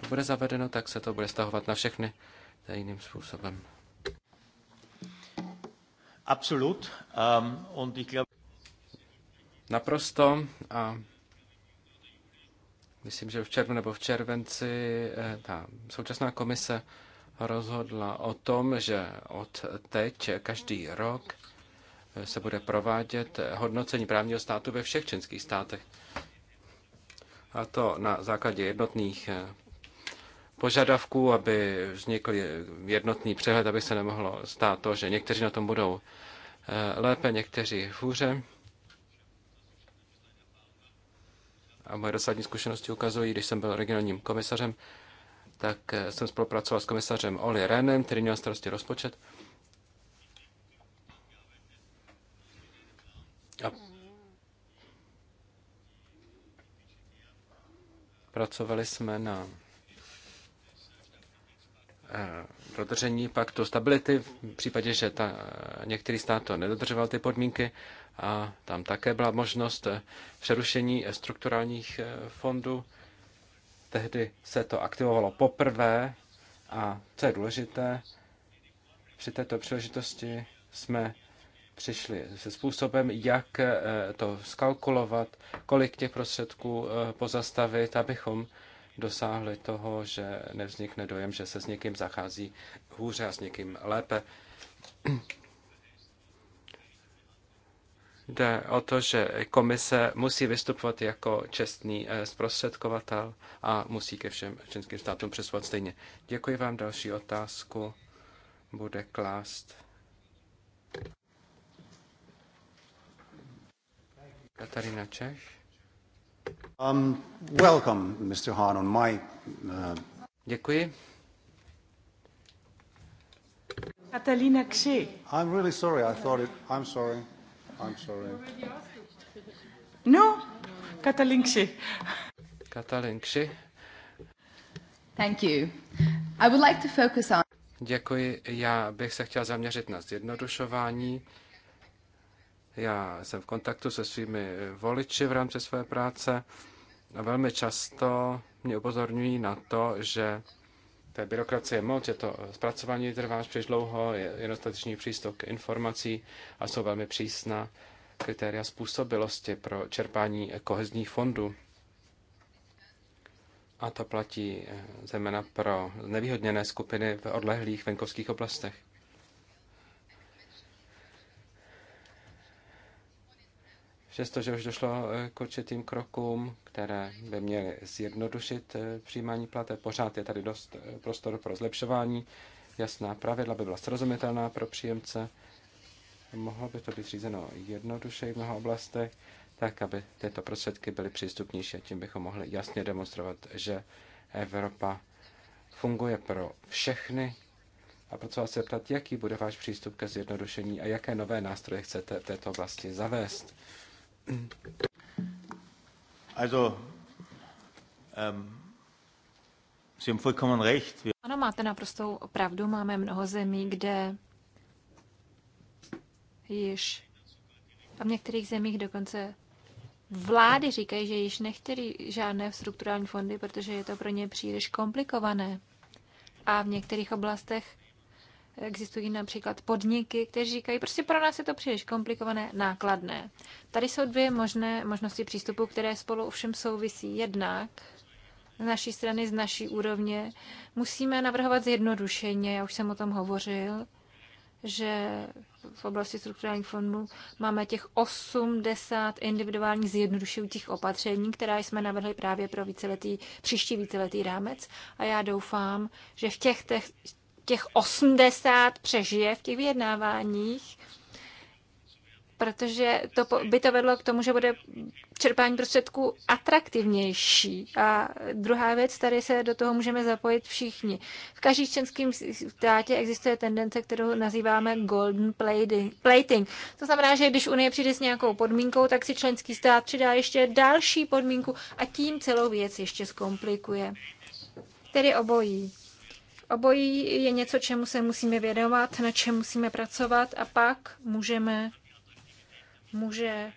to bude zavedeno, tak se to bude stahovat na všechny stejným způsobem. Absolut. Um, und ich glaub... Naprosto. A myslím, že v červnu nebo v červenci eh, ta současná komise rozhodla o tom, že od teď každý rok eh, se bude provádět eh, hodnocení právního státu ve všech členských státech. A to na základě jednotných požadavků, aby vznikl jednotný přehled, aby se nemohlo stát to, že někteří na tom budou lépe, někteří hůře. a moje dosadní zkušenosti ukazují, když jsem byl regionálním komisařem, tak eh, jsem spolupracoval s komisařem Oli Renem, který měl starosti rozpočet. A pracovali jsme na Eh, dodržení paktu stability v případě, že ta, některý stát to nedodržoval ty podmínky a tam také byla možnost eh, přerušení eh, strukturálních fondů. Tehdy se to aktivovalo poprvé a co je důležité, při této příležitosti jsme přišli se způsobem, jak to skalkulovat, kolik těch prostředků pozastavit, abychom dosáhli toho, že nevznikne dojem, že se s někým zachází hůře a s někým lépe. Jde o to, že komise musí vystupovat jako čestný eh, zprostředkovatel a musí ke všem členským státům přesvat stejně. Děkuji vám. Další otázku bude klást. Katarina Čech. Um, welcome, Mr. Hahn, on my... Uh... Děkuji. Katalina Kři. I'm really sorry, I thought it... I'm sorry. I'm sorry. No, Katalin Kři. Katalin Kři. Thank you. I would like to focus on... Děkuji. Já bych se chtěl zaměřit na zjednodušování. Já jsem v kontaktu se svými voliči v rámci své práce a velmi často mě upozorňují na to, že té byrokracie moc, že to zpracování trvá až příliš dlouho, je, je přístup k informací a jsou velmi přísná kritéria způsobilosti pro čerpání kohezních fondů. A to platí eh, zejména pro nevýhodněné skupiny v odlehlých venkovských oblastech. Přestože už došlo eh, k určitým krokům, které by měly zjednodušit eh, přijímání plate, pořád je tady dost eh, prostoru pro zlepšování. Jasná pravidla by byla srozumitelná pro příjemce. Mohlo by to být řízeno jednodušeji v mnoha oblastech, tak aby tyto prostředky byly přístupnější a tím bychom mohli jasně demonstrovat, že Evropa funguje pro všechny. A proto vás se ptat, jaký bude váš přístup ke zjednodušení a jaké nové nástroje chcete v této oblasti zavést. Also, um, Sie haben vollkommen recht. Ano, máte naprostou pravdu. Máme mnoho zemí, kde již a v některých zemích dokonce vlády říkají, že již nechtějí žádné strukturální fondy, protože je to pro ně příliš komplikované. A v některých oblastech Existují například podniky, kteří říkají, prostě pro nás je to příliš komplikované, nákladné. Tady jsou dvě možné možnosti přístupu, které spolu ovšem souvisí. Jednak z naší strany, z naší úrovně musíme navrhovat zjednodušeně, já už jsem o tom hovořil, že v oblasti strukturálních fondů máme těch 80 individuálních zjednodušujících opatření, která jsme navrhli právě pro víceletý, příští víceletý rámec. A já doufám, že v těch, těch těch 80 přežije v těch vyjednáváních, protože to by to vedlo k tomu, že bude čerpání prostředků atraktivnější. A druhá věc, tady se do toho můžeme zapojit všichni. V každý členském státě existuje tendence, kterou nazýváme golden plating. To znamená, že když Unie přijde s nějakou podmínkou, tak si členský stát přidá ještě další podmínku a tím celou věc ještě zkomplikuje. Tedy obojí. Obojí je něco, čemu se musíme věnovat, na čem musíme pracovat a pak můžeme, může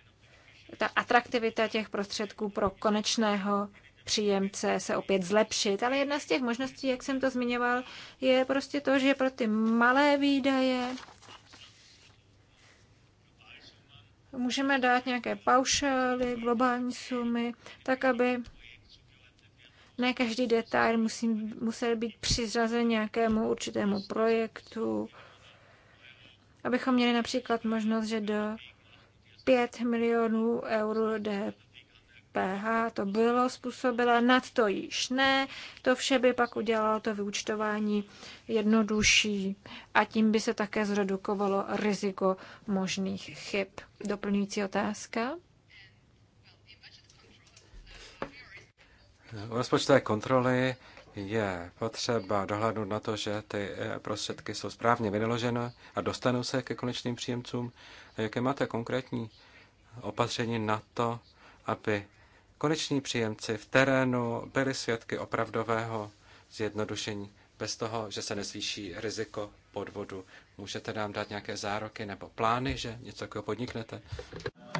ta atraktivita těch prostředků pro konečného příjemce se opět zlepšit. Ale jedna z těch možností, jak jsem to zmiňoval, je prostě to, že pro ty malé výdaje můžeme dát nějaké paušály, globální sumy, tak aby ne každý detail musí, musel být přizrazen nějakému určitému projektu, abychom měli například možnost, že do 5 milionů eur DPH to bylo způsobila, nad to již ne. To vše by pak udělalo to vyučtování jednodušší a tím by se také zredukovalo riziko možných chyb. Doplňující otázka? rozpočtové kontroly je potřeba dohlédnout na to, že ty eh, prostředky jsou správně vynaloženy a dostanou se ke konečným příjemcům. jaké máte konkrétní opatření na to, aby koneční příjemci v terénu byli svědky opravdového zjednodušení, bez toho, že se nezvýší riziko podvodu. Můžete nám dát nějaké zároky nebo plány, že něco takového podniknete?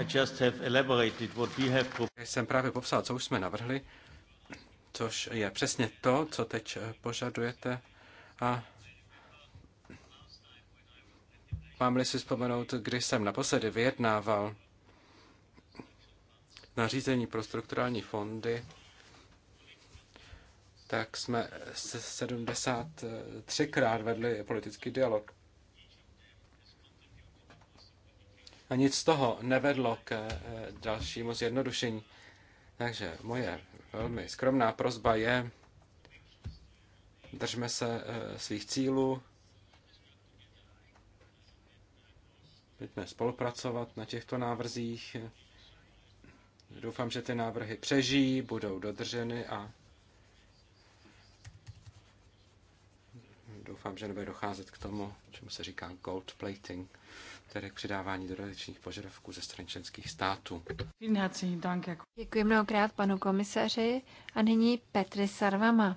I just have elaborated what we have... Jsem právě popsal, co už jsme navrhli což je přesně to, co teď požadujete. A mám-li si vzpomenout, když jsem naposledy vyjednával nařízení pro strukturální fondy, tak jsme 73krát vedli politický dialog. A nic z toho nevedlo k eh, dalšímu zjednodušení. Takže moje velmi skromná prozba je, držme se eh, svých cílů, pojďme spolupracovat na těchto návrzích. Doufám, že ty návrhy přežijí, budou dodrženy a doufám, že nebude docházet k tomu, čemu se říká gold plating tedy k předávání dodatečných požadavků ze strany členských států. Jako- Děkuji mnohokrát panu komisaři a nyní Petri Sarvama.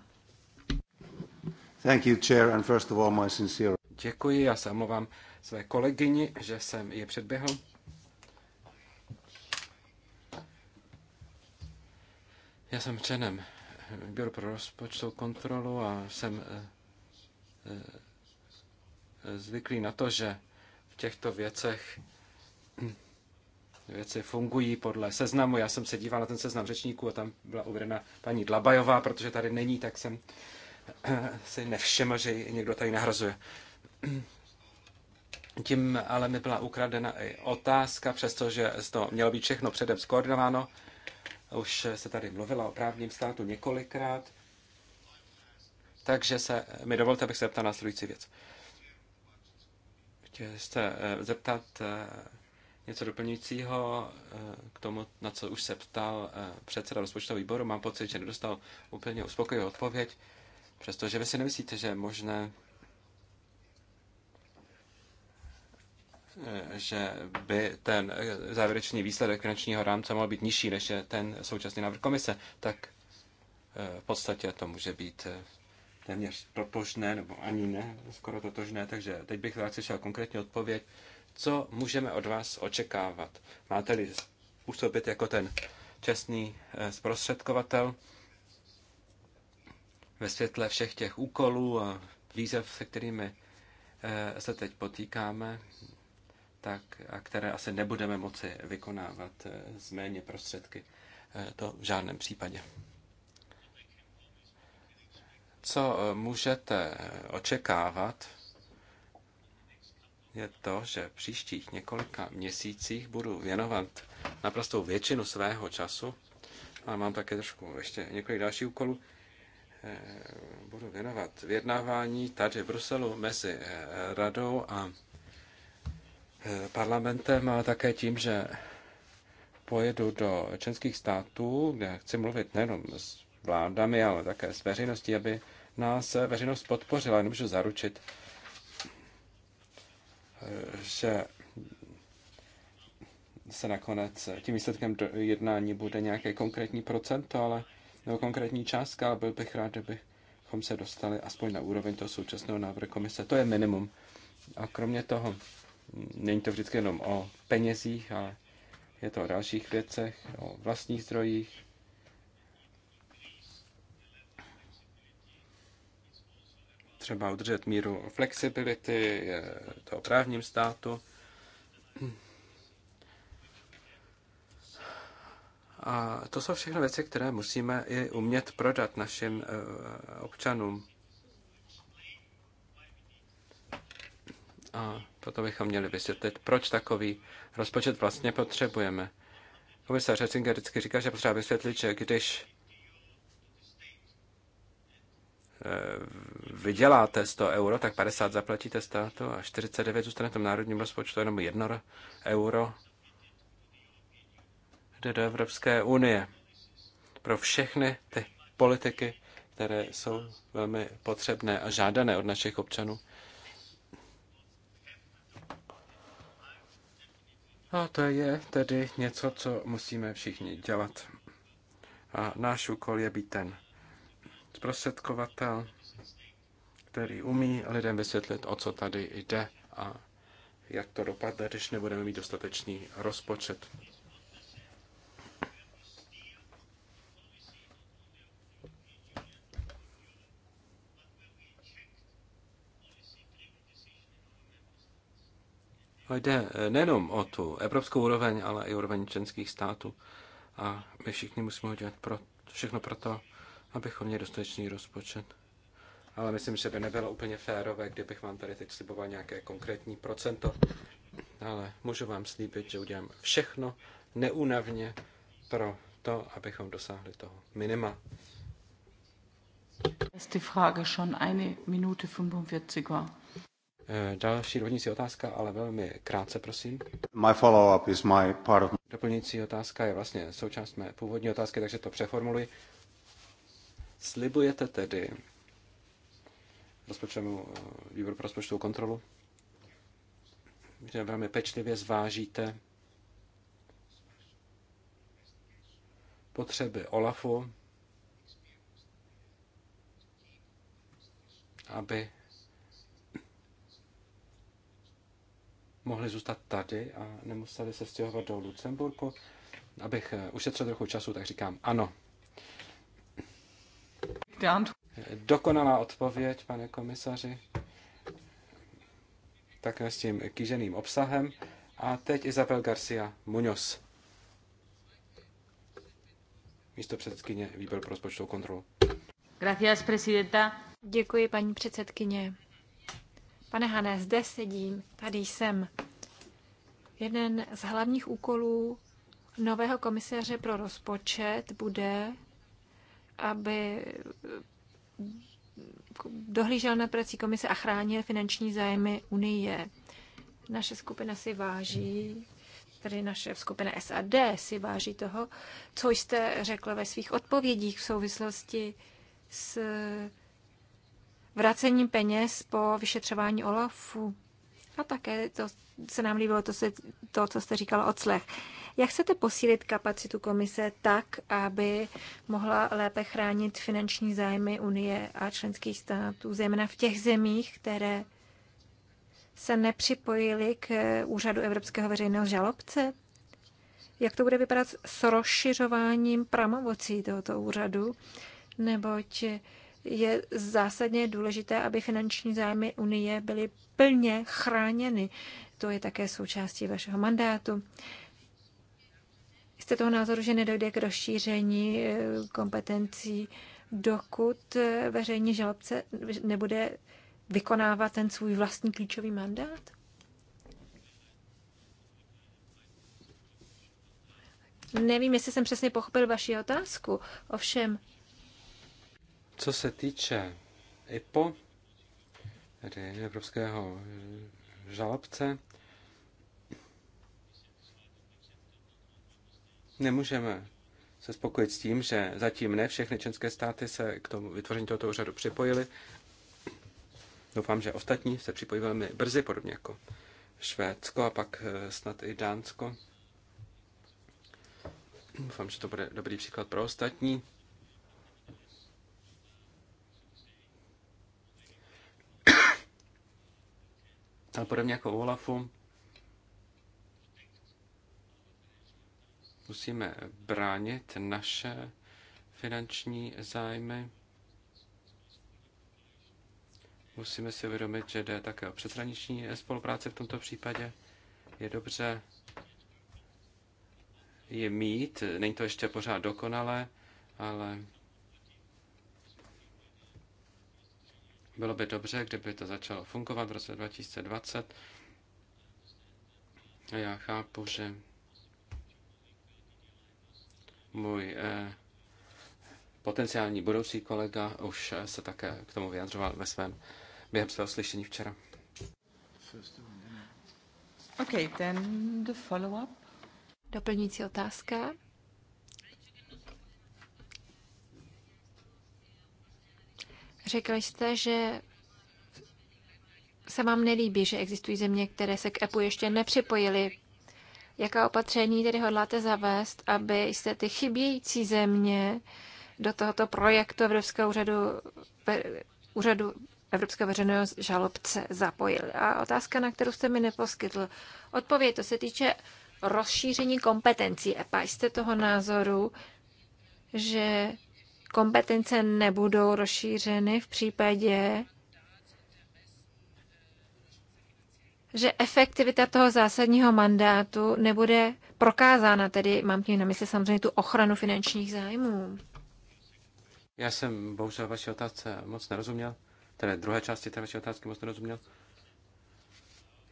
Thank you, chair, and first of all my sincere... Děkuji, já samovám své kolegyni, že jsem je předběhl. Já jsem členem výboru pro rozpočtovou kontrolu a jsem eh, eh, zvyklý na to, že v těchto věcech věci fungují podle seznamu. Já jsem se díval na ten seznam řečníků a tam byla uvedena paní Dlabajová, protože tady není, tak jsem si nevšiml, že někdo tady nahrazuje. Tím ale mi byla ukradena i otázka, přestože to mělo být všechno předem skoordinováno. Už se tady mluvila o právním státu několikrát, takže se mi dovolte, abych se ptal následující věc chtěl jste eh, zeptat eh, něco doplňujícího eh, k tomu, na co už se ptal předseda rozpočtového výboru. Mám pocit, že nedostal úplně uspokojivou odpověď, přestože vy si nemyslíte, že je možné, že by ten závěrečný výsledek finančního rámce mohl být nižší, než je ten současný návrh komise, tak v podstatě to může být téměř totožné, nebo ani ne, skoro totožné, takže teď bych rád slyšel konkrétní odpověď. Co můžeme od vás očekávat? Máte-li působit jako ten čestný eh, zprostředkovatel ve světle všech těch úkolů a výzev, se kterými eh, se teď potýkáme, tak, a které asi nebudeme moci vykonávat eh, z méně prostředky. To v žádném případě. Co eh, můžete eh, očekávat, je to, že v příštích několika měsících budu věnovat naprostou většinu svého času, ale mám také trošku ještě několik dalších úkolů, eh, budu věnovat vyjednávání tady v Bruselu mezi radou a parlamentem, ale také tím, že pojedu do členských států, kde chci mluvit nejenom s vládami, ale také s veřejností, aby nás veřejnost podpořila. Nemůžu zaručit, že se nakonec tím výsledkem jednání bude nějaké konkrétní procento, ale nebo konkrétní částka, ale byl bych rád, kdybychom se dostali aspoň na úroveň toho současného návrhu komise. To je minimum. A kromě toho, není to vždycky jenom o penězích, ale je to o dalších věcech, o vlastních zdrojích, třeba udržet míru flexibility, toho to právním státu. A to jsou všechno věci, které musíme i umět prodat našim eh, občanům. A proto bychom měli vysvětlit, proč takový rozpočet vlastně potřebujeme. Komisař Hecinger vždycky říká, že potřeba vysvětlit, že když vyděláte 100 euro, tak 50 zaplatíte státu a 49 zůstane v tom národním rozpočtu jenom 1 euro jde do Evropské unie pro všechny ty politiky, které jsou velmi potřebné a žádané od našich občanů. A to je tedy něco, co musíme všichni dělat. A náš úkol je být ten zprostředkovatel, který umí lidem vysvětlit, o co tady jde a jak to dopadne, když nebudeme mít dostatečný rozpočet. Jde nejenom o tu evropskou úroveň, ale i úroveň členských států. A my všichni musíme udělat pro, všechno pro to, abychom měli dostatečný rozpočet. Ale myslím, že by nebylo úplně férové, kdybych vám tady teď sliboval nějaké konkrétní procento. Ale můžu vám slíbit, že udělám všechno neúnavně pro to, abychom dosáhli toho minima. Eh, další rovnící otázka, ale velmi krátce, prosím. My follow-up is my part of... Doplňující otázka je vlastně součást mé původní otázky, takže to přeformuluji. Slibujete tedy rozpočtovému eh, výboru pro rozpočtovou kontrolu, že velmi pečlivě zvážíte potřeby OLAFu, aby mohli zůstat tady a nemuseli se stěhovat do Lucemburku. Abych eh, ušetřil trochu času, tak říkám ano. Dokonalá odpověď, pane komisaři. Také s tím kýženým obsahem. A teď Isabel Garcia Muñoz. Místo předsedkyně výbor pro rozpočtovou kontrolu. Gracias, presidenta. Děkuji, paní předsedkyně. Pane Hané, zde sedím, tady jsem. Jeden z hlavních úkolů nového komisaře pro rozpočet bude aby dohlížel na prací komise a chránil finanční zájmy Unie. Naše skupina si váží, tedy naše skupina SAD si váží toho, co jste řekl ve svých odpovědích v souvislosti s vracením peněz po vyšetřování OLAFu. A také to se nám líbilo, to, se, to co jste říkal o clech. Jak chcete posílit kapacitu komise tak, aby mohla lépe chránit finanční zájmy Unie a členských států, zejména v těch zemích, které se nepřipojili k eh, úřadu Evropského veřejného žalobce? Jak to bude vypadat s rozšiřováním pramovocí tohoto úřadu? Neboť je zásadně důležité, aby finanční zájmy Unie byly plně chráněny. To je také součástí vašeho mandátu jste toho názoru, že nedojde k rozšíření eh, kompetencí, dokud eh, veřejní žalobce nebude vykonávat ten svůj vlastní klíčový mandát? Nevím, jestli jsem přesně pochopil vaši otázku, ovšem. Co se týče IPO, tedy Evropského žalobce, Nemůžeme se spokojit s tím, že zatím ne všechny členské státy se k tomu vytvoření tohoto úřadu připojily. Doufám, že ostatní se připojí velmi brzy, podobně jako Švédsko a pak eh, snad i Dánsko. Doufám, že to bude dobrý příklad pro ostatní. Ale podobně jako u Olafu, musíme bránit naše finanční zájmy. Musíme si uvědomit, že jde také o přeshraniční spolupráce v tomto případě. Je dobře je mít, není to ještě pořád dokonalé, ale bylo by dobře, kdyby to začalo fungovat v roce 2020. A já chápu, že můj eh, potenciální budoucí kolega už eh, se také k tomu vyjadřoval ve svém, během svého slyšení včera. Okay, then the follow-up. Doplňující otázka. Řekl jste, že se vám nelíbí, že existují země, které se k EPU ještě nepřipojily. Jaká opatření tedy hodláte zavést, aby jste ty chybějící země do tohoto projektu Evropského úřadu, úřadu Evropského veřejného žalobce zapojili? A otázka, na kterou jste mi neposkytl odpověď, to se týče rozšíření kompetencí EPA. Jste toho názoru, že kompetence nebudou rozšířeny v případě, že efektivita toho zásadního mandátu nebude prokázána, tedy mám tím na mysli samozřejmě tu ochranu finančních zájmů. Já jsem bohužel vaši otázce moc nerozuměl, tedy druhé části té vaší otázky moc nerozuměl.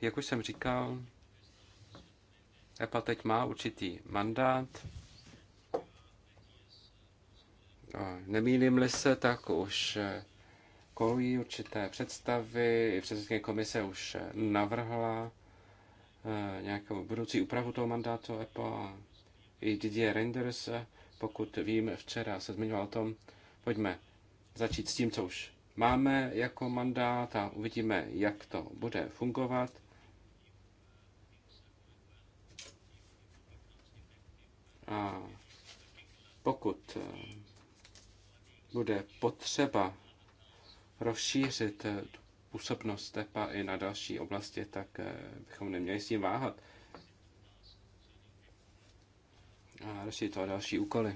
Jak už jsem říkal, EPA teď má určitý mandát. Nemýlím-li se, tak už školují určité představy. Předsedkyně komise už navrhla eh, nějakou budoucí úpravu toho mandátu EPO. I Didier Reinders, eh, pokud vím, včera se zmiňoval o tom, pojďme začít s tím, co už máme jako mandát a uvidíme, jak to bude fungovat. A pokud eh, bude potřeba rozšířit eh, tu působnost TEPA i na další oblasti, tak eh, bychom neměli s tím váhat. A další to a další úkoly.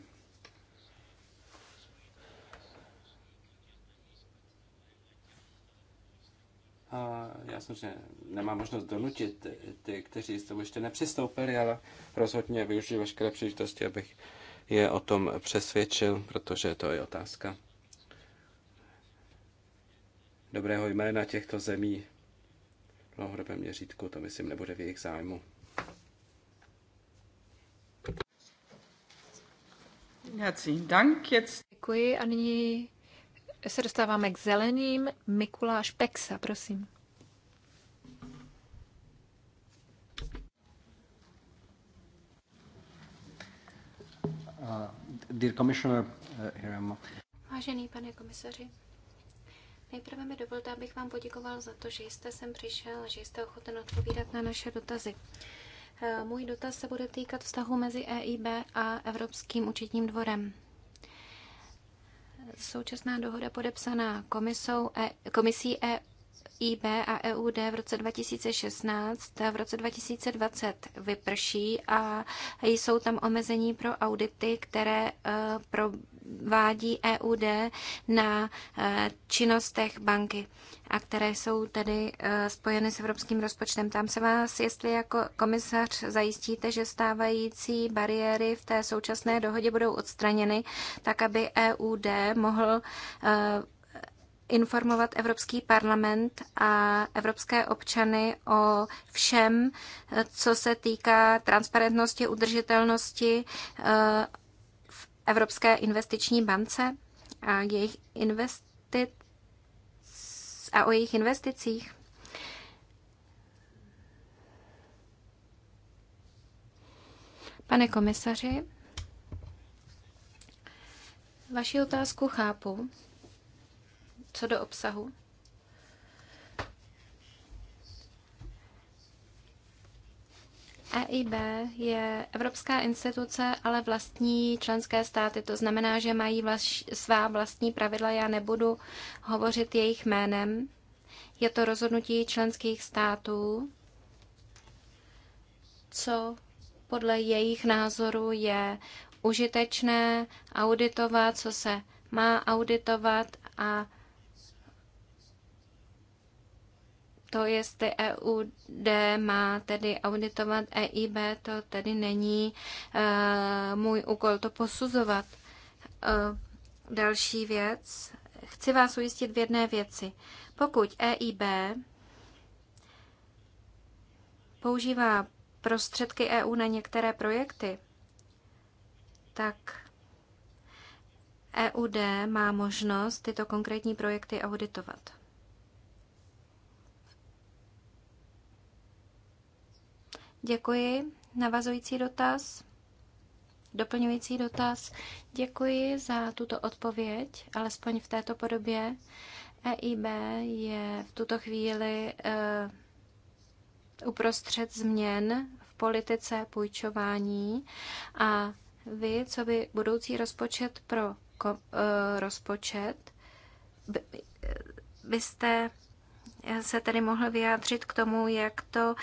A já samozřejmě nemám možnost donutit ty, kteří s tomu ještě nepřistoupili, ale rozhodně využiju veškeré příležitosti, abych je o tom přesvědčil, protože to je otázka dobrého jména těchto zemí v dlouhodobém měřítku, to myslím nebude v jejich zájmu. Děkuji a nyní se dostáváme k zeleným. Mikuláš Pexa, prosím. Uh, dear Commissioner, uh, Vážený pane komisaři, Nejprve mi dovolte, abych vám poděkoval za to, že jste sem přišel a že jste ochoten odpovídat na naše dotazy. Eh, můj dotaz se bude týkat vztahu mezi EIB a Evropským účetním dvorem. Současná dohoda podepsaná komisou, e, komisí EIB a EUD v roce 2016 v roce 2020 vyprší a jsou tam omezení pro audity, které eh, pro vádí EUD na eh, činnostech banky a které jsou tedy eh, spojeny s evropským rozpočtem. Tam se vás, jestli jako komisař zajistíte, že stávající bariéry v té současné dohodě budou odstraněny, tak aby EUD mohl eh, informovat Evropský parlament a evropské občany o všem, co se týká transparentnosti, udržitelnosti Evropské investiční bance a, jejich investic, a o jejich investicích. Pane komisaři, vaši otázku chápu, co do obsahu. EIB je evropská instituce, ale vlastní členské státy. To znamená, že mají vlaš, svá vlastní pravidla. Já nebudu hovořit jejich jménem. Je to rozhodnutí členských států, co podle jejich názoru je užitečné auditovat, co se má auditovat a to, jestli EUD má tedy auditovat EIB, to tedy není eh, můj úkol to posuzovat. Eh, další věc. Chci vás ujistit v jedné věci. Pokud EIB používá prostředky EU na některé projekty, tak EUD má možnost tyto konkrétní projekty auditovat. Děkuji. Navazující dotaz? Doplňující dotaz. Děkuji za tuto odpověď, alespoň v této podobě. EIB je v tuto chvíli eh, uprostřed změn v politice půjčování a vy, co by budoucí rozpočet pro uh, rozpočet, by, eh, byste se tedy mohl vyjádřit k tomu, jak to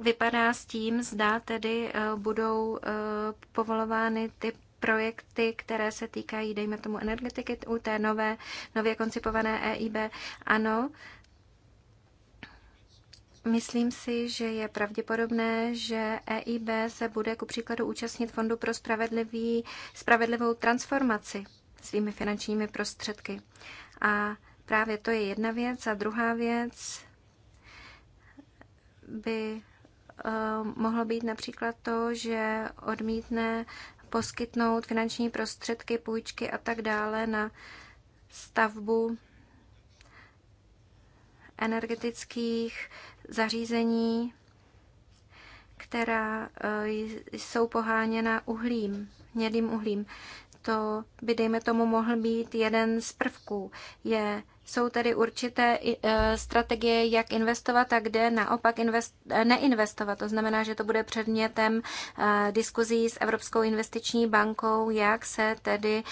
vypadá s tím, zda tedy eh, budou eh, povolovány ty projekty, které se týkají, dejme tomu, energetiky u té nové, nově koncipované EIB. Ano, Myslím si, že je pravděpodobné, že EIB se bude ku příkladu účastnit Fondu pro spravedlivý, spravedlivou transformaci svými finančními prostředky. A právě to je jedna věc. A druhá věc, by eh, mohlo být například to, že odmítne poskytnout finanční prostředky, půjčky a tak dále na stavbu energetických zařízení, která eh, jsou poháněna uhlím, hnědým uhlím. To by, dejme tomu, mohl být jeden z prvků. Je jsou tedy určité e, strategie, jak investovat a kde naopak invest, e, neinvestovat. To znamená, že to bude předmětem e, diskuzí s Evropskou investiční bankou, jak se tedy,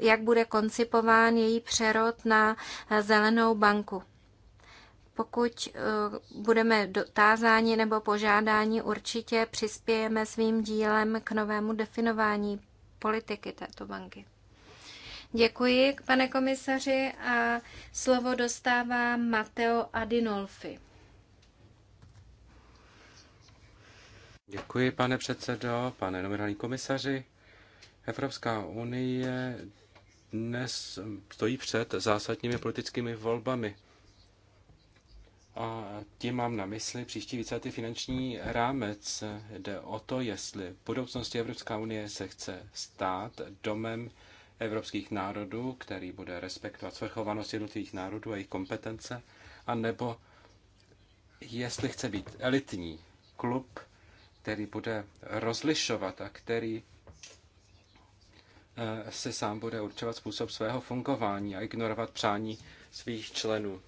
jak bude koncipován její přerod na zelenou banku pokud budeme dotázáni nebo požádáni, určitě přispějeme svým dílem k novému definování politiky této banky. Děkuji, pane komisaři, a slovo dostává Mateo Adinolfi. Děkuji, pane předsedo, pane nominální komisaři. Evropská unie dnes stojí před zásadními politickými volbami. A tím mám na mysli příští víceletý finanční rámec. Jde o to, jestli v budoucnosti Evropská unie se chce stát domem evropských národů, který bude respektovat svrchovanost jednotlivých národů a jejich kompetence, anebo jestli chce být elitní klub, který bude rozlišovat a který eh, se sám bude určovat způsob svého fungování a ignorovat přání svých členů.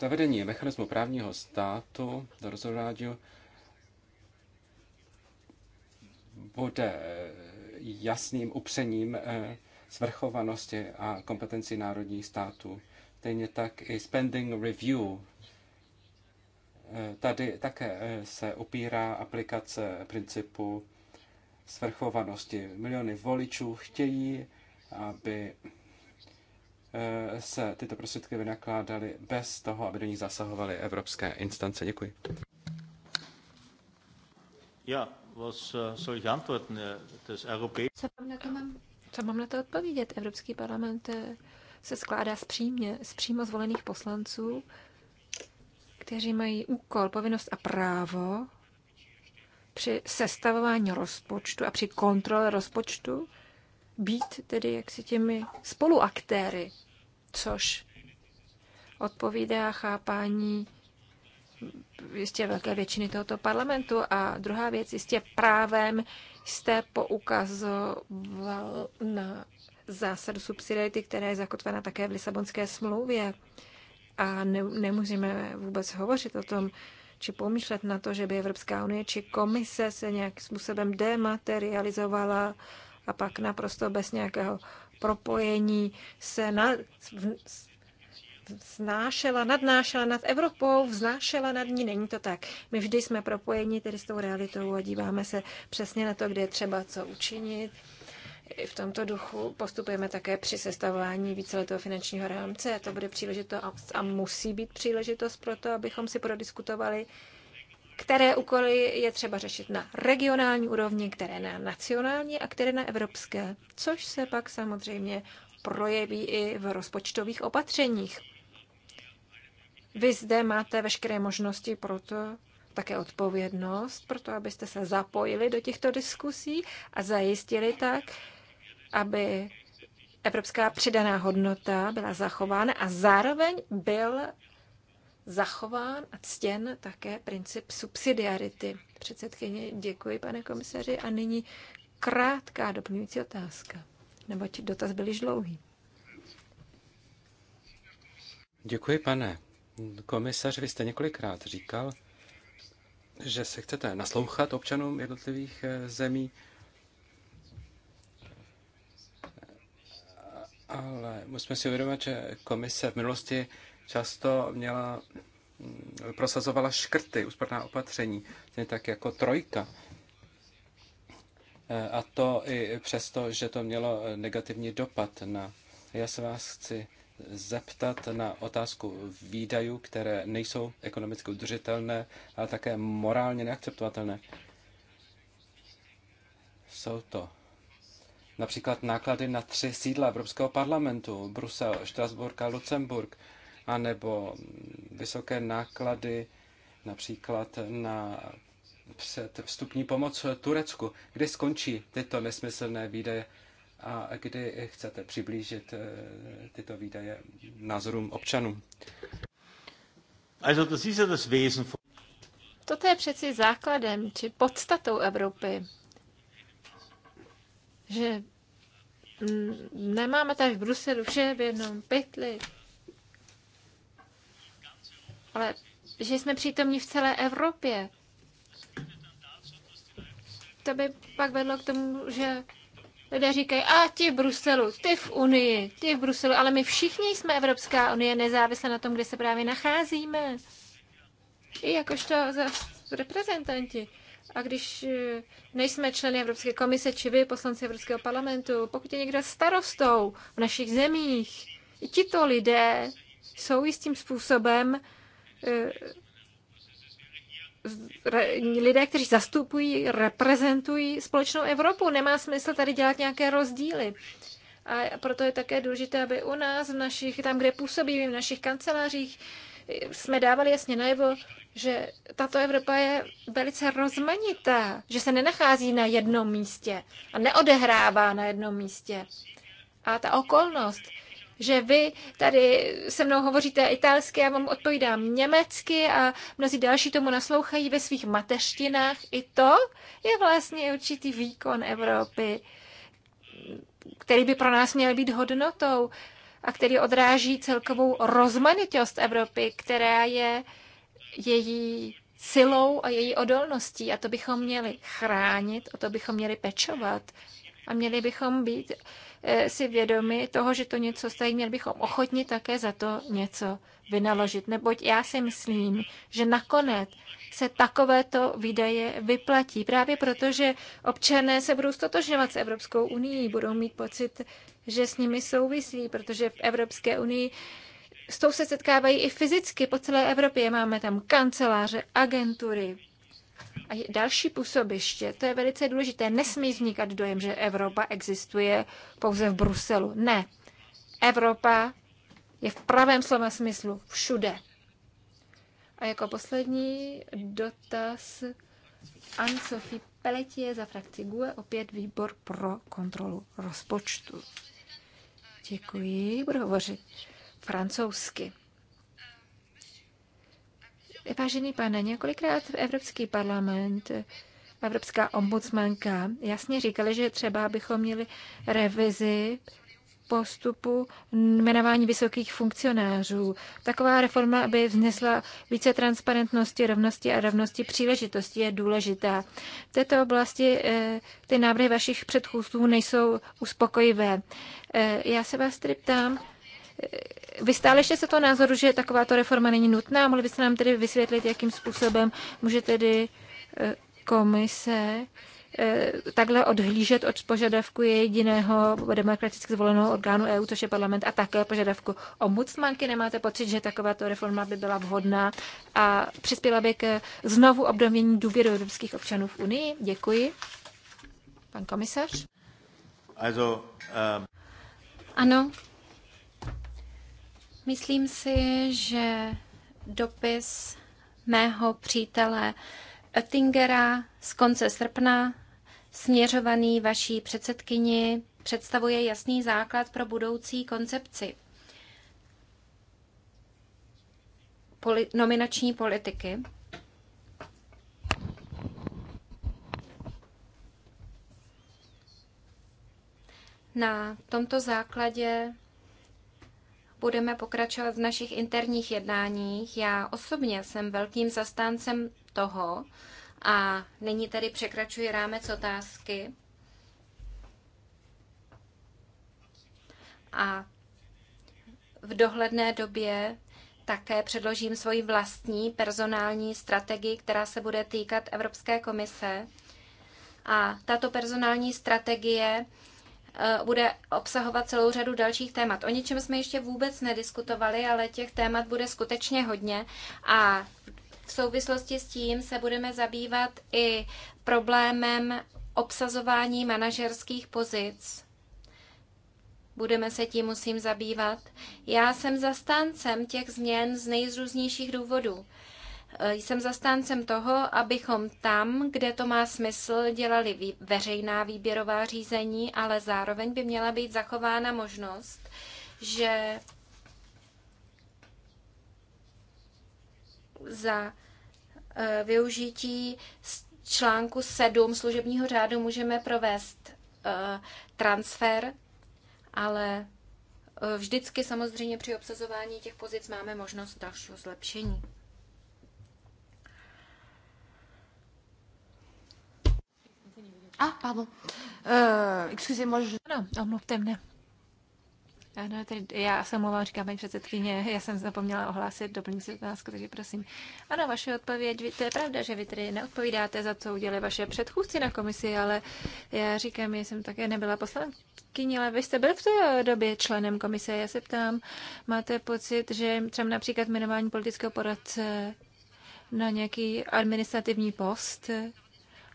Zavedení mechanismu právního státu do rozhodování bude eh, jasným upřením eh, svrchovanosti a kompetenci národních států. Stejně tak i spending review. Eh, tady také se opírá aplikace principu svrchovanosti. Miliony voličů chtějí, aby se tyto prostředky vynakládaly bez toho, aby do nich zasahovaly evropské instance. Děkuji. Já Øh, øh, co, mám na to co mám na to odpovědět? Evropský parlament eh, se skládá z, přímě, z přímo zvolených poslanců, kteří mají úkol, povinnost a právo při sestavování rozpočtu a při kontrole rozpočtu být tedy jaksi těmi spoluaktéry, což odpovídá chápání jistě velké většiny tohoto parlamentu. A druhá věc, jistě právem jste poukazoval na zásadu subsidiarity, která je zakotvena také v Lisabonské smlouvě. A ne, nemůžeme vůbec hovořit o tom, či pomýšlet na to, že by Evropská unie či komise se nějakým způsobem dematerializovala a pak naprosto bez nějakého propojení se na, v, vznášela, nadnášela nad Evropou, vznášela nad ní. Není to tak. My vždy jsme propojeni tedy s tou realitou a díváme se přesně na to, kde je třeba co učinit. I v tomto duchu postupujeme také při sestavování víceletého finančního rámce. To bude příležitost a musí být příležitost pro to, abychom si prodiskutovali, které úkoly je třeba řešit na regionální úrovni, které na nacionální a které na evropské, což se pak samozřejmě projeví i v rozpočtových opatřeních. Vy zde máte veškeré možnosti pro to, také odpovědnost pro to, abyste se zapojili do těchto diskusí a zajistili tak, aby evropská přidaná hodnota byla zachována a zároveň byl zachován a ctěn také princip subsidiarity. Předsedkyně, děkuji, pane komisaři. A nyní krátká doplňující otázka, neboť dotaz byl již dlouhý. Děkuji, pane komisař, vy jste několikrát říkal, že se chcete naslouchat občanům jednotlivých eh, zemí, ale musíme si uvědomit, že komise v minulosti často měla, mm, prosazovala škrty, úsporná opatření, tak jako trojka. Eh, a to i přesto, že to mělo eh, negativní dopad na... Já se vás chci zeptat na otázku výdajů, které nejsou ekonomicky udržitelné, ale také morálně neakceptovatelné. Jsou to například náklady na tři sídla Evropského parlamentu, Brusel, Štrasburg a Lucemburg, anebo vysoké náklady například na vstupní pomoc Turecku. Kdy skončí tyto nesmyslné výdaje? a kdy chcete přiblížit eh, tyto výdaje názorům občanů. Toto je přeci základem či podstatou Evropy, že nemáme tady v Bruselu vše v jednom pytli, ale že jsme přítomní v celé Evropě. To by pak vedlo k tomu, že lidé říkají, a ti v Bruselu, ty v Unii, ty v Bruselu, ale my všichni jsme Evropská unie, nezávisle na tom, kde se právě nacházíme. I jakožto za reprezentanti. A když e, nejsme členy Evropské komise, či vy, poslanci Evropského parlamentu, pokud je někdo starostou v našich zemích, i tito lidé jsou jistým způsobem e, lidé, kteří zastupují, reprezentují společnou Evropu. Nemá smysl tady dělat nějaké rozdíly. A proto je také důležité, aby u nás, v našich, tam, kde působíme, v našich kancelářích, jsme dávali jasně najevo, že tato Evropa je velice rozmanitá, že se nenachází na jednom místě a neodehrává na jednom místě. A ta okolnost, že vy tady se mnou hovoříte italsky, já vám odpovídám německy a mnozí další tomu naslouchají ve svých mateřtinách. I to je vlastně určitý výkon Evropy, který by pro nás měl být hodnotou a který odráží celkovou rozmanitost Evropy, která je její silou a její odolností. A to bychom měli chránit, o to bychom měli pečovat. A měli bychom být Eh, si vědomi toho, že to něco stojí, měli bychom ochotni také za to něco vynaložit. Neboť já si myslím, že nakonec se takovéto výdaje vyplatí. Právě proto, že občané se budou stotožňovat s Evropskou unii, budou mít pocit, že s nimi souvisí, protože v Evropské unii s tou se setkávají i fyzicky po celé Evropě. Máme tam kanceláře, agentury, a další působiště, to je velice důležité. Nesmí vznikat dojem, že Evropa existuje pouze v Bruselu. Ne. Evropa je v pravém slova smyslu všude. A jako poslední dotaz Anne-Sophie Pelletier za frakci GUE, opět výbor pro kontrolu rozpočtu. Děkuji, budu hovořit francouzsky. Vážený pane, několikrát v Evropský parlament Evropská ombudsmanka jasně říkala, že třeba bychom měli revizi postupu jmenování vysokých funkcionářů. Taková reforma by vznesla více transparentnosti, rovnosti a rovnosti příležitosti je důležitá. V této oblasti eh, ty návrhy vašich předchůdců nejsou uspokojivé. Eh, já se vás tedy ptám, vy stále ještě se to názoru, že takováto reforma není nutná, mohli byste nám tedy vysvětlit, jakým způsobem může tedy eh, komise eh, takhle odhlížet od požadavku jediného demokraticky zvoleného orgánu EU, což je parlament, a také požadavku ombudsmanky. Nemáte pocit, že takováto reforma by byla vhodná a přispěla by k znovu obdomění důvěry evropských občanů v Unii? Děkuji. Pan komisař? Also, um... Ano, Myslím si, že dopis mého přítele Oettingera z konce srpna, směřovaný vaší předsedkyni, představuje jasný základ pro budoucí koncepci poli- nominační politiky. Na tomto základě budeme pokračovat v našich interních jednáních. Já osobně jsem velkým zastáncem toho, a nyní tady překračuji rámec otázky. A v dohledné době také předložím svoji vlastní personální strategii, která se bude týkat Evropské komise. A tato personální strategie Eh, bude obsahovat celou řadu dalších témat. O ničem jsme ještě vůbec nediskutovali, ale těch témat bude skutečně hodně a v souvislosti s tím se budeme zabývat i problémem obsazování manažerských pozic. Budeme se tím musím zabývat. Já jsem zastáncem těch změn z nejrůznějších důvodů. Eh, jsem zastáncem toho, abychom tam, kde to má smysl, dělali veřejná výběrová řízení, ale zároveň by měla být zachována možnost, že za eh, využití článku 7 služebního řádu můžeme provést eh, transfer, ale vždycky samozřejmě při obsazování těch pozic máme možnost dalšího zlepšení. Ah, pardon. Uh, Excusez-moi, je... Ano, omluvte mne. Ano, tedy já se omlouvám, říká paní předsedkyně, já jsem zapomněla ohlásit doplňující otázku, takže prosím. Ano, vaše odpověď, to je pravda, že vy tedy neodpovídáte za co udělali vaše předchůdci na komisi, ale já říkám, že jsem také nebyla poslankyně, ale vy jste byl v té době členem komise. Já se ptám, máte pocit, že třeba například jmenování politického poradce na nějaký administrativní post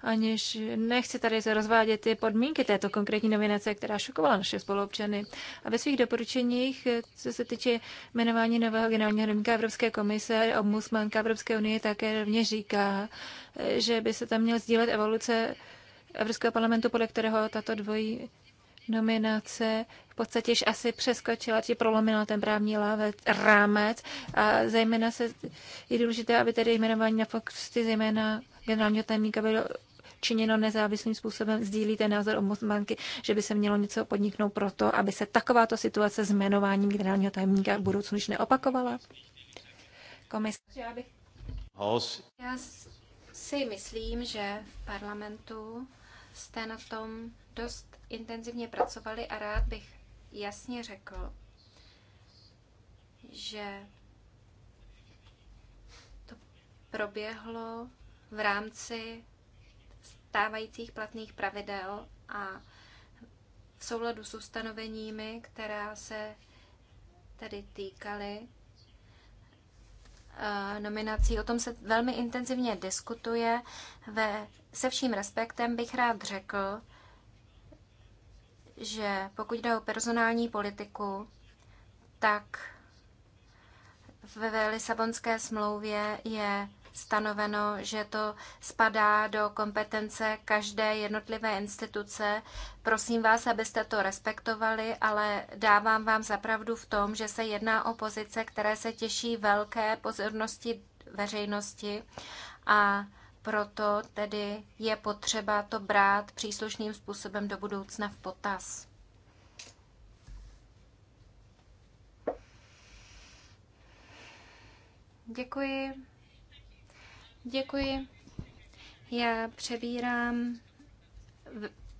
aniž nechci tady rozvádět ty podmínky této konkrétní nominace, která šokovala naše spoluobčany. A ve svých doporučeních, co se týče jmenování nového generálního rovníka Evropské komise, obmusmanka Evropské unie také rovněž říká, že by se tam měl sdílet evoluce Evropského parlamentu, podle kterého tato dvojí nominace v podstatě již asi přeskočila, či prolomila ten právní lávec, rámec. A zejména se, je důležité, aby tedy jmenování na posty zejména generálního tajemníka bylo činěno nezávislým způsobem. Sdílíte názor ombudsmanky, že by se mělo něco podniknout proto, aby se takováto situace s jmenováním generálního tajemníka v budoucnu již neopakovala? Komise, já bych... Já si myslím, že v parlamentu jste na tom dost intenzivně pracovali a rád bych jasně řekl, že to proběhlo v rámci stávajících platných pravidel a v souladu s ustanoveními, která se tedy týkaly eh, nominací. O tom se velmi intenzivně diskutuje. Ve, se vším respektem bych rád řekl, že pokud jde o personální politiku, tak ve Lisabonské smlouvě je stanoveno, že to spadá do kompetence každé jednotlivé instituce. Prosím vás, abyste to respektovali, ale dávám vám zapravdu v tom, že se jedná o pozice, které se těší velké pozornosti veřejnosti a proto tedy je potřeba to brát příslušným způsobem do budoucna v potaz. Děkuji. Děkuji. Já přebírám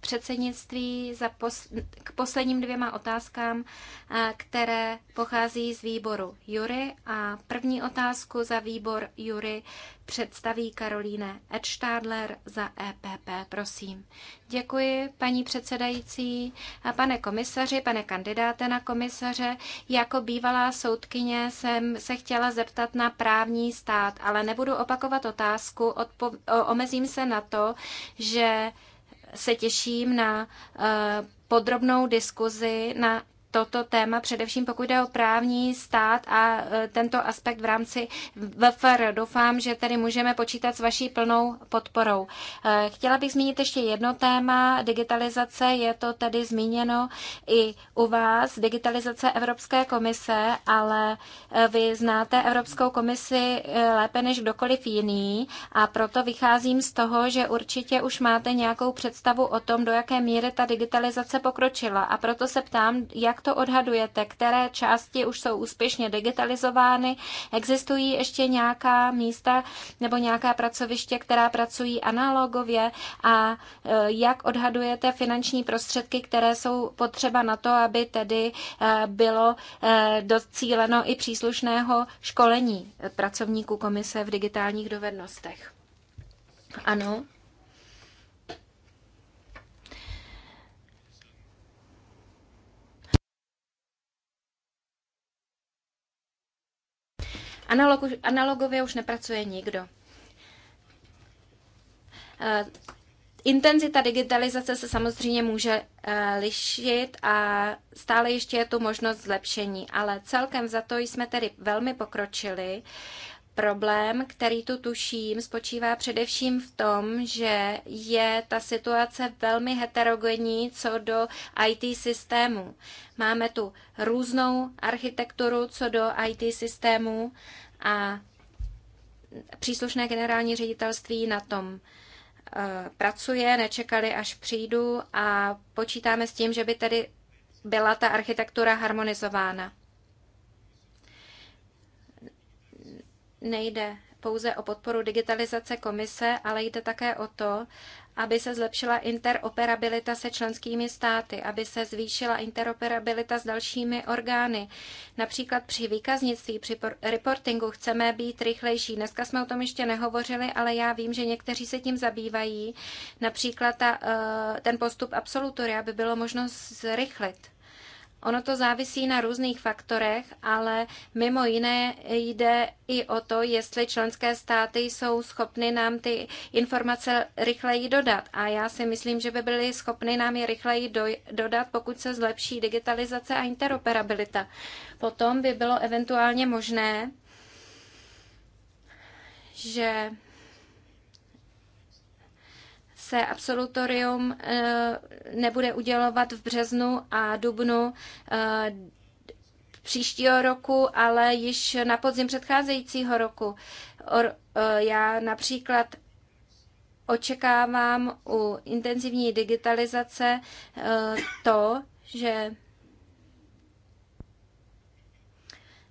předsednictví za pos- k posledním dvěma otázkám, eh, které pochází z výboru Jury. A první otázku za výbor Jury představí Karolíne Edstadler za EPP. Prosím. Děkuji, paní předsedající, a pane komisaři, pane kandidáte na komisaře. Jako bývalá soudkyně jsem se chtěla zeptat na právní stát, ale nebudu opakovat otázku, omezím se na to, že se těším na eh, podrobnou diskuzi na toto téma, především pokud jde o právní stát a e, tento aspekt v rámci VFR. Doufám, že tady můžeme počítat s vaší plnou podporou. E, chtěla bych zmínit ještě jedno téma, digitalizace, je to tady zmíněno i u vás, digitalizace Evropské komise, ale e, vy znáte Evropskou komisi lépe než kdokoliv jiný a proto vycházím z toho, že určitě už máte nějakou představu o tom, do jaké míry ta digitalizace pokročila a proto se ptám, jak to odhadujete? Které části už jsou úspěšně digitalizovány? Existují ještě nějaká místa nebo nějaká pracoviště, která pracují analogově? A e, jak odhadujete finanční prostředky, které jsou potřeba na to, aby tedy e, bylo e, docíleno i příslušného školení pracovníků komise v digitálních dovednostech? Ano. Analogu, analogově už nepracuje nikdo. Eh, intenzita digitalizace se samozřejmě může eh, lišit a stále ještě je tu možnost zlepšení, ale celkem za to jsme tedy velmi pokročili. Problém, který tu tuším, spočívá především v tom, že je ta situace velmi heterogenní co do IT systému. Máme tu různou architekturu co do IT systému a příslušné generální ředitelství na tom eh, pracuje, nečekali, až přijdu a počítáme s tím, že by tedy byla ta architektura harmonizována. nejde pouze o podporu digitalizace komise, ale jde také o to, aby se zlepšila interoperabilita se členskými státy, aby se zvýšila interoperabilita s dalšími orgány. Například při výkaznictví, při reportingu chceme být rychlejší. Dneska jsme o tom ještě nehovořili, ale já vím, že někteří se tím zabývají. Například ta, eh, ten postup absolutory, aby bylo možnost zrychlit. Ono to závisí na různých faktorech, ale mimo jiné jde i o to, jestli členské státy jsou schopny nám ty informace rychleji dodat. A já si myslím, že by byly schopny nám je rychleji do, dodat, pokud se zlepší digitalizace a interoperabilita. Potom by bylo eventuálně možné, že se absolutorium eh, nebude udělovat v březnu a dubnu eh, příštího roku, ale již na podzim předcházejícího roku. Eh, já například očekávám u intenzivní digitalizace to, že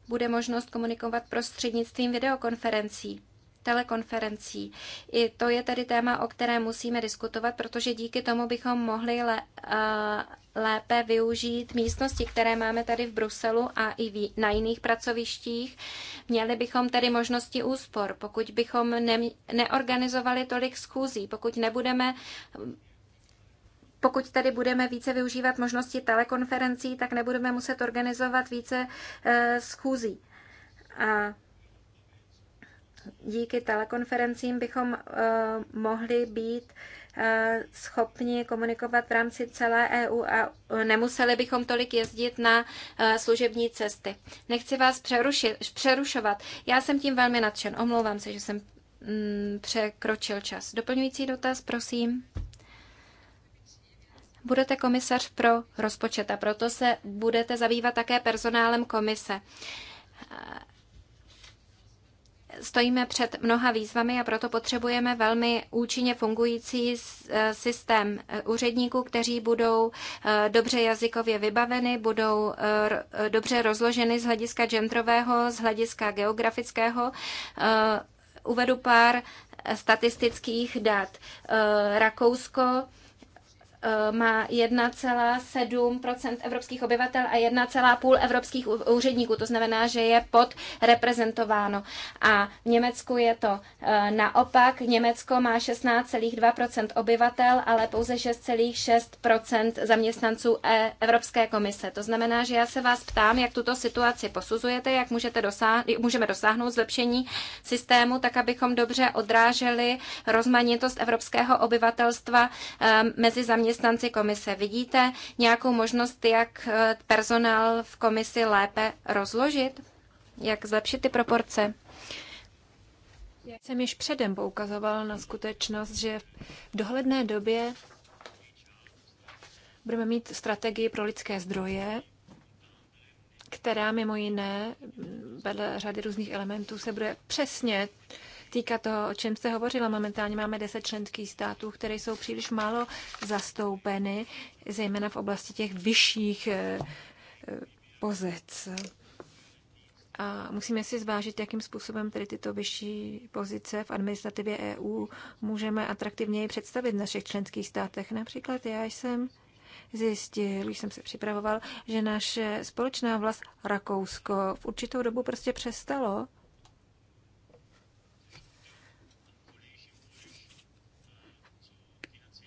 bude možnost komunikovat prostřednictvím videokonferencí telekonferencí. I to je tedy téma, o kterém musíme diskutovat, protože díky tomu bychom mohli le, uh, lépe využít místnosti, které máme tady v Bruselu a i v, na jiných pracovištích. Měli bychom tedy možnosti úspor, pokud bychom ne, neorganizovali tolik schůzí, pokud nebudeme pokud tady budeme více využívat možnosti telekonferencí, tak nebudeme muset organizovat více e, schůzí. A díky telekonferencím bychom eh, mohli být eh, schopni komunikovat v rámci celé EU a eh, nemuseli bychom tolik jezdit na služební cesty. Nechci vás přerušit, přerušovat. Já jsem tím velmi nadšen. Omlouvám se, že jsem mm, překročil čas. Doplňující dotaz, prosím. Budete komisař pro rozpočet a proto se budete zabývat také personálem komise stojíme před mnoha výzvami a proto potřebujeme velmi účinně fungující e, systém e, úředníků, kteří budou e, dobře jazykově vybaveny, budou dobře rozloženy z hlediska genderového, z hlediska geografického. Uvedu pár statistických dat. Rakousko Eh, má 1,7 evropských obyvatel a 1,5 evropských úředníků. To znamená, že je podreprezentováno. A v Německu je to eh, naopak. Německo má 16,2 obyvatel, ale pouze 6,6 zaměstnanců e- Evropské komise. To znamená, že já se vás ptám, jak tuto situaci posuzujete, jak můžete dosáhnout, můžeme dosáhnout zlepšení systému, tak abychom dobře odráželi rozmanitost evropského obyvatelstva eh, mezi zaměstnanci zaměstnanci komise. Vidíte nějakou možnost, jak eh, personál v komisi lépe rozložit? Jak zlepšit ty proporce? Já jsem již předem poukazoval na skutečnost, že v dohledné době budeme mít strategii pro lidské zdroje, která mimo jiné vedle řady různých elementů se bude přesně týká toho, o čem jste hovořila. Momentálně máme 10 členských států, které jsou příliš málo zastoupeny, zejména v oblasti těch vyšších eh, eh, pozic. A musíme si zvážit, jakým způsobem tedy tyto vyšší pozice v administrativě EU můžeme atraktivněji představit v našich členských státech. Například já jsem zjistil, když jsem se připravoval, že naše společná vlast Rakousko v určitou dobu prostě přestalo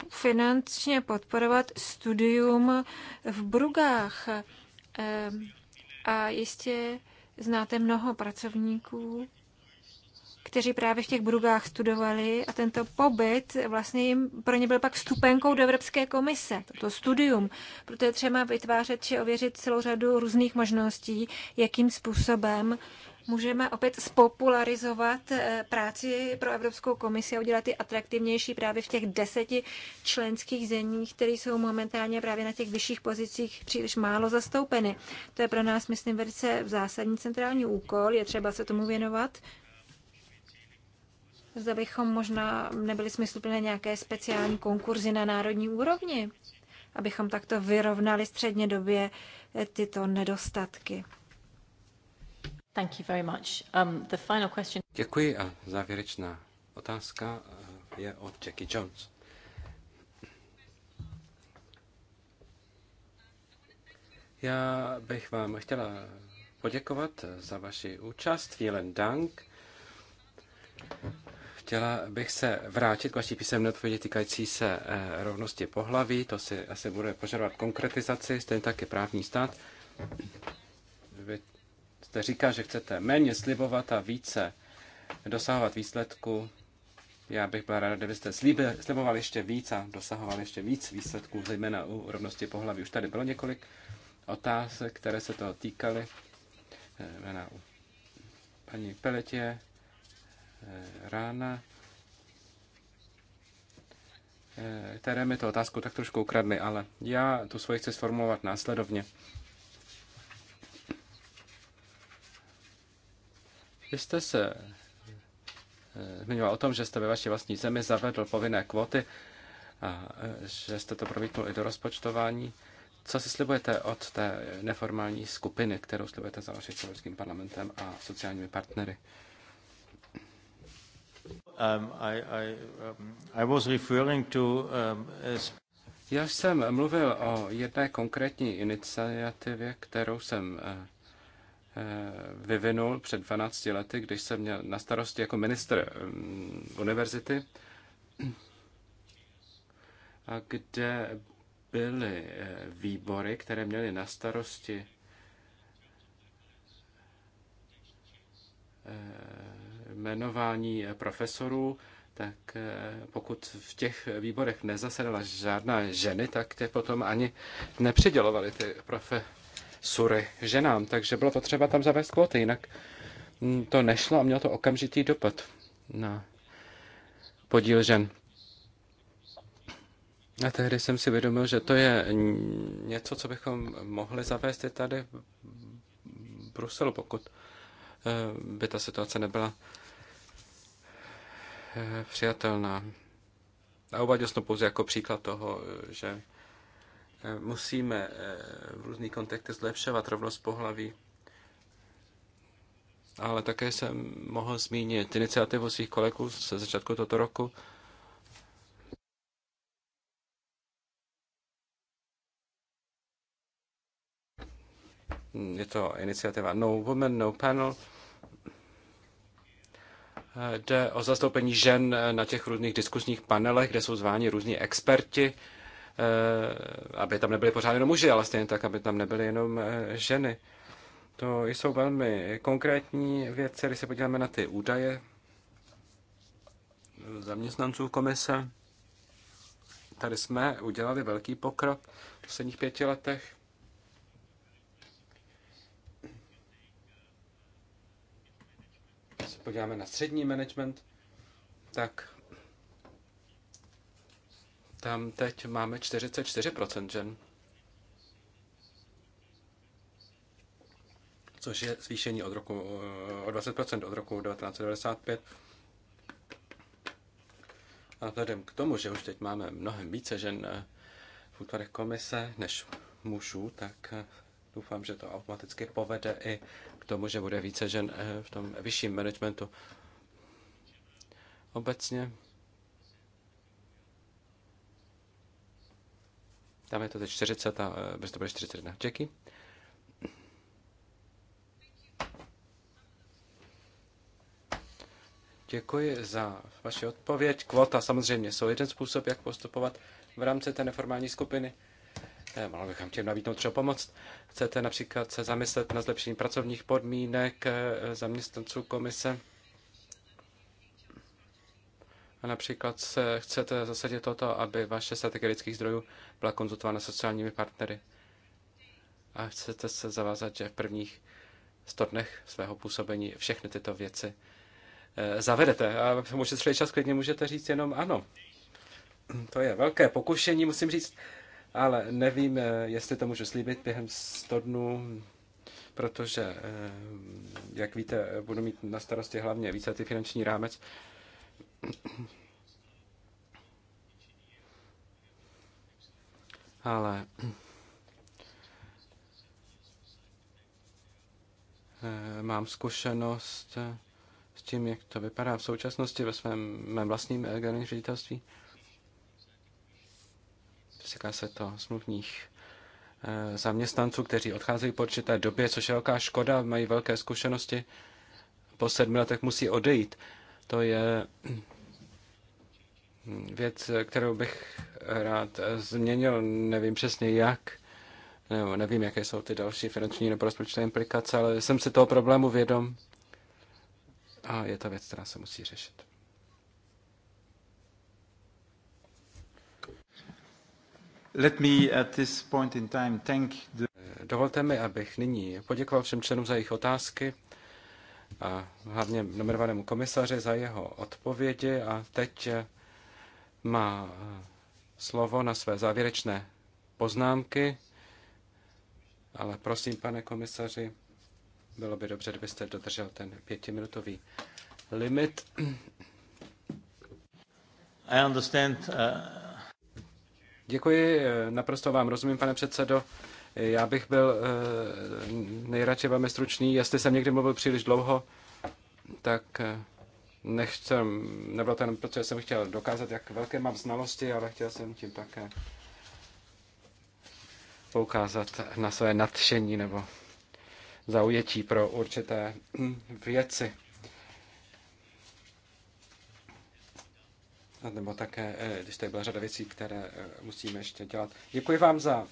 finančně podporovat studium v Brugách. Ehm, a jistě znáte mnoho pracovníků, kteří právě v těch Brugách studovali a tento pobyt vlastně jim pro ně byl pak vstupenkou do Evropské komise, toto studium. Proto je třeba vytvářet či ověřit celou řadu různých možností, jakým způsobem můžeme opět spopularizovat eh, práci pro Evropskou komisi a udělat ji atraktivnější právě v těch deseti členských zemích, které jsou momentálně právě na těch vyšších pozicích příliš málo zastoupeny. To je pro nás, myslím, velice zásadní centrální úkol, je třeba se tomu věnovat. Zda bychom možná nebyli smysluplné nějaké speciální konkurzy na národní úrovni, abychom takto vyrovnali středně době eh, tyto nedostatky. Um, Děkuji a závěrečná otázka eh, je od Jackie Jones. Já bych vám chtěla poděkovat za vaši účast. Vielen Dank. Chtěla bych se vrátit k vaší písemné odpovědi týkající se eh, rovnosti pohlaví. To si asi bude požadovat konkretizaci, stejně tak je právní stát jste říkal, že chcete méně slibovat a více dosahovat výsledku. Já bych byla ráda, kdybyste slibovali ještě víc a dosahovali ještě víc výsledků, zejména u rovnosti pohlaví. Už tady bylo několik otázek, které se toho týkaly. Jména u paní Peletě, eh, Rána, eh, které mi tu otázku tak trošku ukradly, ale já tu svoji chci sformulovat následovně. Vy jste se eh, zmiňoval o tom, že jste ve vaší vlastní zemi zavedl povinné kvóty a eh, že jste to promítnul i do rozpočtování. Co si slibujete od té neformální skupiny, kterou slibujete založit s Evropským parlamentem a sociálními partnery? Um, um, um, Já jsem mluvil o jedné konkrétní iniciativě, kterou jsem eh, Eh, vyvinul před 12 lety, když jsem měl na starosti jako minister mm, univerzity, a kde byly eh, výbory, které měly na starosti eh, jmenování profesorů, tak pokud v těch výborech nezasedala žádná ženy, tak tě potom ani nepřidělovali ty profesory sury ženám, takže bylo potřeba tam zavést kvóty, jinak mm, to nešlo a mělo to okamžitý dopad na podíl žen. A tehdy jsem si vědomil, že to je něco, co bychom mohli zavést i tady v Bruselu, pokud eh, by ta situace nebyla eh, přijatelná. A uváděl jsem to pouze jako příklad toho, že Eh, musíme eh, v různých kontextech zlepšovat rovnost pohlaví. Ale také jsem mohl zmínit iniciativu svých kolegů se začátku tohoto roku, hmm, je to iniciativa No Woman, No Panel. Eh, jde o zastoupení žen na těch různých diskuzních panelech, kde jsou zváni různí experti Eh, aby tam nebyly pořád jenom muži, ale stejně tak, aby tam nebyly jenom eh, ženy. To jsou velmi konkrétní věci, když se podíváme na ty údaje zaměstnanců komise. Tady jsme udělali velký pokrok v posledních pěti letech. Když se podíváme na střední management, tak tam teď máme 44% žen. Což je zvýšení od roku, eh, o 20% od roku 1995. A vzhledem k tomu, že už teď máme mnohem více žen eh, v útvarech komise než mužů, tak eh, doufám, že to automaticky povede i k tomu, že bude více žen v tom vyšším managementu. Obecně Tam je to teď 40 a eh, bez to bude 41. Jackie? Děkuji za vaši odpověď. Kvota samozřejmě jsou jeden způsob, jak postupovat v rámci té neformální skupiny. Eh, mohl bych vám těm nabídnout třeba pomoc. Chcete například se zamyslet na zlepšení pracovních podmínek eh, zaměstnanců komise? A například se chcete zasadit toto, aby vaše strategie lidských zdrojů byla konzultována sociálními partnery. A chcete se zavázat, že v prvních 100 dnech svého působení všechny tyto věci eh, zavedete. A můžete celý čas klidně můžete říct jenom ano. To je velké pokušení, musím říct, ale nevím, eh, jestli to můžu slíbit během 100 dnů, protože, eh, jak víte, budu mít na starosti hlavně více ty finanční rámec ale eh, mám zkušenost s tím, jak to vypadá v současnosti ve svém mém vlastním eh, generálním ředitelství. Týká se to smluvních eh, zaměstnanců, kteří odcházejí po určité době, což je velká škoda, mají velké zkušenosti, po sedmi letech musí odejít. To je věc, kterou bych rád změnil, nevím přesně jak, nebo nevím, jaké jsou ty další finanční nebo rozpočtové implikace, ale jsem si toho problému vědom a je to věc, která se musí řešit. Let me at this point in time thank the... Dovolte mi, abych nyní poděkoval všem členům za jejich otázky a hlavně nominovanému komisaři za jeho odpovědi a teď má eh, slovo na své závěrečné poznámky, ale prosím, pane komisaři, bylo by dobře, kdybyste dodržel ten pětiminutový limit. I understand. Uh... Děkuji, eh, naprosto vám rozumím, pane předsedo. Já bych byl nejradši velmi stručný. Jestli jsem někdy mluvil příliš dlouho, tak nechcem, nebylo to jenom jsem chtěl dokázat, jak velké mám znalosti, ale chtěl jsem tím také poukázat na své nadšení nebo zaujetí pro určité věci. Nebo také, eh, když tady byla řada věcí, které eh, musíme ještě dělat. Děkuji vám za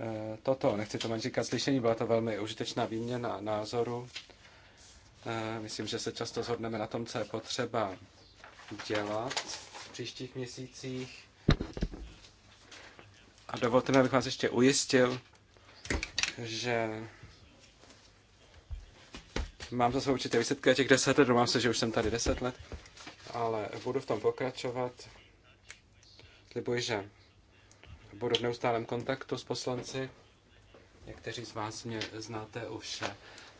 eh, toto, nechci to ani říkat slyšení, byla to velmi užitečná výměna názoru. Eh, myslím, že se často shodneme na tom, co je potřeba dělat v příštích měsících. A dovolte mi, abych vás ještě ujistil, že mám za sebou určité výsledky těch deset let, domám se, že už jsem tady deset let, ale budu v tom pokračovat. Slibuji, že budu v neustálém kontaktu s poslanci. Někteří z vás mě znáte už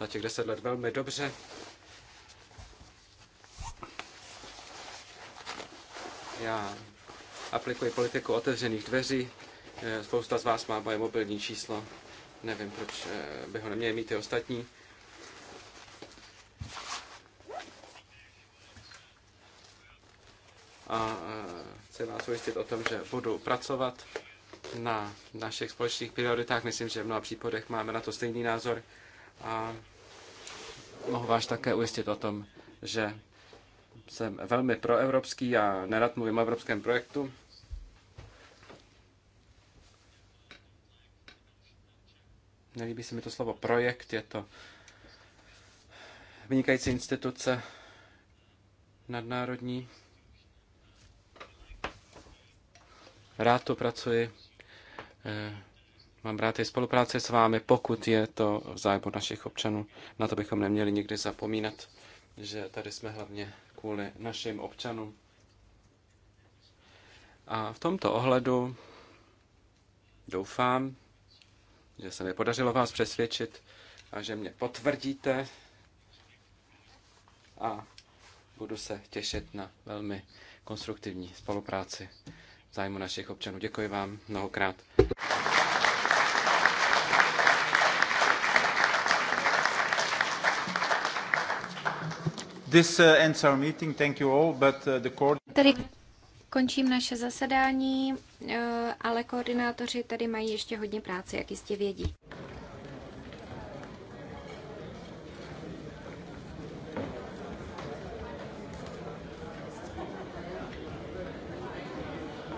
na těch deset let velmi dobře. Já aplikuji politiku otevřených dveří. Eh, spousta z vás má moje mobilní číslo. Nevím, proč eh, by ho neměli mít i ostatní. A eh, chci vás ujistit o tom, že budu pracovat na našich společných prioritách. Myslím, že v mnoha případech máme na to stejný názor a mohu vás také ujistit o tom, že jsem velmi proevropský a nerad mluvím o evropském projektu. Nelíbí se mi to slovo projekt, je to vynikající instituce nadnárodní. Rád to pracuji eh, Mám rád i spolupráce s vámi, pokud je to v zájmu našich občanů. Na to bychom neměli nikdy zapomínat, že tady jsme hlavně kvůli našim občanům. A v tomto ohledu doufám, že se mi podařilo vás přesvědčit a že mě potvrdíte. A budu se těšit na velmi konstruktivní spolupráci v zájmu našich občanů. Děkuji vám mnohokrát. Tady končím naše zasedání, uh, ale koordinátoři tady mají ještě hodně práce, jak jistě vědí.